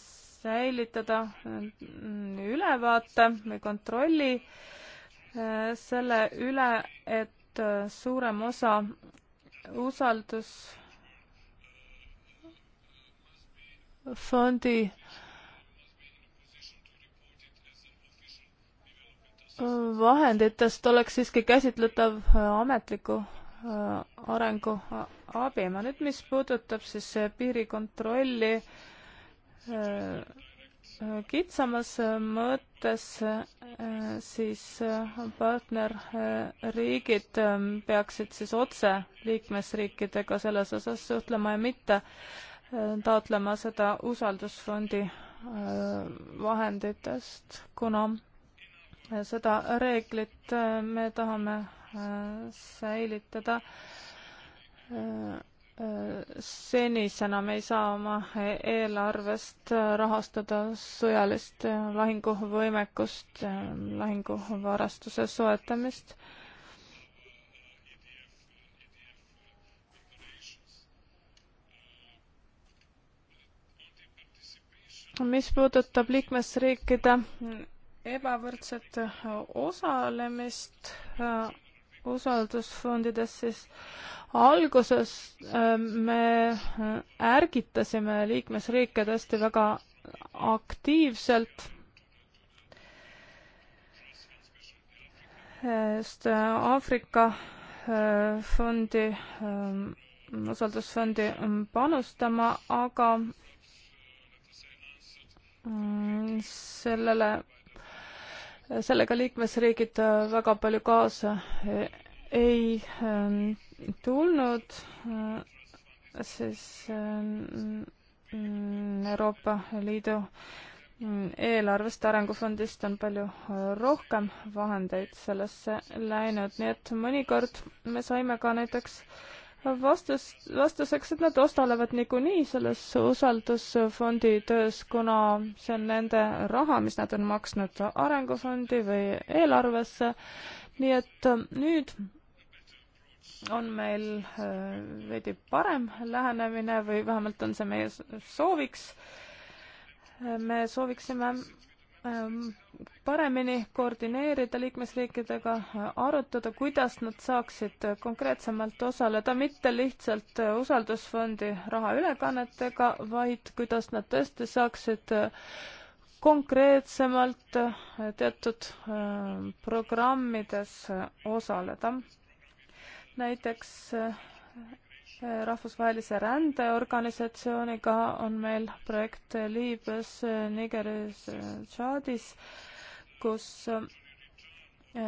säilitada ülevaate või kontrolli äh, selle üle, et äh, suurem osa usaldusfondi äh, vahenditest oleks siiski käsitletav äh, ametliku arengu abima. nüüd, mis puudutab siis piirikontrolli äh, kitsamas mõttes äh, siis äh, partnerriigid äh, peaksid siis otse liikmesriikidega selles osas suhtlema ja mitte taotlema seda usaldusfondi vahenditest, kuna seda reeglit me tahame säilitada senisena me ei saa oma eelarvest rahastada sõjalist lahinguvõimekust, lahinguvarastuse soetamist. mis puudutab liikmesriikide ebavõrdset osalemist usaldusfondidest, siis alguses äh, me äh, ärgitasime liikmesriike tõesti väga aktiivselt sest äh, Aafrika fondi, usaldusfondi panustama, aga mm, sellele sellega liikmesriigid äh, väga palju kaasa äh, ei ähm, tulnud, äh, siis ähm, mm, Euroopa Liidu mm, eelarvest, arengufondist on palju rohkem vahendeid sellesse läinud, nii et mõnikord me saime ka näiteks äh, vastus, vastuseks, et nad osalevad niikuinii selles usaldusfondi töös, kuna see on nende raha, mis nad on maksnud arengufondi või eelarvesse. nii et äh, nüüd on meil äh, veidi parem lähenemine või vähemalt on see meie sooviks. Äh, me sooviksime Ähm, paremini koordineerida liikmesriikidega, arutada, kuidas nad saaksid konkreetsemalt osaleda mitte lihtsalt usaldusfondi raha ülekannetega, vaid kuidas nad tõesti saaksid konkreetsemalt teatud ähm, programmides osaleda. näiteks äh, rahvusvahelise rändeorganisatsiooniga on meil projekt Liibüas, Nigeris, Tšaadis, kus äh,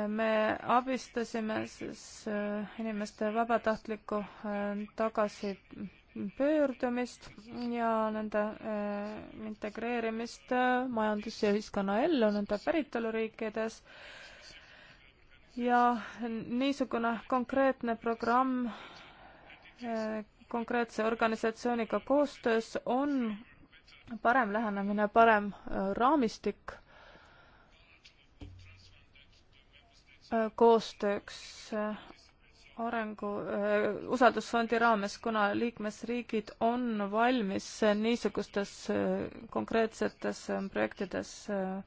me abistasime siis äh, inimeste vabatahtlikku äh, tagasipöördumist ja nende integreerimist majandus- ja ühiskonnaellu nende päritoluriikides ja niisugune konkreetne programm konkreetse organisatsiooniga koostöös on parem lähenemine, parem äh, raamistik äh, koostööks äh, arengu äh,, usaldusfondi raames, kuna liikmesriigid on valmis niisugustes äh, konkreetsetes äh, projektides äh,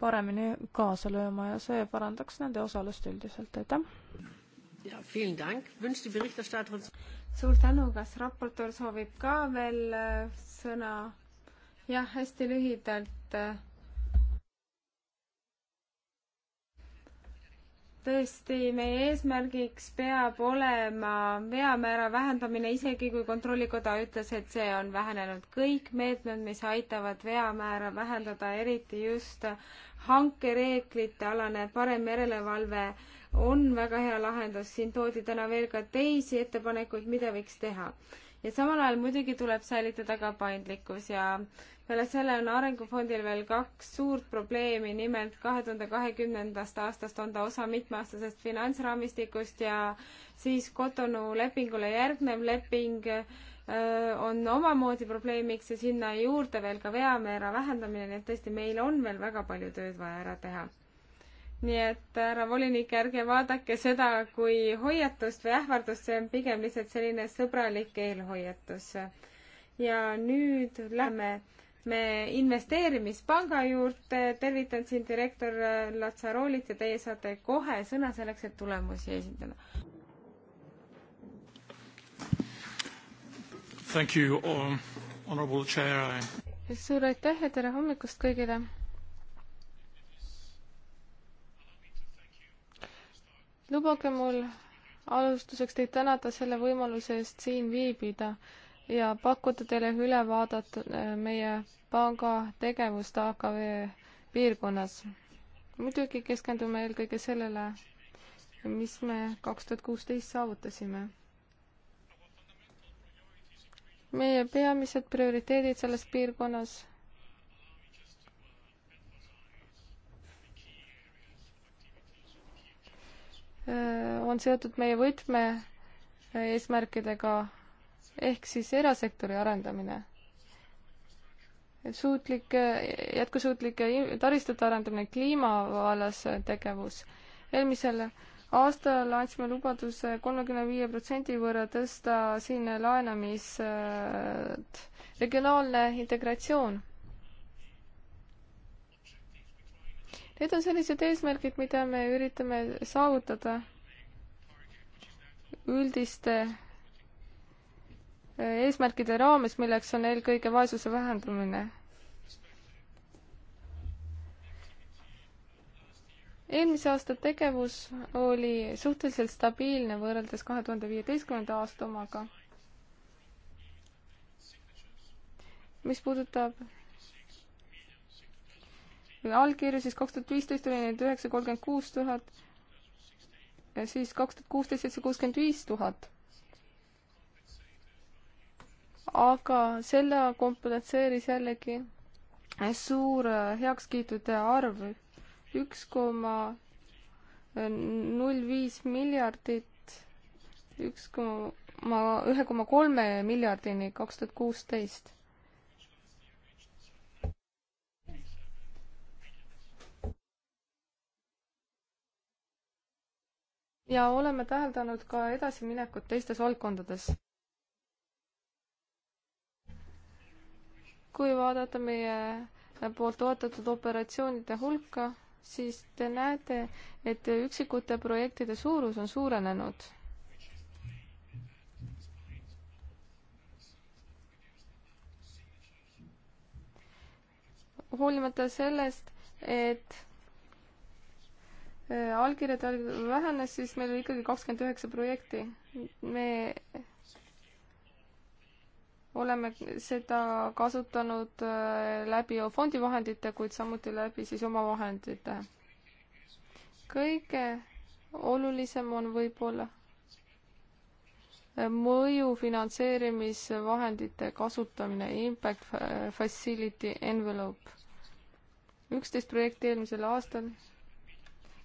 paremini kaasa lööma ja see parandaks nende osalust üldiselt, aitäh!
suur tänu, kas raportöör soovib ka veel äh, sõna? jah, hästi lühidalt. Äh, tõesti, meie eesmärgiks peab olema veamäära vähendamine, isegi kui Kontrollikoda ütles, et see on vähenenud. kõik meetmed, mis aitavad veamäära vähendada, eriti just hankereeglite alane parem järelevalve on väga hea lahendus, siin toodi täna veel ka teisi ettepanekuid, mida võiks teha. ja samal ajal muidugi tuleb säilitada ka paindlikkus ja peale selle on Arengufondil veel kaks suurt probleemi, nimelt kahe tuhande kahekümnendast aastast on ta osa mitmeaastasest finantsraamistikust ja siis Cotonou lepingule järgnev leping on omamoodi probleemiks ja sinna juurde veel ka veamäära vähendamine, nii et tõesti, meil on veel väga palju tööd vaja ära teha nii et härra volinik, ärge vaadake seda kui hoiatust või ähvardust, see on pigem lihtsalt selline sõbralik eelhoiatus. ja nüüd lähme me investeerimispanga juurde, tervitan siin direktor Latsarolit ja teie saate kohe sõna selleks, et tulemusi esindada.
Thank you, um, honorable chair.
suur aitäh ja tere hommikust kõigile lubage mul alustuseks teid tänada selle võimaluse eest siin viibida ja pakkuda teile ülevaadet äh, meie panga tegevust AKV piirkonnas. muidugi keskendume eelkõige sellele, mis me kaks tuhat kuusteist saavutasime meie peamised prioriteedid selles piirkonnas Äh, on seotud meie võtme äh, eesmärkidega ehk siis erasektori arendamine, suutlike, äh, jätkusuutlike taristute arendamine, kliimavallas tegevus. eelmisel aastal andsime lubaduse kolmekümne viie protsendi võrra tõsta siin laenamist, regionaalne integratsioon Need on sellised eesmärgid, mida me üritame saavutada üldiste eh, eesmärkide raames, milleks on eelkõige vaesuse vähendamine eelmise aasta tegevus oli suhteliselt stabiilne võrreldes kahe tuhande viieteistkümnenda aasta omaga. mis puudutab allkirju, siis kaks tuhat viisteist oli neid üheksa kolmkümmend kuus tuhat ja siis kaks tuhat kuusteist seitse kuuskümmend viis tuhat. aga selle kompenseeris jällegi suur heakskiitude arv, üks koma null viis miljardit, üks koma, ühe koma kolme miljardini kaks tuhat kuusteist. ja oleme täheldanud ka edasiminekut teistes valdkondades. kui vaadata meie poolt toetatud operatsioonide hulka, siis te näete, et üksikute projektide suurus on suurenenud. hoolimata sellest, et Äh, allkirjade arv vähenes, siis meil oli ikkagi kakskümmend üheksa projekti. me oleme seda kasutanud äh, läbi fondivahendite, kuid samuti läbi siis omavahendite. kõige olulisem on võib-olla äh, mõju finantseerimisvahendite kasutamine, impact facility envelope. üksteist projekti eelmisel aastal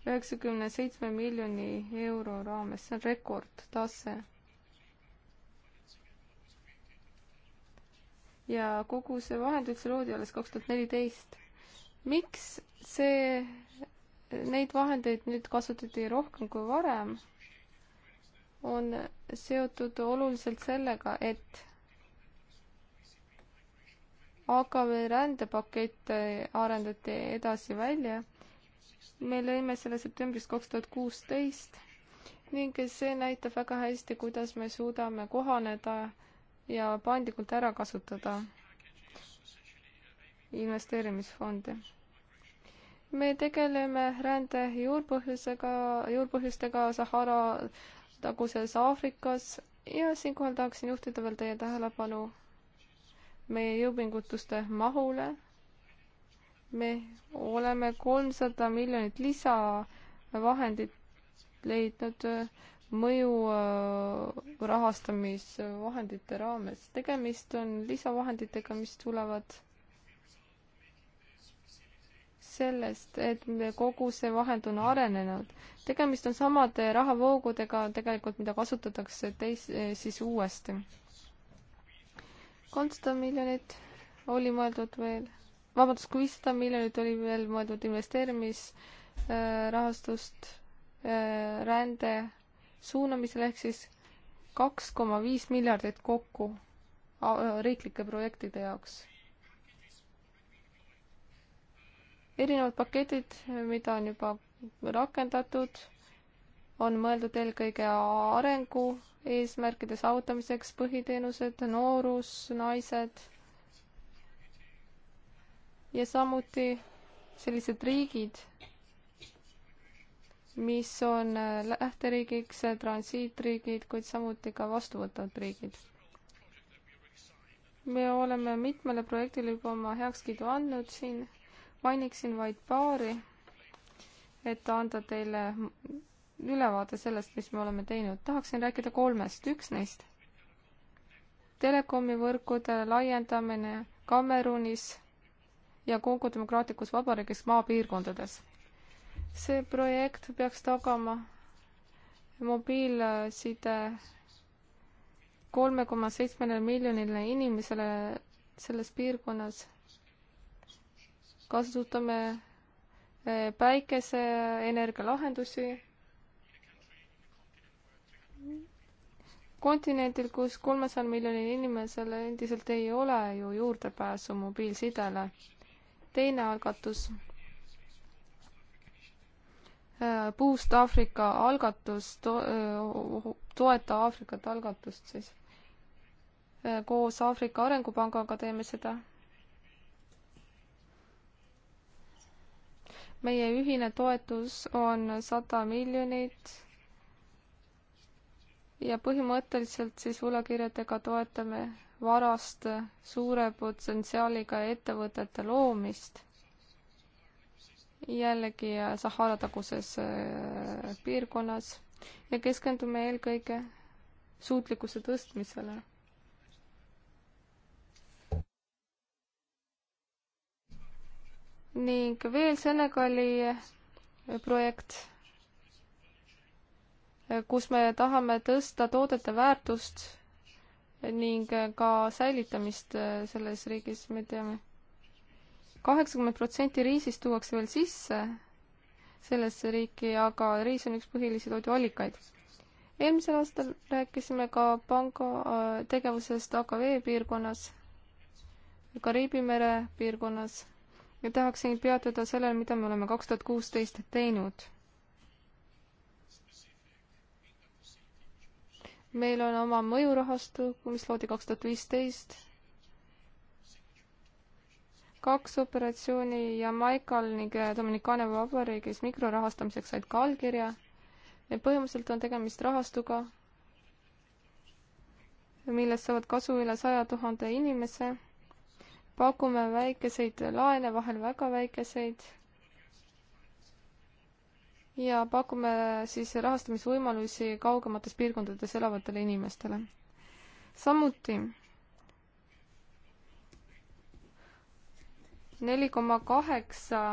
üheksakümne seitsme miljoni euro raames, see on rekordtase. ja kogu see vahend üldse loodi alles kaks tuhat neliteist. miks see, neid vahendeid nüüd kasutati rohkem kui varem, on seotud oluliselt sellega, et AKV rändepakett arendati edasi välja me lõime selle septembris kaks tuhat kuusteist ning see näitab väga hästi, kuidas me suudame kohaneda ja paindlikult ära kasutada investeerimisfonde. me tegeleme rände juurpõhjusega, juurpõhjustega Sahara taguses Aafrikas ja siinkohal tahaksin juhtida veel teie tähelepanu meie jõupingutuste mahule me oleme kolmsada miljonit lisavahendit leidnud äh, mõju äh, rahastamisvahendite raames. tegemist on lisavahenditega, mis tulevad sellest, et kogu see vahend on arenenud. tegemist on samade rahavoogudega tegelikult, mida kasutatakse teis-, äh, siis uuesti. kolmsada miljonit oli mõeldud veel vabandust, kui viissada miljonit oli veel mõeldud investeerimisrahastust äh, rände suunamisele, ehk siis kaks koma viis miljardit kokku äh, riiklike projektide jaoks. erinevad paketid, mida on juba rakendatud, on mõeldud eelkõige arengu eesmärkide saavutamiseks, põhiteenused, noorus, naised ja samuti sellised riigid, mis on äh, lähteriigiks, äh, transiitriigid, kuid samuti ka vastuvõtvad riigid. me oleme mitmele projektile juba oma heakskiidu andnud siin, mainiksin vaid paari, et anda teile ülevaade sellest, mis me oleme teinud. tahaksin rääkida kolmest, üks neist. telekomi võrkude laiendamine Kamerunis ja Kongo Demokraatlikus Vabariigis maapiirkondades. see projekt peaks tagama mobiilside kolme koma seitsmele miljonile inimesele selles piirkonnas. kasutame eh, päikeseenergia lahendusi. kontinendil, kus kolmesajal miljonil inimesel endiselt ei ole ju juurdepääsu mobiilsidele teine algatus, puust Aafrika algatus to,, toeta Aafrikat algatust siis. koos Aafrika Arengupangaga teeme seda. meie ühine toetus on sada miljonit ja põhimõtteliselt siis võlakirjadega toetame varast suure potentsiaaliga ettevõtete loomist jällegi Sahara taguses äh, piirkonnas ja keskendume eelkõige suutlikkuse tõstmisele. ning veel Senegali äh, projekt, äh, kus me tahame tõsta toodete väärtust ning äh, ka säilitamist äh, selles riigis, me teame. kaheksakümmend protsenti riisist tuuakse veel sisse sellesse riiki, aga riis on üks põhilisi toiduallikaid. eelmisel aastal rääkisime ka panga äh, tegevusest AKV piirkonnas, Kariibi mere piirkonnas ja tahaksin peatuda sellel, mida me oleme kaks tuhat kuusteist teinud meil on oma mõjurahastu, mis loodi kaks tuhat viisteist. kaks operatsiooni Jamaikal ning äh, Dominikaane Vabariigis mikrorahastamiseks said ka allkirja. põhimõtteliselt on tegemist rahastuga, millest saavad kasu üle saja tuhande inimese. pakume väikeseid laene, vahel väga väikeseid ja pakume siis rahastamisvõimalusi kaugemates piirkondades elavatele inimestele. samuti neli koma kaheksa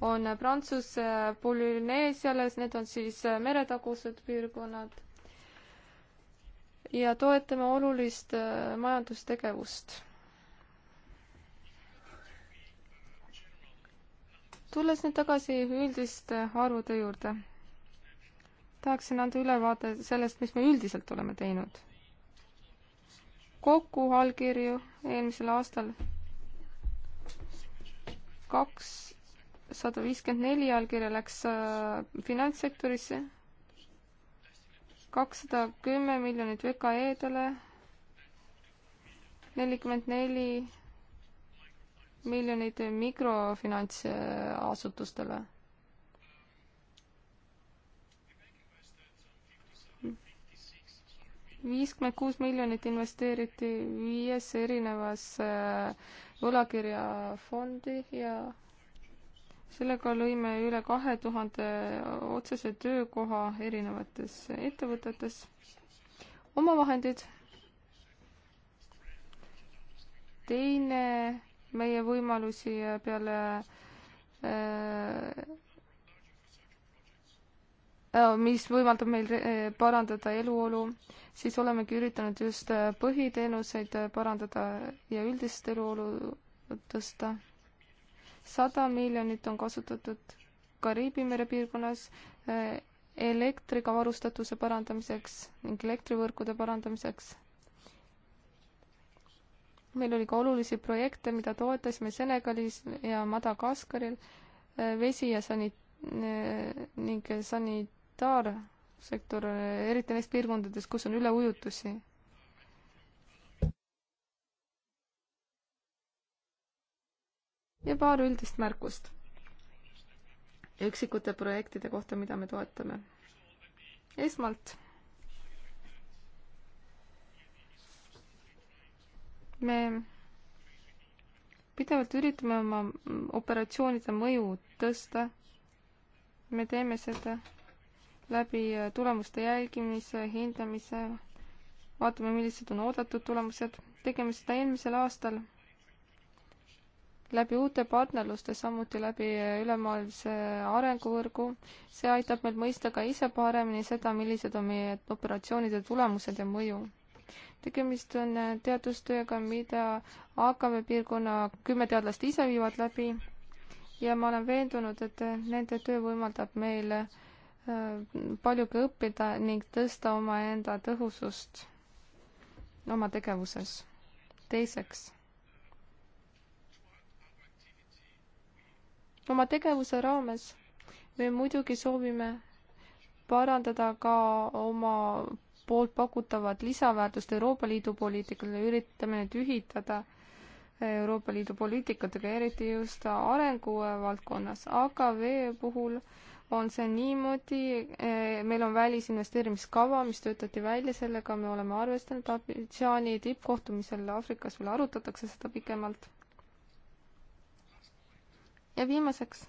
on Prantsuse Polüneesiale, need on siis meretagused piirkonnad. ja toetame olulist äh, majandustegevust tulles nüüd tagasi üldiste arvude juurde, tahaksin anda ülevaade sellest, mis me üldiselt oleme teinud. kokku allkirju eelmisel aastal kakssada viiskümmend neli allkirja läks äh, finantssektorisse, kakssada kümme miljonit VKE-dele, nelikümmend neli miljonit mikrofinantsasutustele. viiskümmend kuus miljonit investeeriti viies erinevas äh, võlakirjafondi ja sellega lõime üle kahe tuhande otsese töökoha erinevates ettevõtetes. omavahendid. teine meie võimalusi peale äh, äh, mis võimaldab meil äh, parandada eluolu, siis olemegi üritanud just põhiteenuseid parandada ja üldist eluolu tõsta. sada miljonit on kasutatud Kariibi mere piirkonnas elektriga varustatuse parandamiseks ning elektrivõrkude parandamiseks meil oli ka olulisi projekte, mida toetasime Senegalis ja Madagaskaril, äh, vesi ja sanit- äh, ning sanitaarsektor, äh, eriti neis piirkondades, kus on üleujutusi. ja paar üldist märkust üksikute projektide kohta, mida me toetame. esmalt me pidevalt üritame oma operatsioonide mõju tõsta. me teeme seda läbi tulemuste jälgimise, hindamise, vaatame, millised on oodatud tulemused. tegime seda eelmisel aastal läbi uute partnerluste, samuti läbi ülemaailmse arenguvõrgu. see aitab meil mõista ka ise paremini seda, millised on meie operatsioonide tulemused ja mõju tegemist on äh, teadustööga, mida AKV piirkonna kümme teadlast ise viivad läbi ja ma olen veendunud, et äh, nende töö võimaldab meil äh, paljugi õppida ning tõsta omaenda tõhusust oma tegevuses. teiseks, oma tegevuse raames me muidugi soovime parandada ka oma poolt pakutavat lisaväärtust Euroopa Liidu poliitikale, üritame nüüd ühitada Euroopa Liidu poliitikatega, eriti just arenguvaldkonnas. AKV puhul on see niimoodi, eh, meil on välisinvesteerimiskava, mis töötati välja, sellega me oleme arvestanud, Abidžaani tippkohtumisel Aafrikas veel arutatakse seda pikemalt. ja viimaseks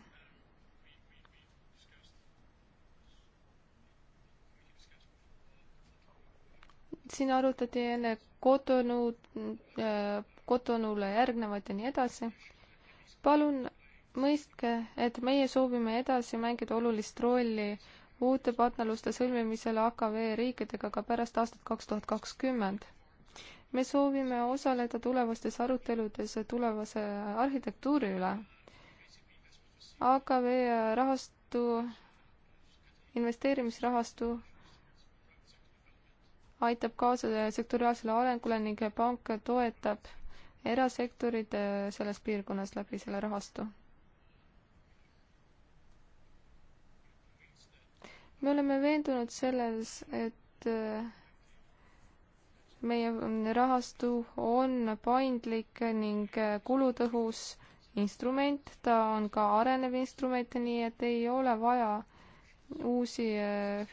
siin arutati enne Kotonu, äh, Kotonule järgnevat ja nii edasi. palun mõistke, et meie soovime edasi mängida olulist rolli uute partnerluste sõlmimisel AKV riikidega ka pärast aastat kaks tuhat kakskümmend. me soovime osaleda tulevastes aruteludes tulevase arhitektuuri üle. AKV rahastu, investeerimisrahastu aitab kaasa sektoriaalsele arengule ning pank toetab erasektorit äh, selles piirkonnas läbi selle rahastu. me oleme veendunud selles, et äh, meie rahastu on paindlik ning äh, kulutõhus instrument, ta on ka arenev instrument, nii et ei ole vaja uusi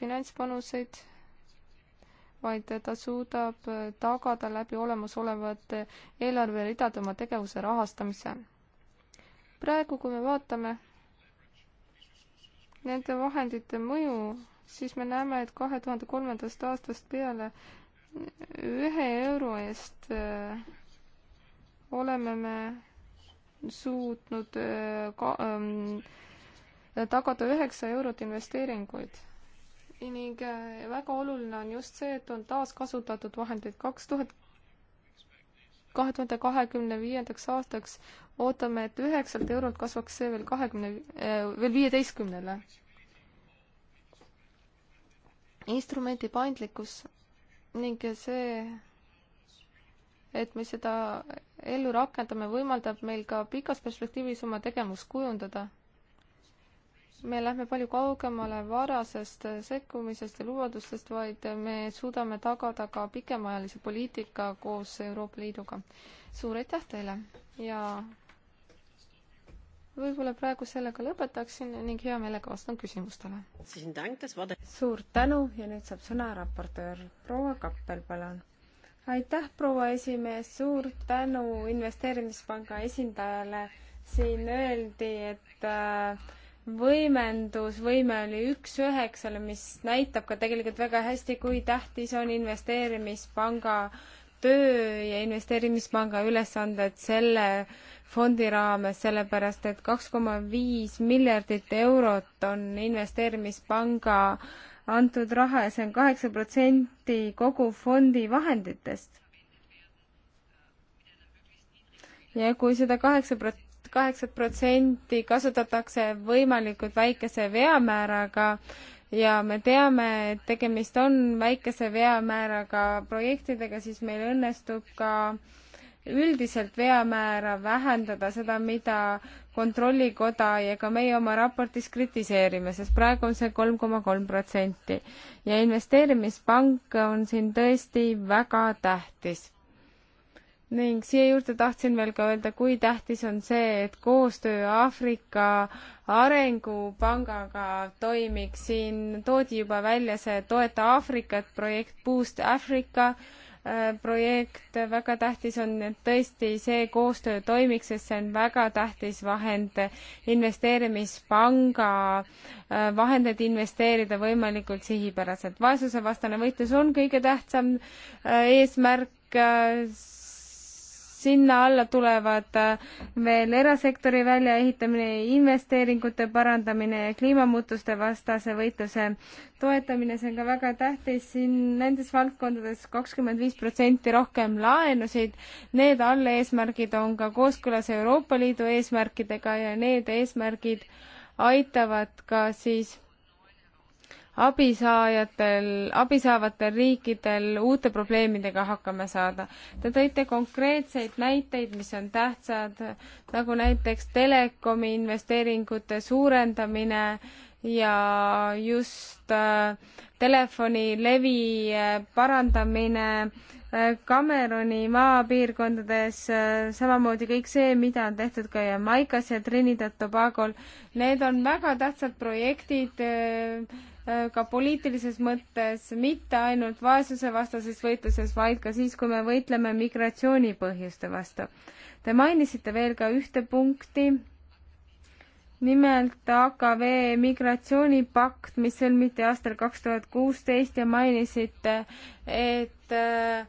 finantspanuseid vaid ta suudab tagada läbi olemasolevate eelarveridade oma tegevuse rahastamise. praegu, kui me vaatame nende vahendite mõju, siis me näeme, et kahe tuhande kolmandast aastast peale ühe euro eest äh, oleme me suutnud äh, ka, ähm, tagada üheksa eurot investeeringuid ning äh, väga oluline on just see, et on taaskasutatud vahendeid. kaks tuhat, kahe tuhande kahekümne viiendaks aastaks ootame, et üheksalt eurolt kasvaks see veel kahekümne, äh, veel viieteistkümnele. instrumendi paindlikkus ning see, et me seda ellu rakendame, võimaldab meil ka pikas perspektiivis oma tegevust kujundada me lähme palju kaugemale varasest sekkumisest ja lubadustest, vaid me suudame tagada ka pikemaajalise poliitika koos Euroopa Liiduga. suur aitäh teile ja võib-olla praegu sellega
lõpetaksin ning hea meelega vastan küsimustele. suur tänu ja nüüd saab sõna raportöör proua Kappel, palun. aitäh, proua esimees, suur tänu investeerimispanga esindajale. siin öeldi, et äh, võimendusvõime oli üks üheksale, mis näitab ka tegelikult väga hästi, kui tähtis on investeerimispanga töö ja investeerimispanga ülesanded selle fondi raames, sellepärast et kaks koma viis miljardit eurot on investeerimispanga antud raha ja see on kaheksa protsenti kogu fondi vahenditest. ja kui seda kaheksa prot-, kaheksat protsenti kasutatakse võimalikult väikese veamääraga ja me teame, et tegemist on väikese veamääraga projektidega, siis meil õnnestub ka üldiselt veamäära vähendada, seda, mida Kontrollikoda ja ka meie oma raportis kritiseerime, sest praegu on see kolm koma kolm protsenti. ja investeerimispank on siin tõesti väga tähtis ning siia juurde tahtsin veel ka öelda, kui tähtis on see, et koostöö Aafrika Arengupangaga toimiks. siin toodi juba välja see Toeta Aafrikat projekt, Boost Africa äh, projekt. väga tähtis on, et tõesti see koostöö toimiks, sest see on väga tähtis vahend investeerimispanga äh, vahendeid investeerida võimalikult sihipäraselt. vaesusevastane võitlus on kõige tähtsam äh, eesmärk sinna alla tulevad äh, veel erasektori väljaehitamine, investeeringute parandamine ja kliimamuutuste vastase võitluse toetamine, see on ka väga tähtis, siin nendes valdkondades kakskümmend viis protsenti rohkem laenusid, need alleeesmärgid on ka kooskõlas Euroopa Liidu eesmärkidega ja need eesmärgid aitavad ka siis abisaajatel, abi saavatel riikidel uute probleemidega hakkama saada. Te tõite konkreetseid näiteid, mis on tähtsad, nagu näiteks telekomi investeeringute suurendamine ja just äh, telefonilevi äh, parandamine äh, Cameroni maapiirkondades, samamoodi kõik see, mida on tehtud ka Jamaicas ja Trinidad Tobagol. Need on väga tähtsad projektid Äh, ka poliitilises mõttes, mitte ainult vaesusevastases võitluses, vaid ka siis, kui me võitleme migratsioonipõhjuste vastu. Te mainisite veel ka ühte punkti, nimelt AKV migratsioonipakt, mis sõlmiti aastal kaks tuhat kuusteist ja mainisite, et äh,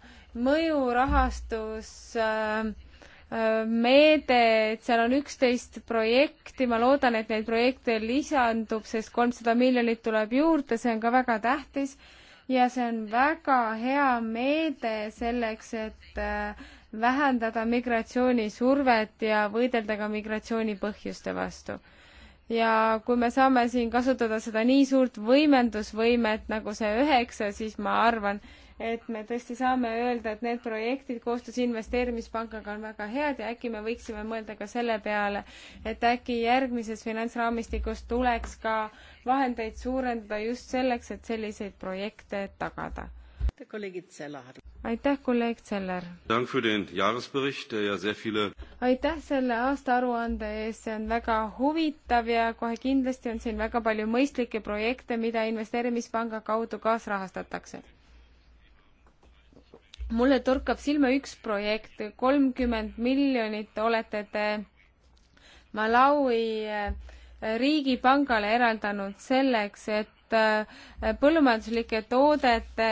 mõjurahastus äh, meede, et seal on üksteist projekti, ma loodan, et neid projekte lisandub, sest kolmsada miljonit tuleb juurde, see on ka väga tähtis ja see on väga hea meede selleks, et äh, vähendada migratsioonisurvet ja võidelda ka migratsiooni põhjuste vastu. ja kui me saame siin kasutada seda nii suurt võimendusvõimet, nagu see üheksa, siis ma arvan, et me tõesti saame öelda, et need projektid koostöös investeerimispangaga on väga head ja äkki me võiksime mõelda ka selle peale, et äkki järgmises finantsraamistikus tuleks ka vahendeid suurendada just selleks, et selliseid projekte tagada. aitäh, kolleeg Zeller! aitäh selle aastaaruande eest, see on väga huvitav ja kohe kindlasti on siin väga palju mõistlikke projekte, mida investeerimispanga kaudu kaasrahastatakse mulle torkab silma üks projekt, kolmkümmend miljonit olete te Malawi äh, riigipangale eraldanud selleks, et äh, põllumajanduslike toodete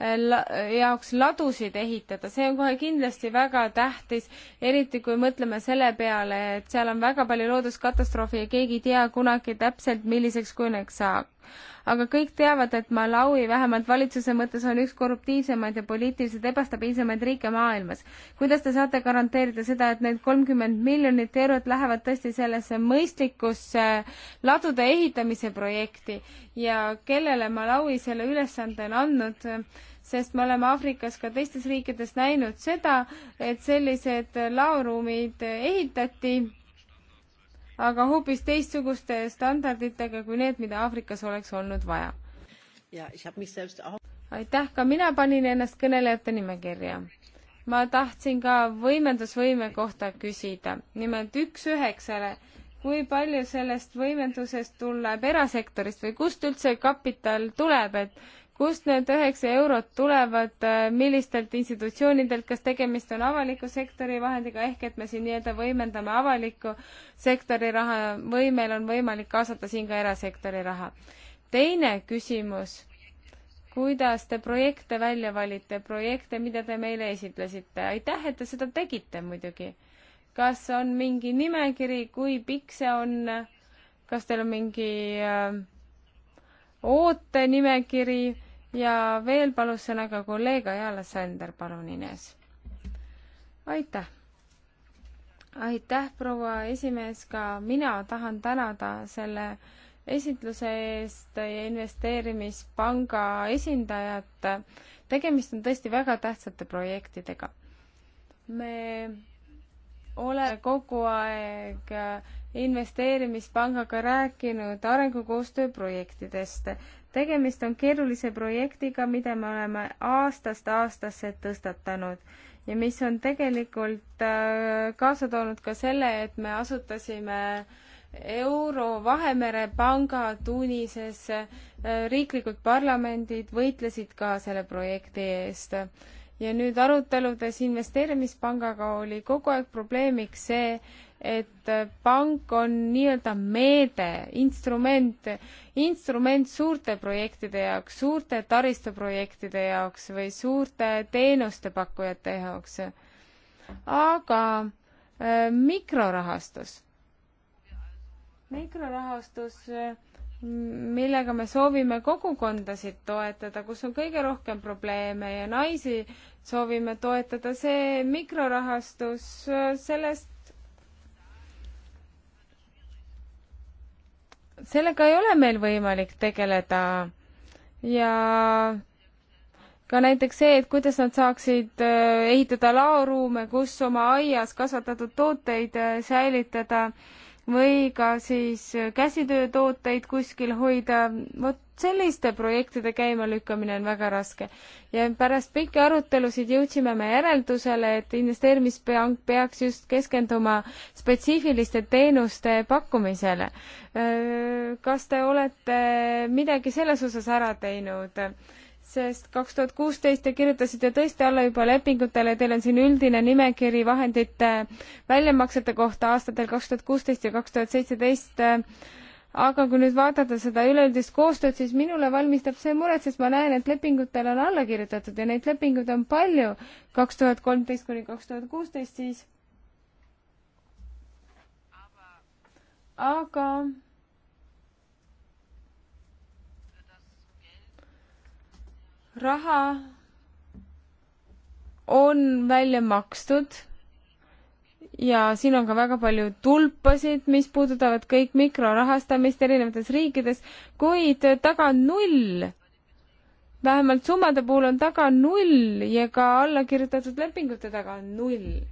jaoks ladusid ehitada, see on kohe kindlasti väga tähtis, eriti kui mõtleme selle peale, et seal on väga palju looduskatastroofe ja keegi ei tea kunagi täpselt, milliseks kujuneks saab. aga kõik teavad, et Malawi vähemalt valitsuse mõttes on üks korruptiivsemaid ja poliitiliselt ebastabiilsemaid riike maailmas. kuidas te saate garanteerida seda, et need kolmkümmend miljonit eurot lähevad tõesti sellesse mõistlikusse ladude ehitamise projekti ja kellele Malawi selle ülesande on andnud? sest me oleme Aafrikas ka teistes riikides näinud seda, et sellised laoruumid ehitati, aga hoopis teistsuguste standarditega kui need, mida Aafrikas oleks olnud vaja. aitäh, ka mina panin ennast kõnelejate nimekirja ma tahtsin ka võimendusvõime kohta küsida, nimelt üks üheksale. kui palju sellest võimendusest tuleb erasektorist või kust üldse kapital tuleb, et kust need üheksa eurot tulevad, äh, millistelt institutsioonidelt, kas tegemist on avaliku sektori vahendiga, ehk et me siin nii-öelda võimendame avaliku sektori raha või meil on võimalik kaasata siin ka erasektori raha. teine küsimus, kuidas te projekte välja valite, projekte, mida te meile esitlesite, aitäh, et te seda tegite muidugi. kas on mingi nimekiri, kui pikk see on, kas teil on mingi äh, ootenimekiri ja veel palus sõna ka kolleeg Ajala Sander, palun Ines. aitäh! aitäh, proua esimees, ka mina tahan tänada selle esitluse eest ja investeerimispanga esindajat. tegemist on tõesti väga tähtsate projektidega. me oleme kogu aeg investeerimispangaga rääkinud arengukoostöö projektidest. tegemist on keerulise projektiga, mida me oleme aastast aastasse tõstatanud ja mis on tegelikult äh, kaasa toonud ka selle, et me asutasime Euro Vahemere panga Tunises, äh, riiklikud parlamendid võitlesid ka selle projekti eest ja nüüd aruteludes investeerimispangaga oli kogu aeg probleemiks see, et pank on nii-öelda meede, instrument, instrument suurte projektide jaoks, suurte taristuprojektide jaoks või suurte teenustepakkujate jaoks. aga äh, mikrorahastus, mikrorahastus äh, millega me soovime kogukondasid toetada, kus on kõige rohkem probleeme ja naisi soovime toetada, see mikrorahastus, äh, sellest sellega ei ole meil võimalik tegeleda ja ka näiteks see, et kuidas nad saaksid äh, ehitada laoruume, kus oma aias kasvatatud tooteid äh, säilitada või ka siis käsitöötooteid kuskil hoida, vot selliste projektide käimalükkamine on väga raske. ja pärast pikki arutelusid jõudsime me järeldusele, et investeerimispank peaks just keskenduma spetsiifiliste teenuste pakkumisele. kas te olete midagi selles osas ära teinud? sest kaks tuhat kuusteist te kirjutasite tõesti alla juba lepingutele, teil on siin üldine nimekiri vahendite väljamaksete kohta aastatel kaks tuhat kuusteist ja kaks tuhat seitseteist. aga kui nüüd vaadata seda üleüldist koostööd, siis minule valmistab see muret, sest ma näen, et lepingutel on alla kirjutatud ja neid lepinguid on palju kaks tuhat kolmteist kuni kaks tuhat kuusteist siis. aga raha on välja makstud ja siin on ka väga palju tulpasid, mis puudutavad kõik mikrorahastamist erinevates riikides, kuid taga on null. vähemalt summade puhul on taga null ja ka allakirjutatud lepingute taga on null.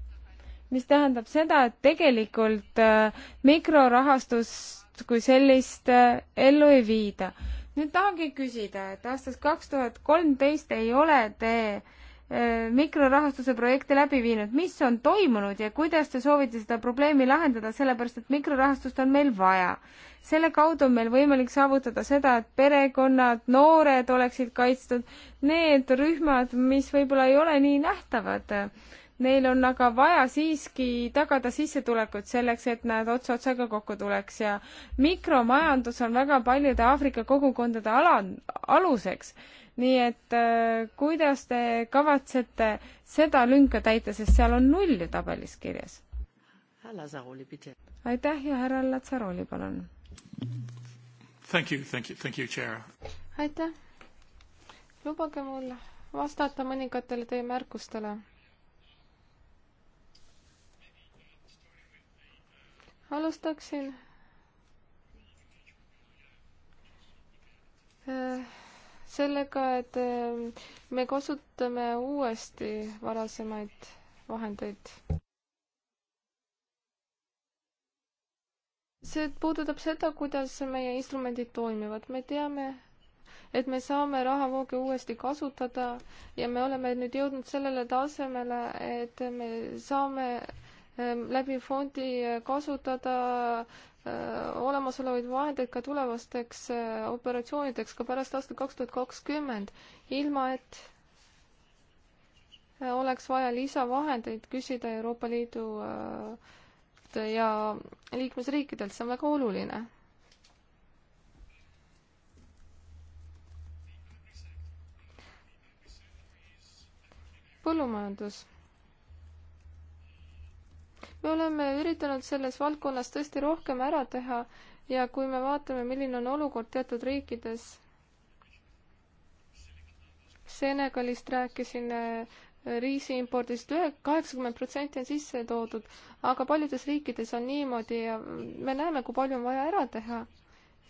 mis tähendab seda, et tegelikult äh, mikrorahastust kui sellist äh, ellu ei viida nüüd tahangi küsida, et aastast kaks tuhat kolmteist ei ole te äh, mikrorahastuse projekte läbi viinud, mis on toimunud ja kuidas te soovite seda probleemi lahendada, sellepärast et mikrorahastust on meil vaja. selle kaudu on meil võimalik saavutada seda, et perekonnad, noored oleksid kaitstud, need rühmad, mis võib-olla ei ole nii nähtavad Neil on aga vaja siiski tagada sissetulekut selleks, et nad ots otsaga kokku tuleks ja mikromajandus on väga paljude Aafrika kogukondade ala, aluseks. nii et äh, kuidas te kavatsete seda lünka täita, sest seal on null ju tabelis kirjas? aitäh ja härra Latsaroli, palun. aitäh. lubage
mul vastata mõningatele teie märkustele alustaksin äh, sellega, et äh, me kasutame uuesti varasemaid vahendeid. see puudutab seda, kuidas meie instrumendid toimivad, me teame, et me saame rahavooge uuesti kasutada ja me oleme nüüd jõudnud sellele tasemele, et me saame Ehm, läbi fondi eh, kasutada eh, olemasolevaid vahendeid ka tulevasteks eh, operatsioonideks ka pärast aastat kaks tuhat kakskümmend, ilma et oleks vaja lisavahendeid küsida Euroopa Liidu ja liikmesriikidelt, see on väga oluline. põllumajandus me oleme üritanud selles valdkonnas tõesti rohkem ära teha ja kui me vaatame, milline on olukord teatud riikides, Senegalist rääkisin äh, riisiimpordist ühe, kaheksakümmend protsenti on sisse toodud, aga paljudes riikides on niimoodi ja me näeme, kui palju on vaja ära teha.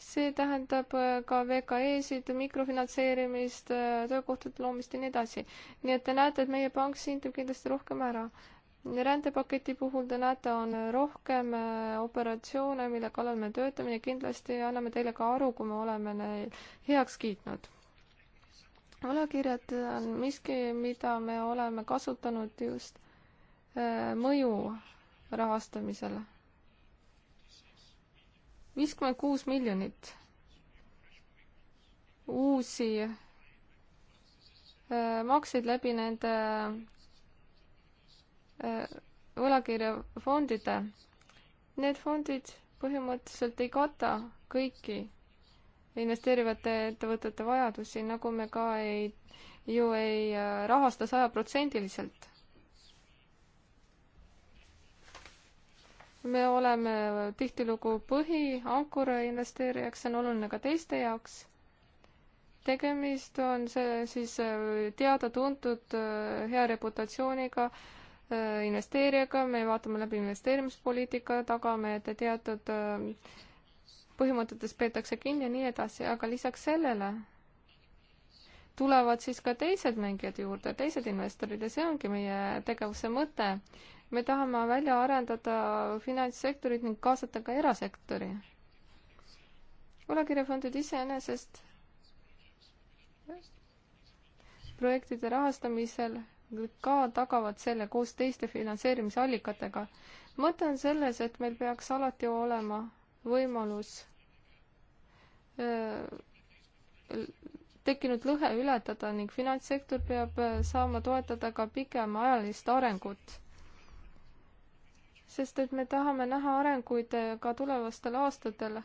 see tähendab äh, ka VKE-sid, mikrofinantseerimist, äh, töökohtade loomist ja nii edasi. nii et te näete, et meie pank siin teeb kindlasti rohkem ära rändepaketi puhul te näete, on rohkem äh, operatsioone, mille kallal me töötame ja kindlasti anname teile ka aru, kui me oleme neid heaks kiitnud. võlakirjad on miski, mida me oleme kasutanud just äh, mõju rahastamisel. viiskümmend kuus miljonit uusi äh, makseid läbi nende võlakirjafondide, need fondid põhimõtteliselt ei kata kõiki investeerivate ettevõtete vajadusi, nagu me ka ei, ju ei äh, rahasta sajaprotsendiliselt me oleme tihtilugu põhiankura investeerijaks, see on oluline ka teiste jaoks. tegemist on see siis äh, teada-tuntud äh, hea reputatsiooniga Äh, investeerijaga, me vaatame läbi investeerimispoliitika, tagame, et teatud äh, põhimõtetest peetakse kinni ja nii edasi, aga lisaks sellele tulevad siis ka teised mängijad juurde, teised investorid ja see ongi meie tegevuse mõte. me tahame välja arendada finantssektorit ning kaasata ka erasektori. võlakirjafondid iseenesest projektide rahastamisel ka tagavad selle koos teiste finantseerimisallikatega. mõte on selles, et meil peaks alati olema võimalus äh, tekkinud lõhe ületada ning finantssektor peab äh, saama toetada ka pikemaajalist arengut. sest et me tahame näha arenguid äh, ka tulevastel aastatel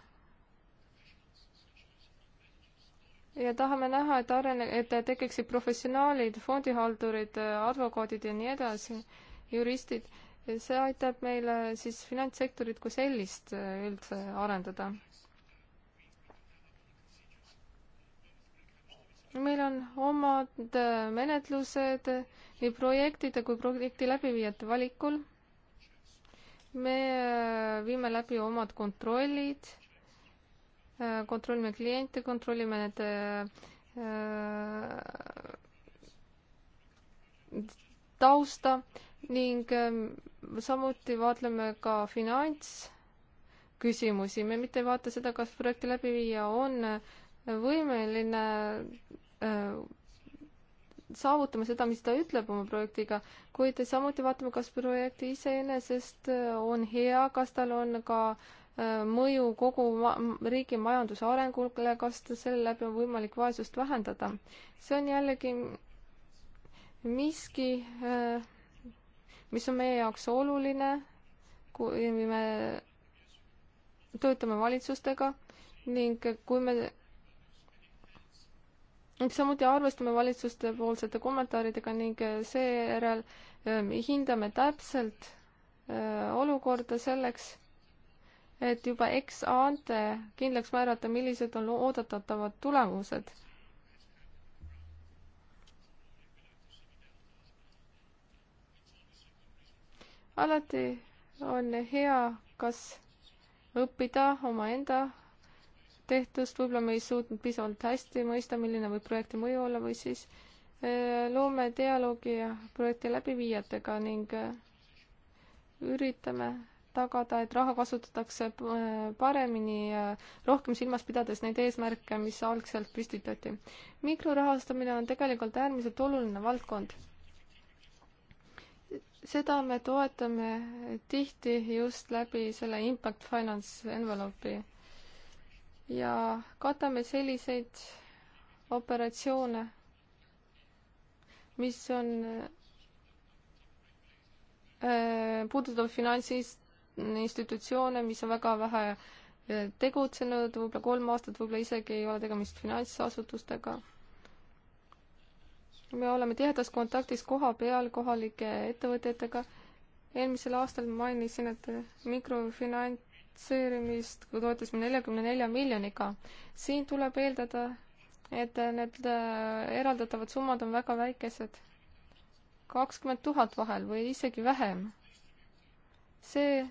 ja tahame näha, et arene-, et tekiksid professionaalid, fondihaldurid, advokaadid ja nii edasi, juristid. see aitab meile siis finantssektorit kui sellist äh, üldse arendada. meil on omad äh, menetlused nii projektide kui projekti läbiviijate valikul. me äh, viime läbi omad kontrollid Äh, kontrollime kliente, kontrollime nende äh, tausta ning ähm, samuti vaatleme ka finantsküsimusi. me mitte ei vaata seda, kas projekti läbiviija on äh, võimeline saavutama seda, mis ta ütleb oma projektiga, kuid samuti vaatame, kas projekt iseenesest on hea, kas tal on ka äh, Äh, mõju kogu ma riigi majanduse arengule, kas selle läbi on võimalik vaesust vähendada. see on jällegi miski, äh, mis on meie jaoks oluline, kui me töötame valitsustega ning kui me samuti arvestame valitsuste poolsete kommentaaridega ning seejärel äh, hindame täpselt olukorda selleks et juba ex ante kindlaks määrata, millised on oodatavad tulemused. alati on hea, kas õppida omaenda tehtust, võib-olla me ei suutnud piisavalt hästi mõista, milline võib projekti mõju olla või siis äh, loome dialoogi projekti läbiviijatega ning äh, üritame tagada, et raha kasutatakse äh, paremini, rohkem silmas pidades neid eesmärke, mis algselt püstitati. mikrorahastamine on tegelikult äärmiselt oluline valdkond. seda me toetame tihti just läbi selle Impact Finance envelope'i ja katame selliseid operatsioone, mis on äh, puudutab finantsis-, institutsioone, mis on väga vähe eh, tegutsenud, võib-olla kolm aastat, võib-olla isegi ei ole tegemist finantsasutustega. me oleme tihedas kontaktis koha peal kohalike ettevõtjatega. eelmisel aastal mainisin, et mikrofinantseerimist toetasime neljakümne nelja miljoniga. siin tuleb eeldada, et need eh, eraldatavad summad on väga väikesed, kakskümmend tuhat vahel või isegi vähem. see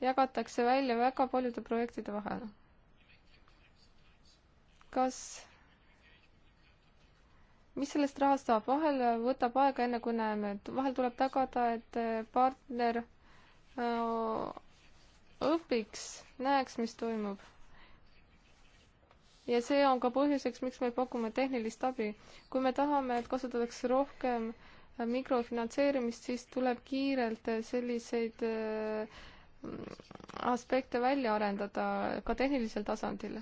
jagatakse välja väga paljude projektide vahel. kas, mis sellest rahast saab, vahel võtab aega, enne kui näeme, et vahel tuleb tagada, et partner äh, õpiks, näeks, mis toimub. ja see on ka põhjuseks, miks me pakume tehnilist abi. kui me tahame, et kasutatakse rohkem äh, mikrofinantseerimist, siis tuleb kiirelt äh, selliseid äh, aspekte välja arendada ka tehnilisel tasandil.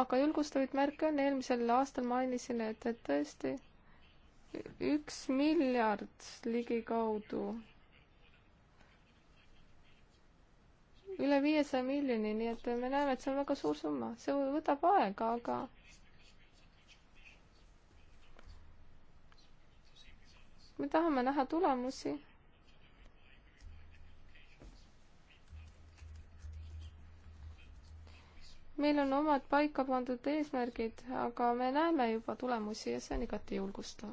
aga julgustavaid märke on, eelmisel aastal mainisin, et, et tõesti üks miljard ligikaudu, üle viiesaja miljoni, nii et me näeme, et see on väga suur summa, see võtab aega, aga me tahame näha tulemusi meil on omad paika pandud eesmärgid, aga me näeme juba tulemusi ja see on igati julgustav.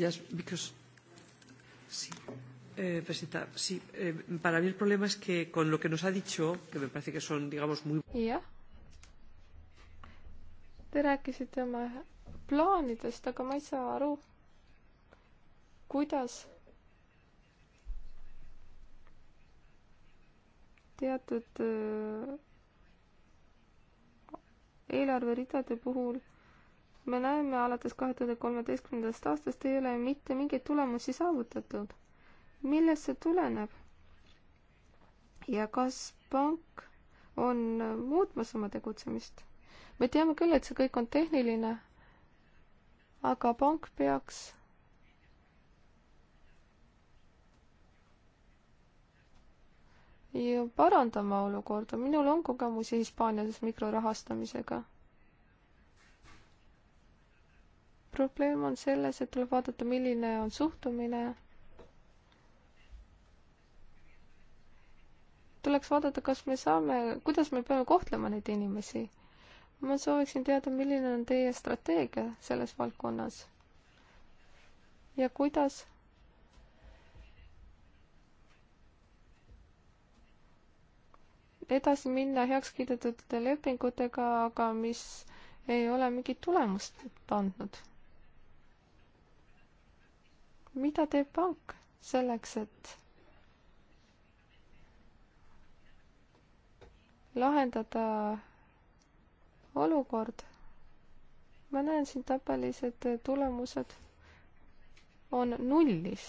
Yes, because
sí, eh, presidenta, sí, eh, para mí el problema es que con lo que nos ha dicho, que me parece que son, digamos, muy.
jah. Te rääkisite oma plaanidest, aga ma ei saa aru, kuidas teatud äh, eelarveridade puhul me näeme alates kahe tuhande kolmeteistkümnendast aastast ei ole mitte mingeid tulemusi saavutatud. millest see tuleneb? ja kas pank on muutmas oma tegutsemist? me teame küll, et see kõik on tehniline, aga pank peaks ja parandama olukorda. minul on kogemusi Hispaanias mikrorahastamisega. probleem on selles, et tuleb vaadata, milline on suhtumine. tuleks vaadata, kas me saame, kuidas me peame kohtlema neid inimesi. ma sooviksin teada, milline on teie strateegia selles valdkonnas ja kuidas edasi minna heaks kiidetud lepingutega, aga mis ei ole mingit tulemust andnud. mida teeb pank selleks, et lahendada olukord? ma näen siin tabelis, et tulemused on nullis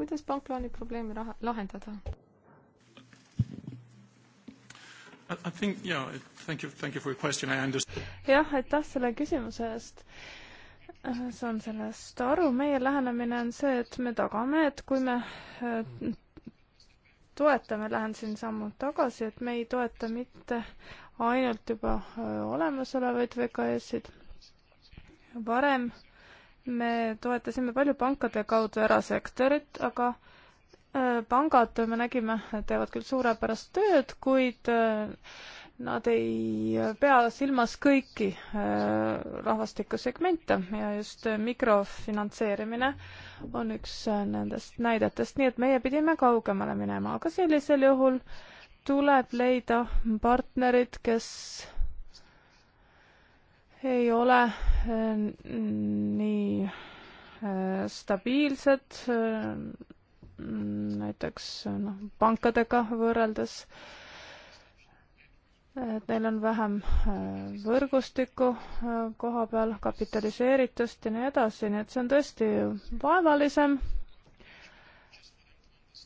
kuidas pank plaanib probleemi raha, lahendada?
jah, aitäh selle küsimuse eest. Äh, saan sellest aru, meie lähenemine on see, et me tagame, et kui me äh, toetame, lähen siin sammu tagasi, et me ei toeta mitte ainult juba äh, olemasolevaid VKS-id, varem äh, me toetasime palju pankade kaudu erasektorit, aga äh, pangad, me nägime, teevad küll suurepärast tööd, kuid äh, nad ei pea silmas kõiki äh, rahvastikusegmente ja just mikrofinantseerimine on üks nendest näidetest, nii et meie pidime kaugemale minema, aga sellisel juhul tuleb leida partnerid, kes ei ole äh, nii äh, stabiilsed äh, näiteks noh, pankadega võrreldes, et neil on vähem võrgustikku koha peal, kapitaliseeritust ja nii edasi, nii et see on tõesti vaevalisem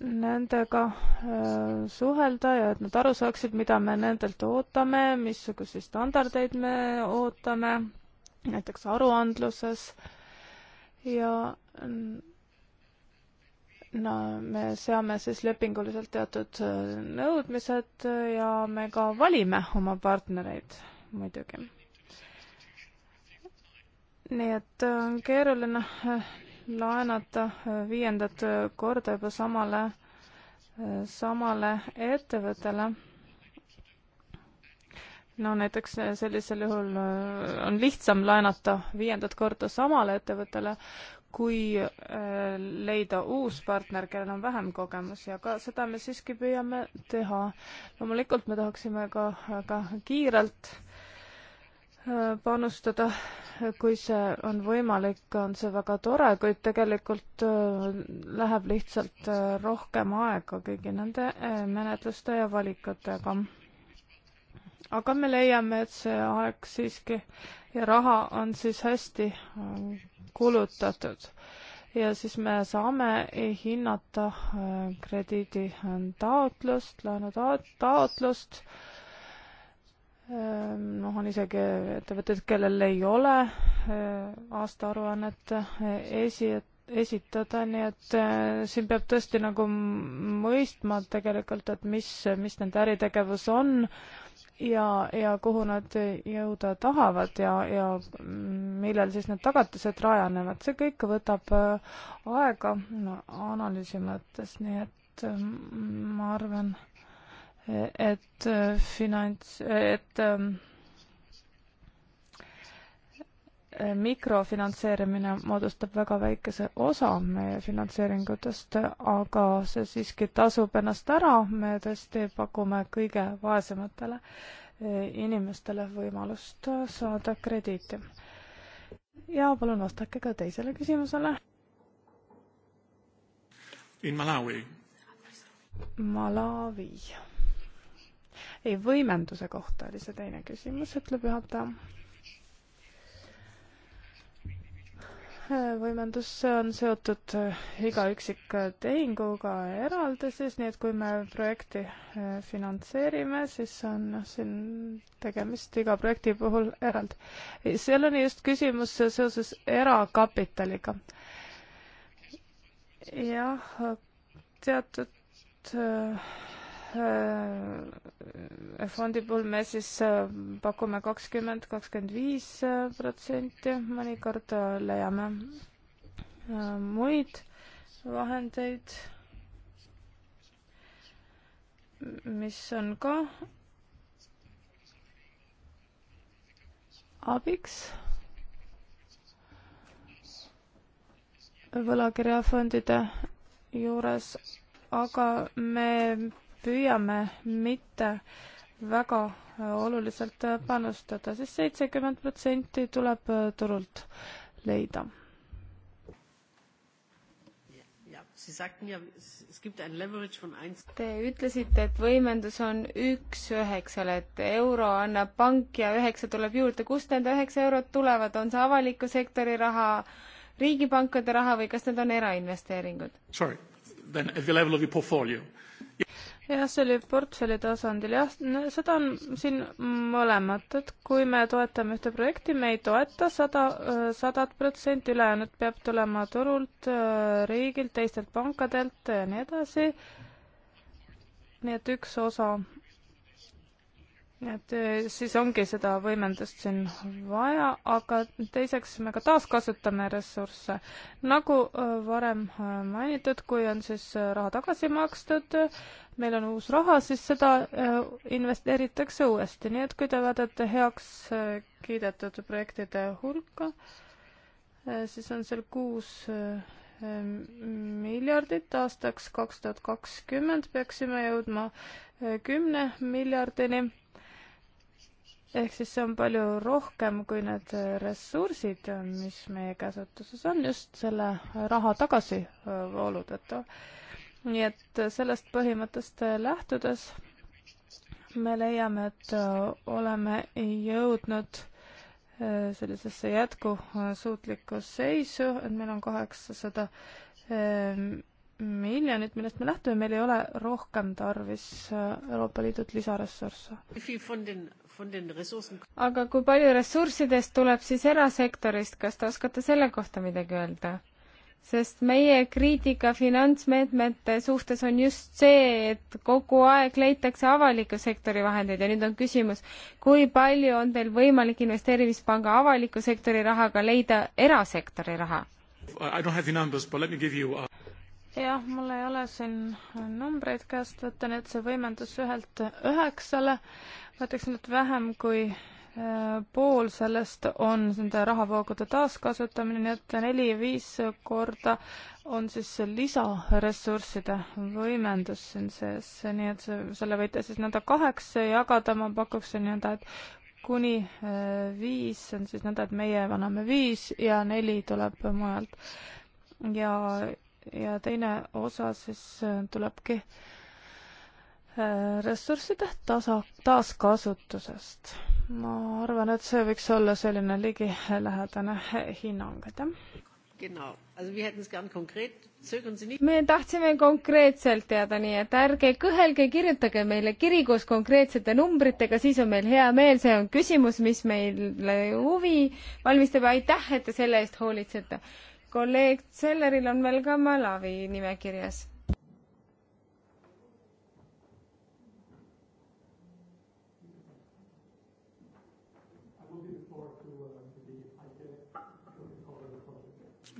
nendega äh, suhelda ja et nad aru saaksid, mida me nendelt ootame, missuguseid standardeid me ootame, näiteks aruandluses ja no me seame siis lepinguliselt teatud äh, nõudmised ja me ka valime oma partnereid muidugi. nii et äh, on keeruline laenata viiendat korda juba samale, samale ettevõttele no näiteks sellisel juhul äh, on lihtsam laenata viiendat korda samale ettevõttele, kui äh, leida uus partner, kellel on vähem kogemusi, aga seda me siiski püüame teha. loomulikult me tahaksime ka väga kiirelt panustada, kui see on võimalik, on see väga tore, kuid tegelikult äh, läheb lihtsalt äh, rohkem aega kõigi nende äh, menetluste ja valikutega. aga me leiame, et see aeg siiski ja raha on siis hästi kulutatud ja siis me saame hinnata krediidi taotlust, laenu taotlust, taotlust Ehm, noh, on isegi ettevõtteid, kellel ei ole ehm, aastaaruannet e, esi, esitada, nii et e, siin peab tõesti nagu mõistma tegelikult, et mis, mis nende äritegevus on ja, ja kuhu nad jõuda tahavad ja, ja millel siis need tagatised rajanevad, see kõik võtab e, aega no, analüüsi mõttes, nii et ma arvan, et äh, finants, et ähm, mikrofinantseerimine moodustab väga väikese osa meie finantseeringutest, aga see siiski tasub ennast ära, me tõesti pakume kõige vaesematele äh, inimestele võimalust äh, saada krediiti. ja palun vastake ka teisele küsimusele.
In Malawi.
Malawi ei, võimenduse kohta oli see teine küsimus, ütleb juhataja. võimendus on seotud äh, iga üksiktehinguga äh, eraldi siis, nii et kui me projekti äh, finantseerime, siis on noh, siin tegemist iga projekti puhul eraldi. seal oli just küsimus seoses erakapitaliga. jah, teatud Äh, fondi puhul me siis äh, pakume kakskümmend, kakskümmend viis äh, protsenti, mõnikord leiame muid vahendeid, mis on ka abiks võlakirjafondide juures, aga me püüame mitte väga oluliselt panustada siis, sest seitsekümmend protsenti tuleb turult leida.
Te ütlesite, et võimendus on üks üheksale, et euro annab pank ja üheksa tuleb juurde. kust need üheksa eurot tulevad, on see avaliku sektori raha, riigipankade raha või kas need on erainvesteeringud?
Sorry, then at the level of your portfolio
jah, see oli portfelli tasandil, jah, seda on siin mõlemat, et kui me toetame ühte projekti, me ei toeta sada, sadat protsenti, ülejäänud peab tulema turult, riigilt, teistelt pankadelt ja nii edasi. nii et üks osa et äh, siis ongi seda võimendust siin vaja, aga teiseks me ka taaskasutame ressursse. nagu äh, varem äh, mainitud, kui on siis raha tagasi makstud, meil on uus raha, siis seda investeeritakse uuesti, nii et kui te vaatate heaks kiidetud projektide hulka, siis on seal kuus miljardit aastaks kaks tuhat kakskümmend peaksime jõudma kümne miljardini ehk siis see on palju rohkem kui need ressursid, mis meie käsutuses on just selle raha tagasivoolu tõttu. nii et sellest põhimõttest lähtudes me leiame, et oleme jõudnud äh, sellisesse jätkusuutlikku seisu, et meil on kaheksasada äh, miljonit, millest me lähtume, meil ei ole rohkem tarvis äh, Euroopa Liidult lisaressursse aga kui palju ressurssidest tuleb
siis erasektorist, kas te oskate selle kohta midagi öelda? sest meie kriitika finantsmeetmete suhtes on just see, et kogu aeg leitakse avaliku sektori vahendeid ja nüüd on küsimus, kui palju on teil võimalik investeerimispanga avaliku
sektori rahaga leida erasektori raha?
Uh,
jah, mul ei ole siin numbreid käest võtta, nii et see võimendus ühelt üheksale ma ütleksin, et vähem kui äh, pool sellest on nende rahavoogude taaskasutamine, nii et neli-viis korda on siis lisaressursside võimendus siin sees, nii et see, selle võite siis nõnda kaheks jagada, ma pakuksin nõnda, et kuni äh, viis on siis nõnda, et meie anname viis ja neli tuleb mujalt. ja, ja teine osa siis äh, tulebki äh, ressursside tasa, taaskasutusest. ma arvan, et see võiks olla selline ligilähedane hinnang, aitäh.
me tahtsime konkreetselt teada, nii et ärge kõhelge, kirjutage meile kiri koos konkreetsete numbritega, siis on meil hea meel, see on küsimus, mis meile huvi valmistab, aitäh, et te selle eest hoolitsete. kolleeg Selleril on veel ka Malawi nimekirjas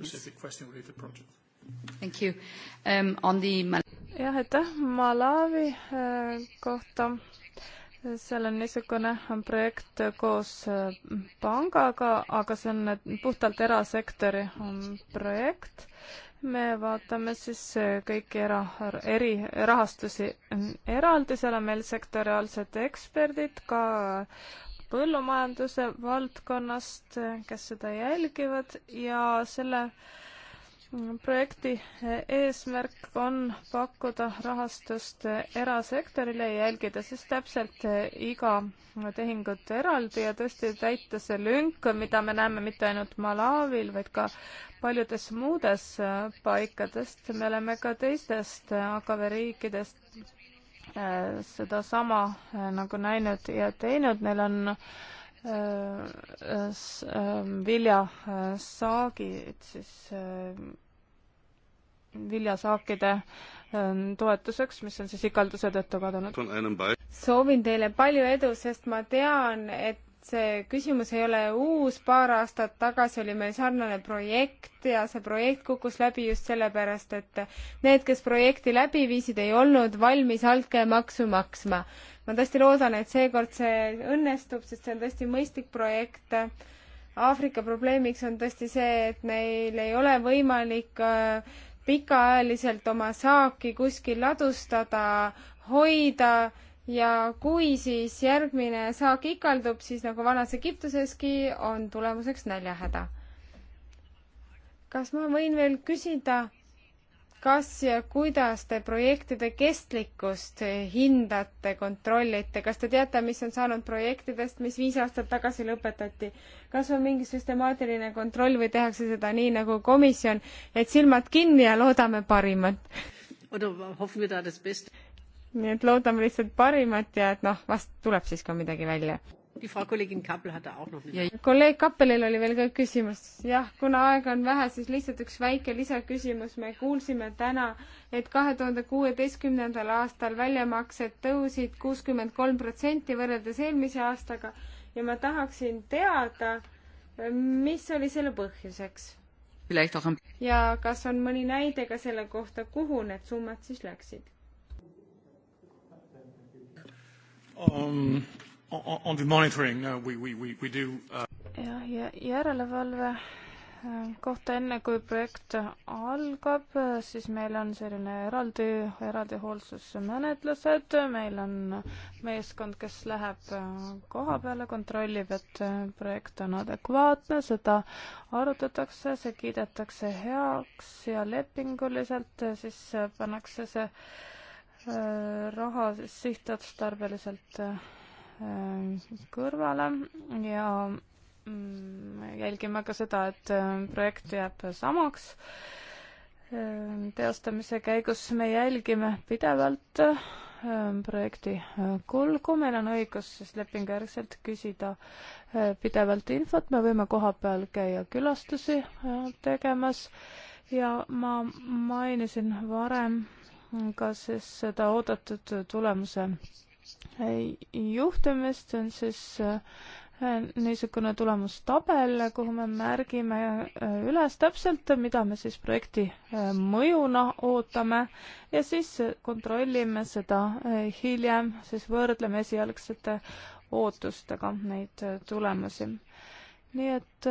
specific question related project.
Thank you. Um, on the jah, aitäh Malawi äh, kohta. seal on niisugune projekt koos äh, pangaga, aga see on puhtalt erasektori um, projekt. me vaatame siis äh, kõiki era, eri rahastusi eraldi, seal on meil sektoriaalsed eksperdid, ka põllumajanduse valdkonnast, kes seda jälgivad ja selle projekti eesmärk on pakkuda rahastust erasektorile ja jälgida siis täpselt iga tehingut eraldi ja tõesti täita see lünk, mida me näeme mitte ainult Malawil, vaid ka paljudes muudes paikadest. me oleme ka teistest AKV riikidest Äh, sedasama äh, nagu näinud ja teinud, neil on äh, ähm, viljasaagid siis viljasaakide ähm, toetuseks, mis on siis ikalduse tõttu kadunud.
soovin teile palju edu, sest ma tean, et see küsimus ei ole uus, paar aastat tagasi oli meil sarnane projekt ja see projekt kukkus läbi just sellepärast, et need, kes projekti läbi viisid, ei olnud valmis altkäemaksu maksma. ma tõesti loodan, et seekord see õnnestub, sest see on tõesti mõistlik projekt. Aafrika probleemiks on tõesti see, et neil ei ole võimalik äh, pikaajaliselt oma saaki kuskil ladustada, hoida ja kui siis järgmine saak ikaldub, siis nagu vanas Egiptuseski on tulemuseks näljahäda. kas ma võin veel küsida, kas ja kuidas te projektide kestlikkust hindate, kontrollite, kas te teate, mis on saanud projektidest, mis viis aastat tagasi lõpetati? kas on mingi süstemaatiline kontroll või tehakse seda nii nagu komisjon, et silmad kinni ja loodame parimat? nii et loodame lihtsalt parimat ja et noh, vast tuleb siis ka midagi välja. kolleeg Kappelil oli veel ka küsimus. jah, kuna aega on vähe, siis lihtsalt üks väike lisaküsimus. me kuulsime täna, et kahe tuhande kuueteistkümnendal aastal väljamaksed tõusid kuuskümmend kolm protsenti võrreldes eelmise aastaga ja ma tahaksin teada, mis oli selle põhjuseks? ja kas on mõni näide ka selle kohta, kuhu need summad siis läksid?
um,? On the monitoring no,, uh, we, we, we, we do uh....
jah, ja järelevalve äh, kohta, enne kui projekt algab, siis meil on selline eraldi, eraldi hoolsusmenetlused, meil on meeskond, kes läheb äh, koha peale, kontrollib, et äh, projekt on adekvaatne, seda arutatakse, see kiidetakse heaks ja lepinguliselt siis pannakse see Äh, raha sihtotstarbeliselt äh, kõrvale ja mm, jälgime ka seda, et äh, projekt jääb samaks. teostamise käigus me jälgime pidevalt projekti kulgu, meil on õigus siis lepingujärgselt küsida pidevalt infot, me võime kohapeal käia külastusi tegemas ja ma mainisin varem ka siis seda oodatud tulemuse juhtimist, see on siis äh, niisugune tulemustabel, kuhu me märgime äh, üles täpselt, mida me siis projekti äh, mõjuna ootame ja siis kontrollime seda hiljem, siis võrdleme esialgsete ootustega neid tulemusi. nii et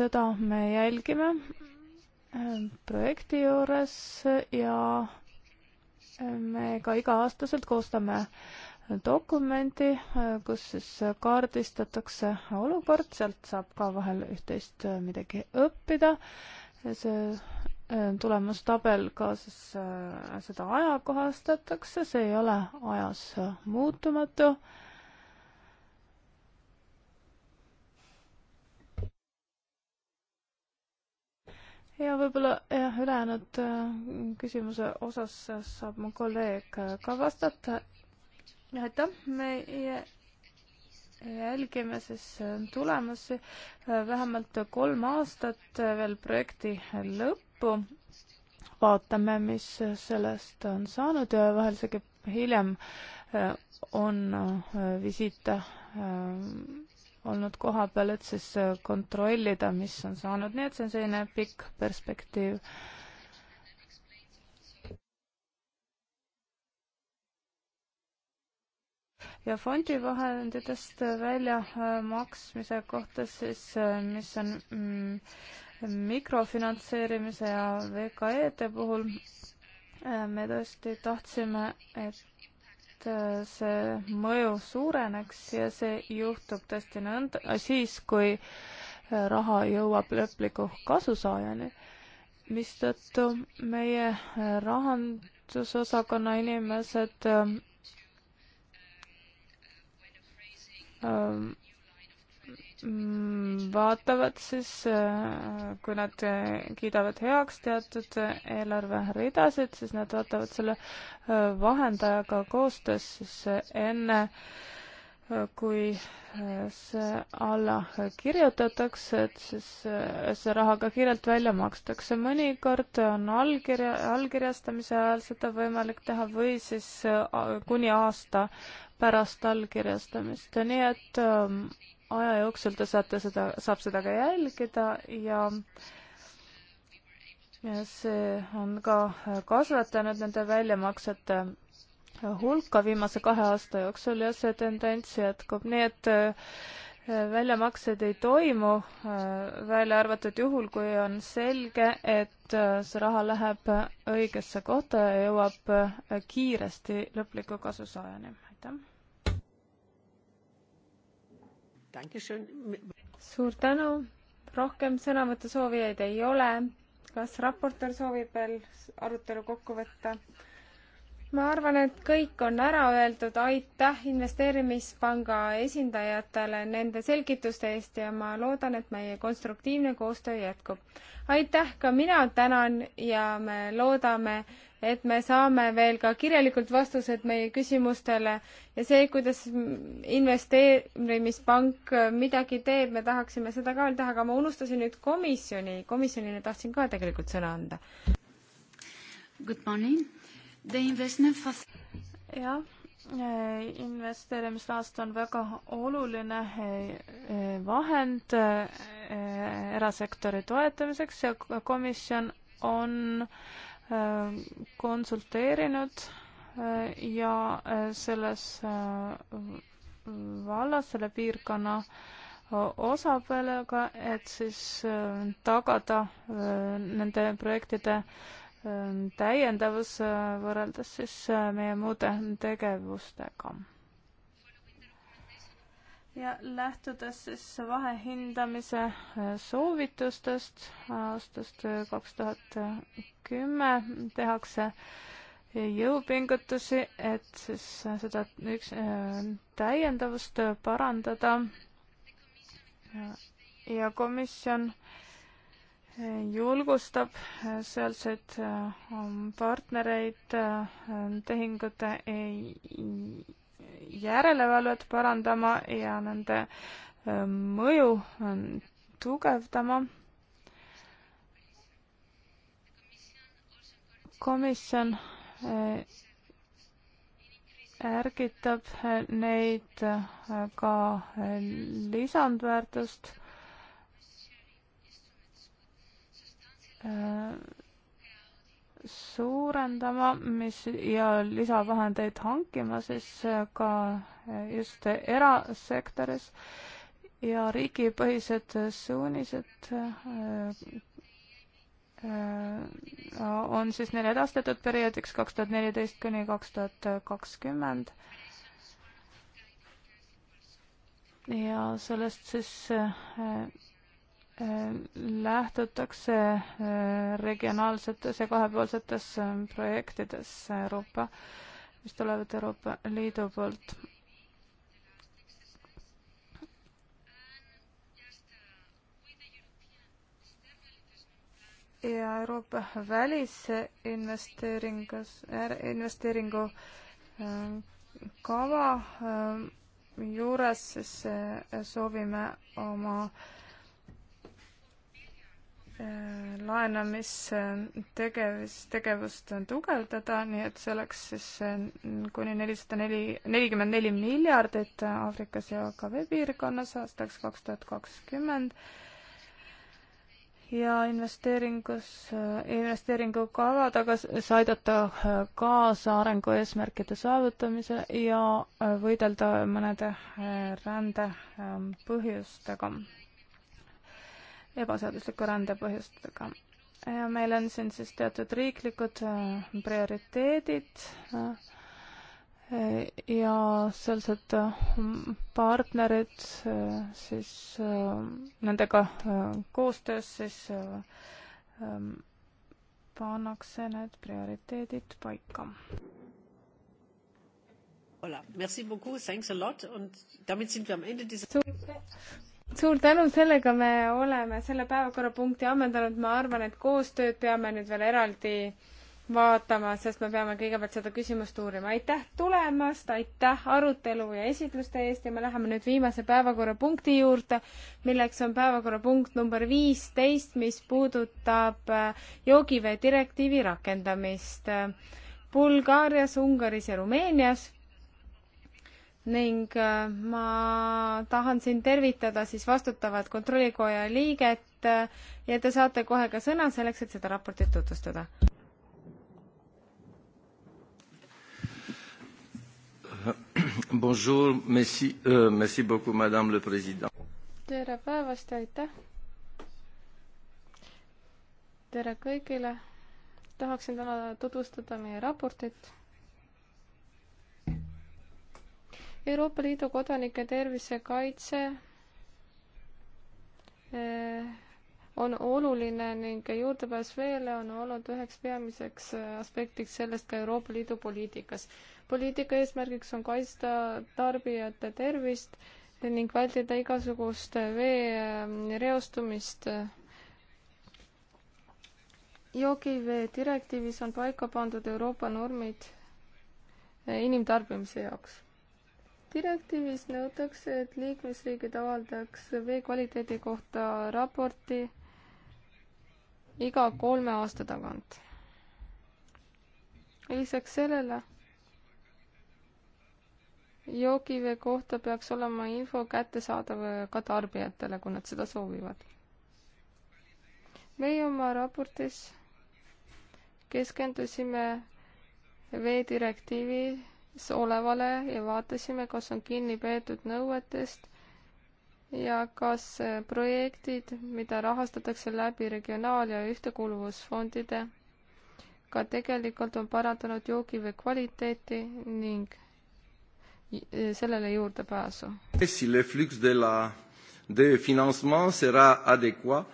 seda me jälgime projekti juures ja me ka iga-aastaselt koostame dokumendi, kus siis kaardistatakse olukord, sealt saab ka vahel üht-teist midagi õppida. see äh, tulemustabel ka siis äh, seda ajakohastatakse, see ei ole ajas äh, muutumatu ja võib-olla jah, ülejäänud äh, küsimuse osas saab mu kolleeg äh, ka vastata. aitäh, meie jälgime siis äh, tulemusi vähemalt kolm aastat veel projekti lõppu. vaatame, mis sellest on saanud ja vahel isegi hiljem on visiite olnud koha peal, et siis äh, kontrollida, mis on saanud, nii et see on selline pikk perspektiiv. ja fondivahenditest väljamaksmise äh, kohta siis, äh, mis on mm, mikrofinantseerimise ja VKE-de puhul, me tõesti tahtsime, et Äh, see mõju suureneks ja see juhtub tõesti nõnda, siis kui äh, raha jõuab lõpliku kasusaajani, mistõttu meie äh, rahandusosakonna inimesed ähm, ähm Mm, vaatavad siis, äh, kui nad äh, kiidavad heaks teatud äh, eelarveridasid, siis nad vaatavad selle vahendajaga koostöös siis enne, kui see alla kirjutatakse, et siis see raha ka kiirelt välja makstakse. mõnikord on allkirja, allkirjastamise ajal seda võimalik teha või siis kuni aasta pärast allkirjastamist, nii et ähm, aja jooksul te saate seda, saab seda ka jälgida ja ja see on ka kasvatanud nende väljamaksete hulka viimase kahe aasta jooksul ja see tendents jätkub, nii et äh, väljamaksed ei toimu, äh, välja arvatud juhul, kui on selge, et äh, see raha läheb õigesse kohta ja jõuab kiiresti lõpliku kasusaajani. aitäh! suur tänu,
rohkem sõnavõtusoovijaid ei ole. kas raportöör soovib veel arutelu kokku võtta? ma arvan, et kõik on ära öeldud, aitäh investeerimispanga esindajatele nende selgituste eest ja ma loodan, et meie konstruktiivne koostöö jätkub. aitäh, ka mina tänan ja me loodame, et me saame veel ka kirjalikult vastused meie küsimustele ja see, kuidas investeerimispank midagi teeb, me tahaksime seda ka veel teha, aga ma unustasin nüüd komisjoni, komisjonile tahtsin ka tegelikult sõna anda.
Good morning jah, eh, investeerimisrahast on väga oluline eh, eh, vahend erasektori toetamiseks ja komisjon on konsulteerinud ja selles vallas, selle piirkonna osapoolega, et siis tagada nende projektide täiendavus äh, võrreldes siis äh, meie muude tegevustega. ja lähtudes siis vahehindamise äh, soovitustest aastast kaks tuhat kümme tehakse jõupingutusi, et siis seda üks täiendavust parandada. ja komisjon äh, julgustab äh, sealseid äh, partnereid äh, tehingute järelevalvet parandama ja nende mõju tugevdama. komisjon ärgitab neid ka lisandväärtust Äh, suurendama, mis ja lisavahendeid hankima siis äh, ka äh, just erasektoris ja riigipõhised suunised on siis neile edastatud perioodiks kaks tuhat neliteist kuni kaks tuhat kakskümmend. ja sellest siis lähtutakse äh, regionaalsetes ja kahepoolsetes äh, projektides Euroopa, mis tulevad Euroopa Liidu poolt. ja Euroopa välisinvesteeringus, äh, investeeringu kava juures siis soovime oma äh, Äh, laenamistegevus, äh, tegevust tugevdada, nii et see oleks siis äh, kuni nelisada neli, nelikümmend neli miljardit Aafrikas ja AKV piirkonnas aastaks kaks tuhat kakskümmend ja investeeringus, investeeringukava tagasi aidata kaasa arengueesmärkide saavutamise ja võidelda mõnede rände põhjustega ebaseadusliku rände põhjustega. ja meil on siin siis teatud riiklikud äh, prioriteedid äh, ja sealsed äh, partnerid siis nendega koostöös siis ähm, pannakse need prioriteedid paika.
Voilà, merci beaucoup, thanks a
lot und damit sind wir am Ende dieser suur tänu, sellega me oleme selle päevakorrapunkti ammendanud, ma arvan, et koostööd peame nüüd veel eraldi vaatama, sest me peame kõigepealt seda küsimust uurima. aitäh tulemast, aitäh arutelu ja esitluste eest ja me läheme nüüd viimase päevakorrapunkti juurde, milleks on päevakorrapunkt number viisteist, mis puudutab äh, joogivee direktiivi rakendamist äh, Bulgaarias, Ungaris ja Rumeenias ning äh, ma tahan siin tervitada siis vastutavat kontrollikoja liiget äh, ja te saate kohe ka sõna selleks, et seda raportit tutvustada.
Bonjour, merci euh,, merci beaucoup, madame le president.
tere päevast ja aitäh. tere kõigile. tahaksin täna tutvustada meie raportit Euroopa Liidu kodanike tervise kaitse eh, on oluline ning juurdepääs veele on olnud üheks peamiseks eh, aspektiks sellest ka Euroopa Liidu poliitikas. poliitika eesmärgiks on kaitsta tarbijate tervist ning vältida igasugust vee eh, reostumist. joogivee direktiivis on paika pandud Euroopa normid inimtarbimise jaoks direktiivis nõutakse, et liikmesriigid avaldaks vee kvaliteedi kohta raporti iga kolme aasta tagant. lisaks sellele joogivee kohta peaks olema info kättesaadav ka tarbijatele, kui nad seda soovivad. meie oma raportis keskendusime veedirektiivi olevale ja vaatasime, kas on kinni peetud nõuetest ja kas eh, projektid, mida rahastatakse läbi regionaal- ja ühtekuuluvusfondide, ka tegelikult on parandanud joogivee kvaliteeti ning eh, sellele juurdepääsu.
si le flux de la de financement sera adéquat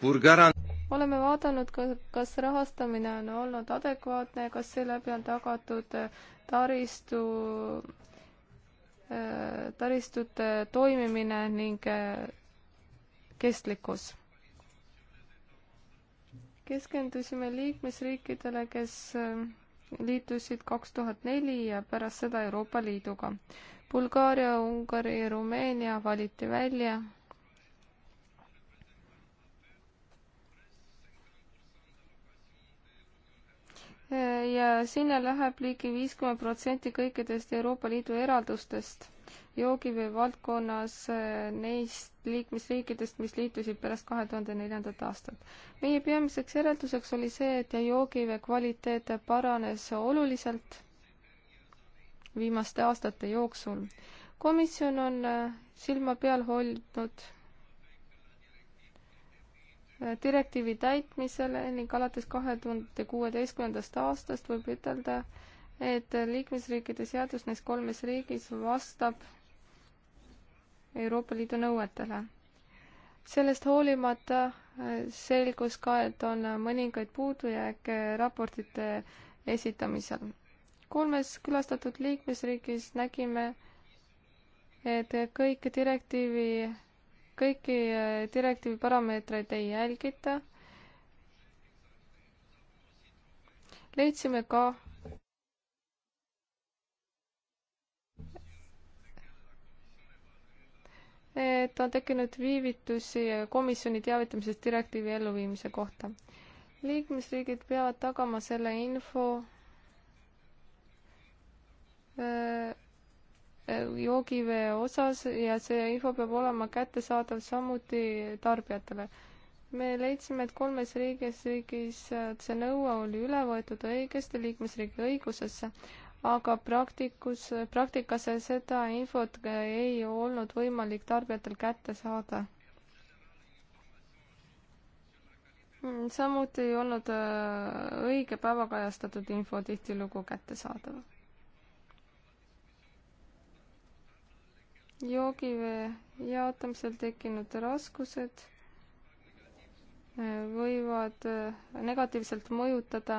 pour garan-
oleme vaadanud ka, kas rahastamine on olnud adekvaatne, kas seeläbi on tagatud äh, taristu, äh, taristute toimimine ning äh, kestlikkus. keskendusime liikmesriikidele, kes liitusid kaks tuhat neli ja pärast seda Euroopa Liiduga. Bulgaaria, Ungari, Rumeenia valiti välja ja sinna läheb ligi viiskümmend protsenti kõikidest Euroopa Liidu eraldustest joogivee valdkonnas äh, neist liikmesriikidest, mis liitusid pärast kahe tuhande neljandat aastat. meie peamiseks järelduseks oli see, et joogivee kvaliteet paranes oluliselt viimaste aastate jooksul. komisjon on äh, silma peal hoidnud direktiivi täitmisele ning alates kahe tuhande kuueteistkümnendast aastast võib ütelda, et liikmesriikide seadus neis kolmes riigis vastab Euroopa Liidu nõuetele. sellest hoolimata äh, selgus ka, et on mõningaid puudujääke raportite esitamisel. kolmes külastatud liikmesriigis nägime, et kõik direktiivi kõiki äh, direktiivi parameetreid ei jälgita. leidsime ka et on tekkinud viivitusi komisjoni teavitamisest direktiivi elluviimise kohta. liikmesriigid peavad tagama selle info öö, äh, joogivee osas ja see info peab olema kättesaadav samuti tarbijatele. me leidsime, et kolmes riigis, riigis see nõue oli üle võetud õigesti liikmesriigi õigusesse, aga praktikus, praktikas seda infot ei olnud võimalik tarbijatel kätte saada. samuti ei olnud äh, õige päevakajastatud info tihtilugu kättesaadav joogivee jaotamisel tekkinud raskused äh, võivad äh, negatiivselt mõjutada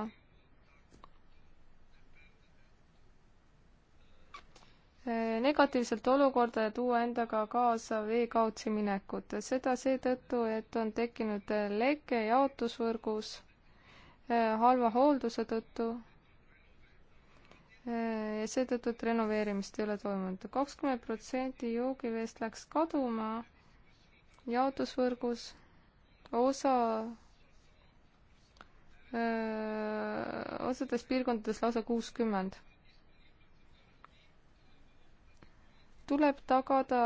äh, negatiivselt olukorda ja tuua endaga kaasa vee kaotsi minekut. seda seetõttu, et on tekkinud leke jaotusvõrgus halva hoolduse tõttu Äh, ja seetõttu, et renoveerimist ei ole toimunud. kakskümmend protsenti joogiveest läks kaduma jaotusvõrgus, osa äh, osades piirkondades lausa kuuskümmend. tuleb tagada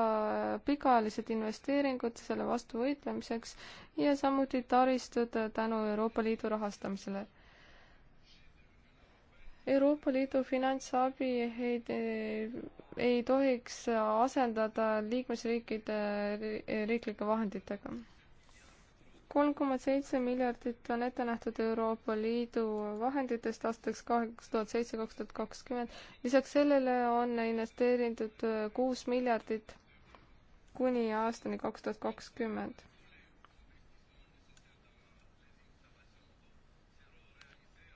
pikaajalised investeeringud selle vastu võitlemiseks ja samuti taristud tänu Euroopa Liidu rahastamisele Euroopa Liidu finantsabi ei, ei tohiks asendada liikmesriikide riiklike vahenditega. kolm koma seitse miljardit on ette nähtud Euroopa Liidu vahenditest aastaks kaks tuhat seitse, kaks tuhat kakskümmend. lisaks sellele on investeeritud kuus miljardit kuni aastani kaks tuhat kakskümmend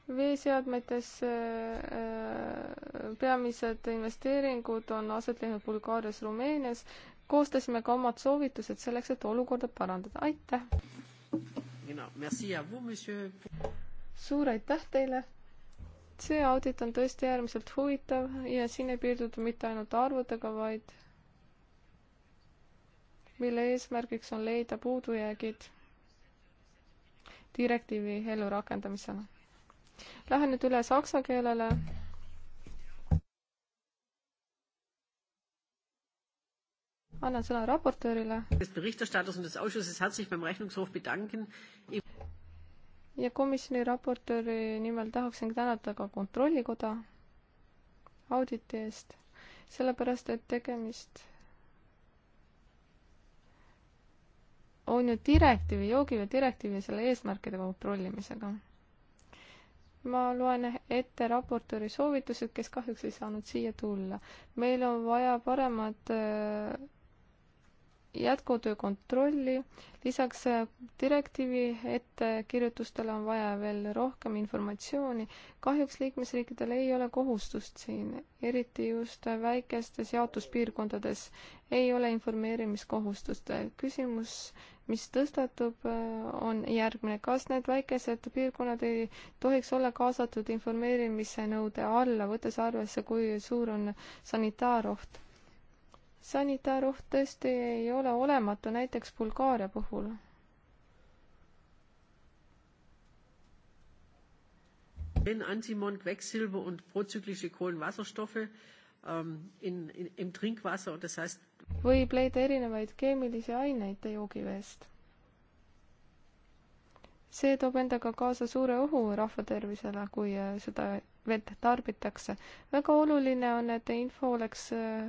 veeseadmetes äh, äh, peamised investeeringud on aset leidnud Bulgaarias, Rumeenias. koostasime ka omad soovitused selleks, et olukorda parandada. aitäh! suur aitäh teile! see audit on tõesti äärmiselt huvitav ja siin ei piirduta mitte ainult arvudega, vaid mille eesmärgiks on leida puudujäägid direktiivi ellurakendamisel Lähen nüüd üle saksa keelele. annan sõna raportöörile. ja komisjoni raportööri nimel tahaksin tänada ka Kontrollikoda auditi eest, sellepärast et tegemist on ju direktiivi, joogivee direktiivi ja selle eesmärkide kontrollimisega ma loen ette raportööri soovitused, kes kahjuks ei saanud siia tulla. meil on vaja paremat äh, jätkutöö kontrolli. lisaks äh, direktiivi ettekirjutustele on vaja veel rohkem informatsiooni. kahjuks liikmesriikidel ei ole kohustust siin, eriti just väikestes jaotuspiirkondades ei ole informeerimiskohustust. küsimus, mis tõstatub, äh, on järgmine. kas need väikesed piirkonnad ei tohiks olla kaasatud informeerimise nõude alla, võttes arvesse, kui suur on sanitaaroht? sanitaaroht tõesti ei ole olematu näiteks Bulgaaria puhul.
Wenn Antimon, Quecksilber und prozyklische Kohlenwasserstoffe ähm, in, in, im Trinkwasser, das
heißt võib leida erinevaid keemilisi aineid joogiveest. see toob endaga kaasa suure ohu rahva tervisele, kui äh, seda vett tarbitakse. väga oluline on, et info oleks äh,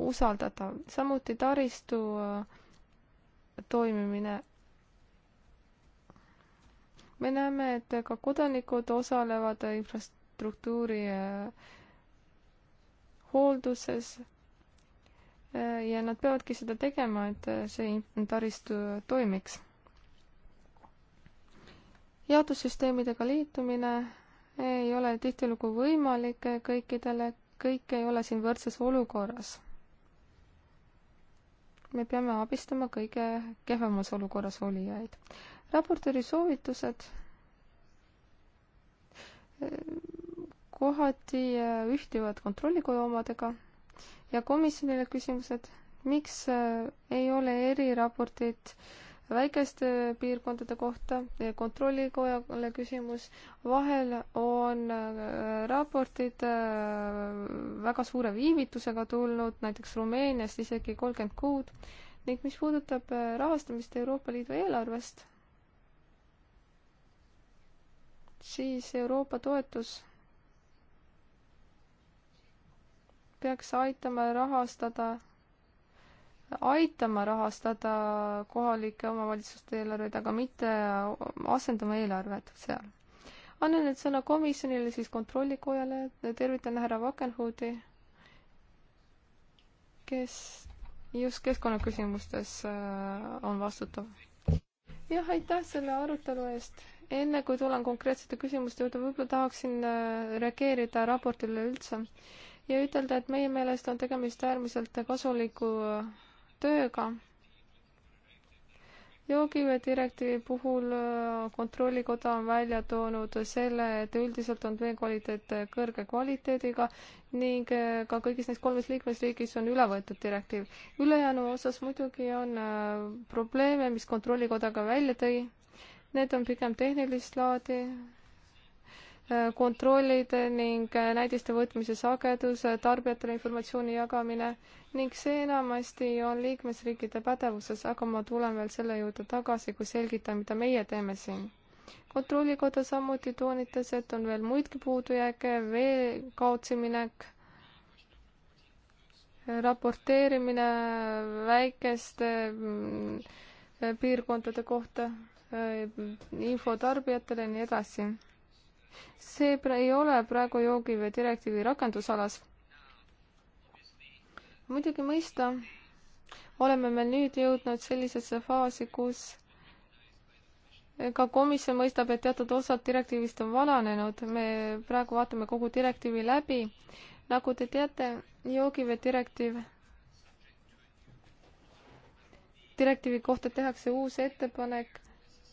usaldatav. samuti taristu äh, toimimine. me näeme, et ka kodanikud osalevad infrastruktuuri äh, hoolduses äh, ja nad peavadki seda tegema, et see taristu toimiks. jaotussüsteemidega liitumine ei ole tihtilugu võimalik kõikidele, kõik ei ole siin võrdses olukorras me peame abistama kõige kehvemas olukorras olijaid. raportööri soovitused eh, kohati eh, ühtivad kontrollikoja omadega ja komisjonile küsimused, miks eh, ei ole eriraportit äh, väikeste piirkondade kohta kontrollikojale küsimus. vahel on äh, raportid äh, väga suure viivitusega tulnud, näiteks Rumeeniast isegi kolmkümmend kuud ning mis puudutab äh, rahastamist Euroopa Liidu eelarvest, siis Euroopa toetus peaks aitama rahastada aitama rahastada kohalike omavalitsuste eelarveid, aga mitte asendama eelarvet seal. annan nüüd sõna komisjonile, siis kontrollikojale, tervitan härra Vakenhuudi, kes just keskkonnaküsimustes äh, on vastutav. jah, aitäh selle arutelu eest. enne kui tulen konkreetsete küsimuste juurde, võib-olla tahaksin äh, reageerida raportile üldse ja ütelda, et meie meelest on tegemist äärmiselt kasuliku äh, tööga. joogivee direktiivi puhul äh, Kontrollikoda on välja toonud selle, et üldiselt on vee kvaliteet äh, kõrge kvaliteediga ning äh, ka kõigis neis kolmes liikmesriigis on üle võetud direktiiv. ülejäänu osas muidugi on probleeme, mis Kontrollikoda ka välja tõi. Need on pigem tehnilist laadi, kontrollid ning näidiste võtmise sagedus, tarbijatele informatsiooni jagamine ning see enamasti on liikmesriikide pädevuses, aga ma tulen veel selle juurde tagasi, kui selgitan, mida meie teeme siin. kontrollikoda samuti toonitas, et on veel muidki puudujääke, vee kaotsiminek, raporteerimine väikeste mm, piirkondade kohta, info tarbijatele ja nii edasi see ei ole praegu joogivee direktiivi rakendusalas. muidugi mõista, oleme me nüüd jõudnud sellisesse faasi, kus ka komisjon mõistab, et teatud osad direktiivist on vananenud, me praegu vaatame kogu direktiivi läbi. nagu te teate, joogivee direktiiv, direktiivi kohta tehakse uus ettepanek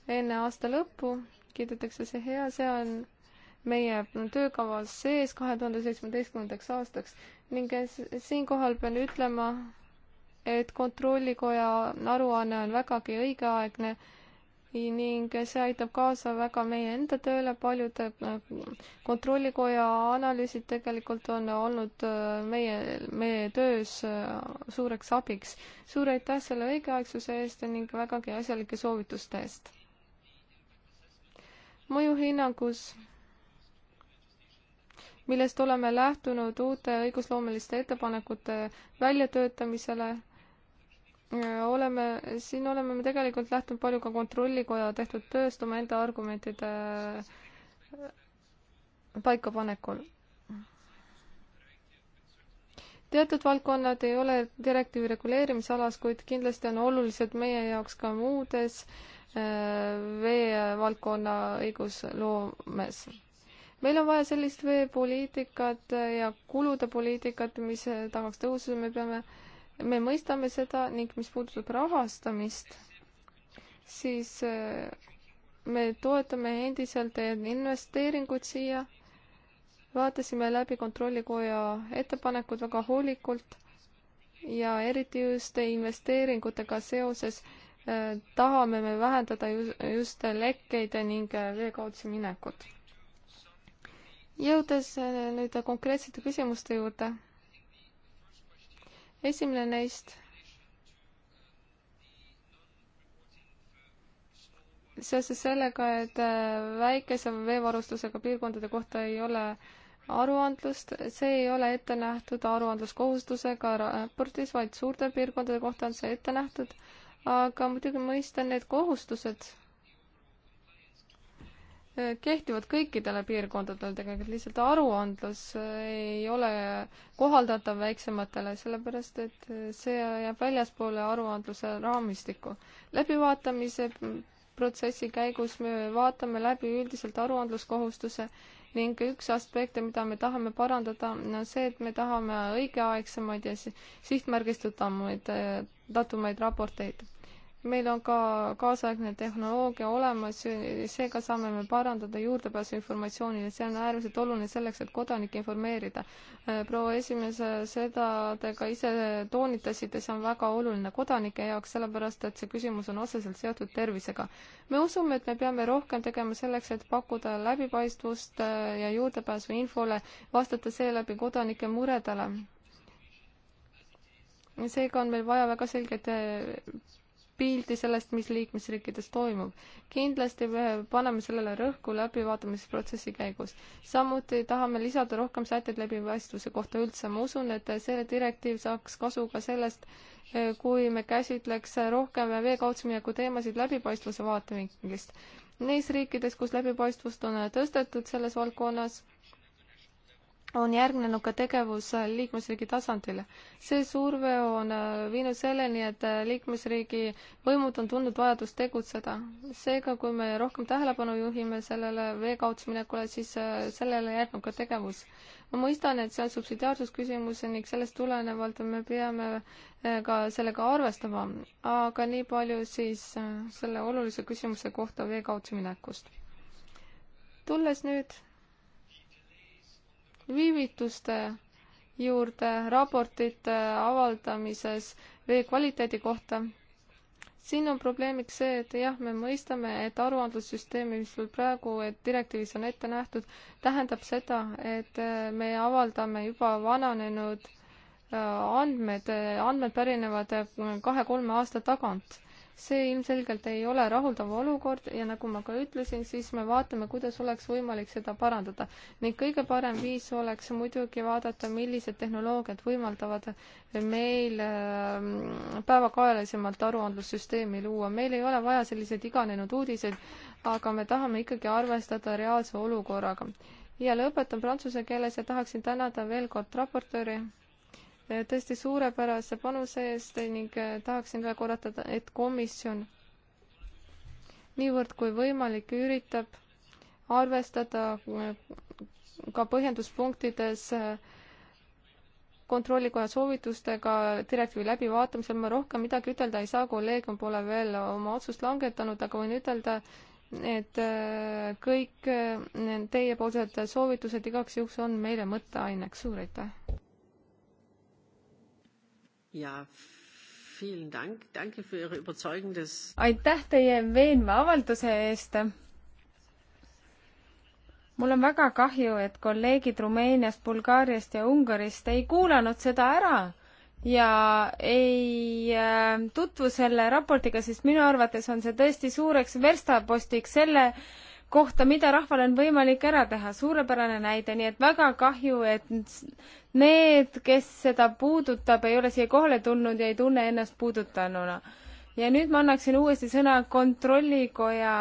enne aasta lõppu, kiidetakse see hea, see on meie töökavas sees kahe tuhande seitsmeteistkümnendaks aastaks ning siinkohal pean ütlema, et Kontrollikoja aruanne on vägagi õigeaegne ning see aitab kaasa väga meie enda tööle, paljud äh, kontrollikoja analüüsid tegelikult on olnud äh, meie, meie töös äh, suureks abiks. suur aitäh selle õigeaegsuse eest ning vägagi asjalike soovituste eest. mõjuhinnangus millest oleme lähtunud uute õigusloomeliste ettepanekute väljatöötamisele. oleme, siin oleme me tegelikult lähtunud palju ka Kontrollikoja tehtud tööst oma enda argumentide
äh,
paikapanekul. teatud valdkonnad ei ole direktiivi reguleerimisalas, kuid kindlasti on olulised meie jaoks ka muudes äh, veevaldkonna õigusloomes meil on vaja sellist veepoliitikat ja kulude poliitikat, mis tagaks tõusu, me peame, me mõistame seda ning mis puudutab rahastamist, siis eh, me toetame endiselt investeeringuid siia. vaatasime läbi kontrollikoja ettepanekud väga hoolikult ja eriti just investeeringutega seoses eh, tahame me vähendada just lekkeid ning eh, vee kaotsi minekut jõudes äh, nüüd konkreetsete küsimuste juurde. esimene neist. seoses sellega, et äh, väikese veevarustusega piirkondade kohta ei ole aruandlust, see ei ole ette nähtud aruandluskohustusega raportis, vaid suurte piirkondade kohta on see ette nähtud. aga muidugi mõistan need kohustused kehtivad kõikidele piirkondadele tegelikult, lihtsalt aruandlus äh, ei ole kohaldatav väiksematele, sellepärast et äh, see jääb väljaspoole aruandluse raamistikku. läbivaatamise protsessi käigus me vaatame läbi üldiselt aruandluskohustuse ning üks aspekte, mida me tahame parandada, on see, et me tahame õigeaegsemaid ja sihtmärgistatamaid, äh, datumaid raporteid meil on ka kaasaegne tehnoloogia olemas, seega saame me parandada juurdepääsu informatsioonile, see on äärmiselt oluline selleks, et kodanikke informeerida. proua esimees, seda te ka ise toonitasite, see on väga oluline kodanike jaoks, sellepärast et see küsimus on otseselt seotud tervisega. me usume, et me peame rohkem tegema selleks, et pakkuda läbipaistvust ja juurdepääsu infole, vastata seeläbi kodanike muredele seega on meil vaja väga selgeid pildi sellest, mis liikmesriikides toimub. kindlasti me paneme sellele rõhku läbivaatamisprotsessi käigus. samuti tahame lisada rohkem sätteid läbipaistvuse kohta üldse. ma usun, et see direktiiv saaks kasu ka sellest, kui me käsitleks rohkem veekaudsemjagu teemasid läbipaistvuse vaatevinklist. Neis riikides, kus läbipaistvust on tõstetud selles valdkonnas, on järgnenud ka tegevus äh, liikmesriigi tasandil. see surve on äh, viinud selleni, et äh, liikmesriigi võimud on tundnud vajadust tegutseda. seega, kui me rohkem tähelepanu juhime sellele vee kaudsminekule, siis sellele järgneb ka tegevus. ma mõistan, et see on subsidiaarsusküsimus ning sellest tulenevalt me peame ka sellega arvestama, aga nii palju siis selle olulise küsimuse kohta vee kaudseminekust. tulles nüüd viivituste juurde raportite avaldamises vee kvaliteedi kohta. siin on probleemiks see, et jah, me mõistame, et aruandlussüsteem, mis meil praegu direktiivis on ette nähtud, tähendab seda, et äh, me avaldame juba vananenud äh, andmed, äh, andmed pärinevad kahe-kolme aasta tagant see ilmselgelt ei ole rahuldav olukord ja nagu ma ka ütlesin, siis me vaatame, kuidas oleks võimalik seda parandada. ning kõige parem viis oleks muidugi vaadata, millised tehnoloogiad võimaldavad meil ähm, päevakaelisemalt aruandlussüsteemi luua. meil ei ole vaja selliseid iganenud uudiseid, aga me tahame ikkagi arvestada reaalse olukorraga. ja lõpetan prantsuse keeles ja tahaksin tänada veel kord raportööri tõesti suurepärase panuse eest ning äh, tahaksin veel korrata, et komisjon niivõrd kui võimalik üritab arvestada äh, ka põhjenduspunktides äh, kontrollikoja soovitustega direktiivi läbivaatamisel ma rohkem midagi ütelda ei saa, kolleegium pole veel oma otsust langetanud, aga võin ütelda, et kõik teiepoolsed soovitused igaks juhuks on meile mõtteaineks, suur aitäh!
aitäh teie veenva avalduse eest. mul on väga kahju, et kolleegid Rumeeniast, Bulgaariast ja Ungarist ei kuulanud seda ära ja ei äh, tutvu selle raportiga, sest minu arvates on see tõesti suureks verstapostiks selle äh, kohta, mida rahval on võimalik ära teha, suurepärane näide, nii et väga kahju, et need, kes seda puudutab, ei ole siia kohale tulnud ja ei tunne ennast puudutanuna. ja nüüd ma annaksin uuesti sõna Kontrollikoja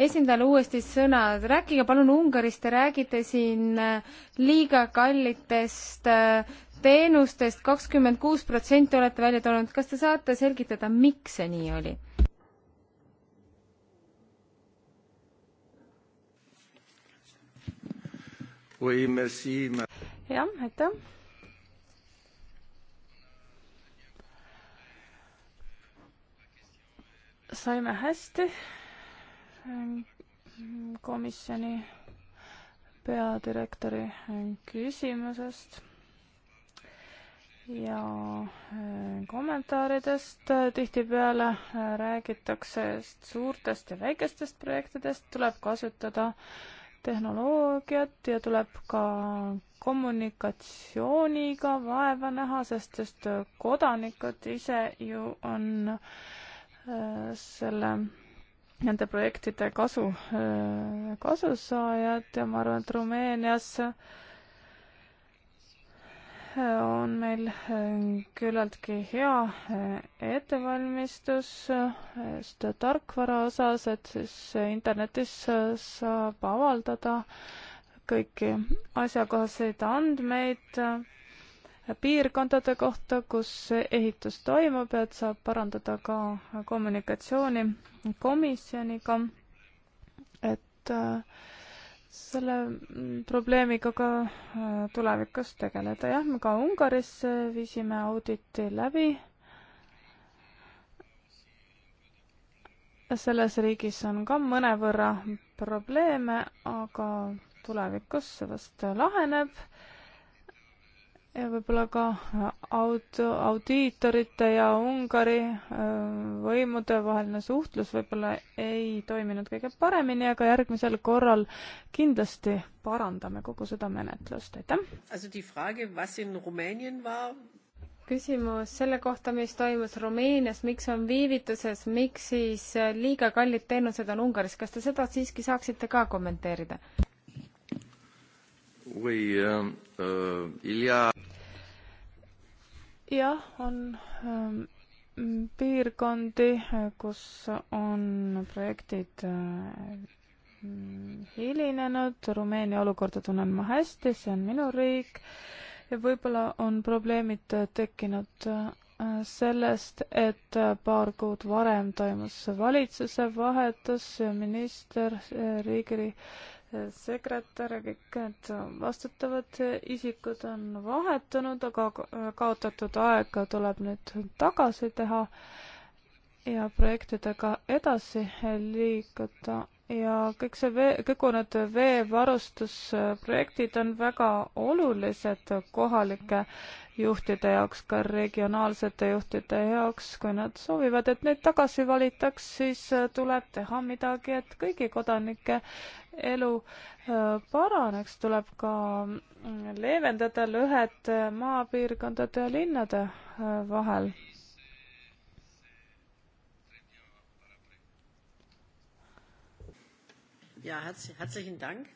esindajale uuesti sõna, rääkige palun Ungarist, te räägite siin äh, liiga kallitest äh, teenustest, kakskümmend kuus protsenti olete välja toonud, kas te saate selgitada, miks see nii oli? jah,
aitäh. saime hästi komisjoni peadirektori küsimusest ja äh, kommentaaridest tihtipeale äh, räägitakse suurtest ja väikestest projektidest, tuleb kasutada äh, tehnoloogiat ja tuleb ka kommunikatsiooniga vaeva näha, sest, sest kodanikud ise ju on äh, selle, nende projektide kasu, äh, kasusaajad ja ma arvan, et Rumeenias äh, on meil äh, küllaltki hea äh, ettevalmistus äh, seda tarkvara osas, et siis internetis saab avaldada kõiki asjakohaseid andmeid piirkondade kohta, kus ehitus toimub, et saab parandada ka kommunikatsiooni komisjoniga, et äh, selle mm, probleemiga ka äh, tulevikus tegeleda. jah, me ka Ungaris äh, viisime auditi läbi. selles riigis on ka mõnevõrra probleeme, aga tulevikus see vast laheneb ja võib-olla ka äh, aut-, audiitorite ja Ungari äh, võimude vaheline suhtlus võib-olla ei toiminud kõige paremini, aga järgmisel korral kindlasti parandame kogu seda menetlust, aitäh!
küsimus selle kohta, mis toimus Rumeenias, miks on viivituses, miks siis äh, liiga kallid teenused on Ungaris, kas te seda siiski saaksite ka kommenteerida?
või um... Euh, Äh,
jah, on ähm, piirkondi, äh, kus on projektid äh, hilinenud, Rumeenia olukorda tunnen ma hästi, see on minu riik ja võib-olla on probleemid tekkinud sellest, et paar kuud varem toimus valitsuse vahetus ja minister Riigri sekretär ja kõik need vastutavad isikud on vahetunud, aga kaotatud aega tuleb nüüd tagasi teha ja projektidega edasi liikuda ja kõik see vee, kõik need veevarustusprojektid on väga olulised kohalike juhtide jaoks, ka regionaalsete juhtide jaoks, kui nad soovivad, et neid tagasi valitaks, siis äh, tuleb teha midagi, et kõigi kodanike elu äh, paraneks, tuleb ka mm, leevendada lõhet äh, maapiirkondade ja linnade vahel.
ja herzlichen Dank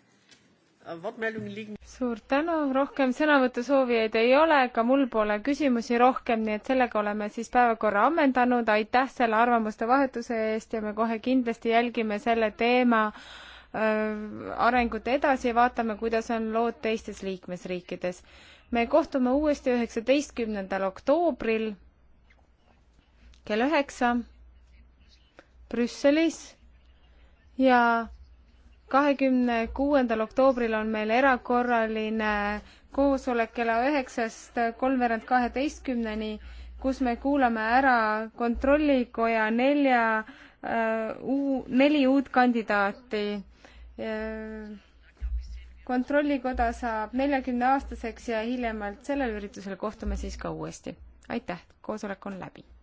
suur
tänu, rohkem sõnavõtusoovijaid ei ole, ka mul pole küsimusi rohkem, nii et sellega oleme siis päevakorra ammendanud, aitäh selle arvamuste vahetuse eest ja me kohe kindlasti jälgime selle teema äh, arengut edasi ja vaatame, kuidas on lood teistes liikmesriikides. me kohtume uuesti üheksateistkümnendal oktoobril kell üheksa Brüsselis ja kahekümne kuuendal oktoobril on meil erakorraline koosolek kella üheksast kolmveerand kaheteistkümneni, kus me kuulame ära kontrollikoja nelja äh, uu-, neli uut kandidaati äh, kontrollikoda saab neljakümne aastaseks ja hiljemalt sellel üritusel kohtume siis ka uuesti. aitäh, koosolek on läbi.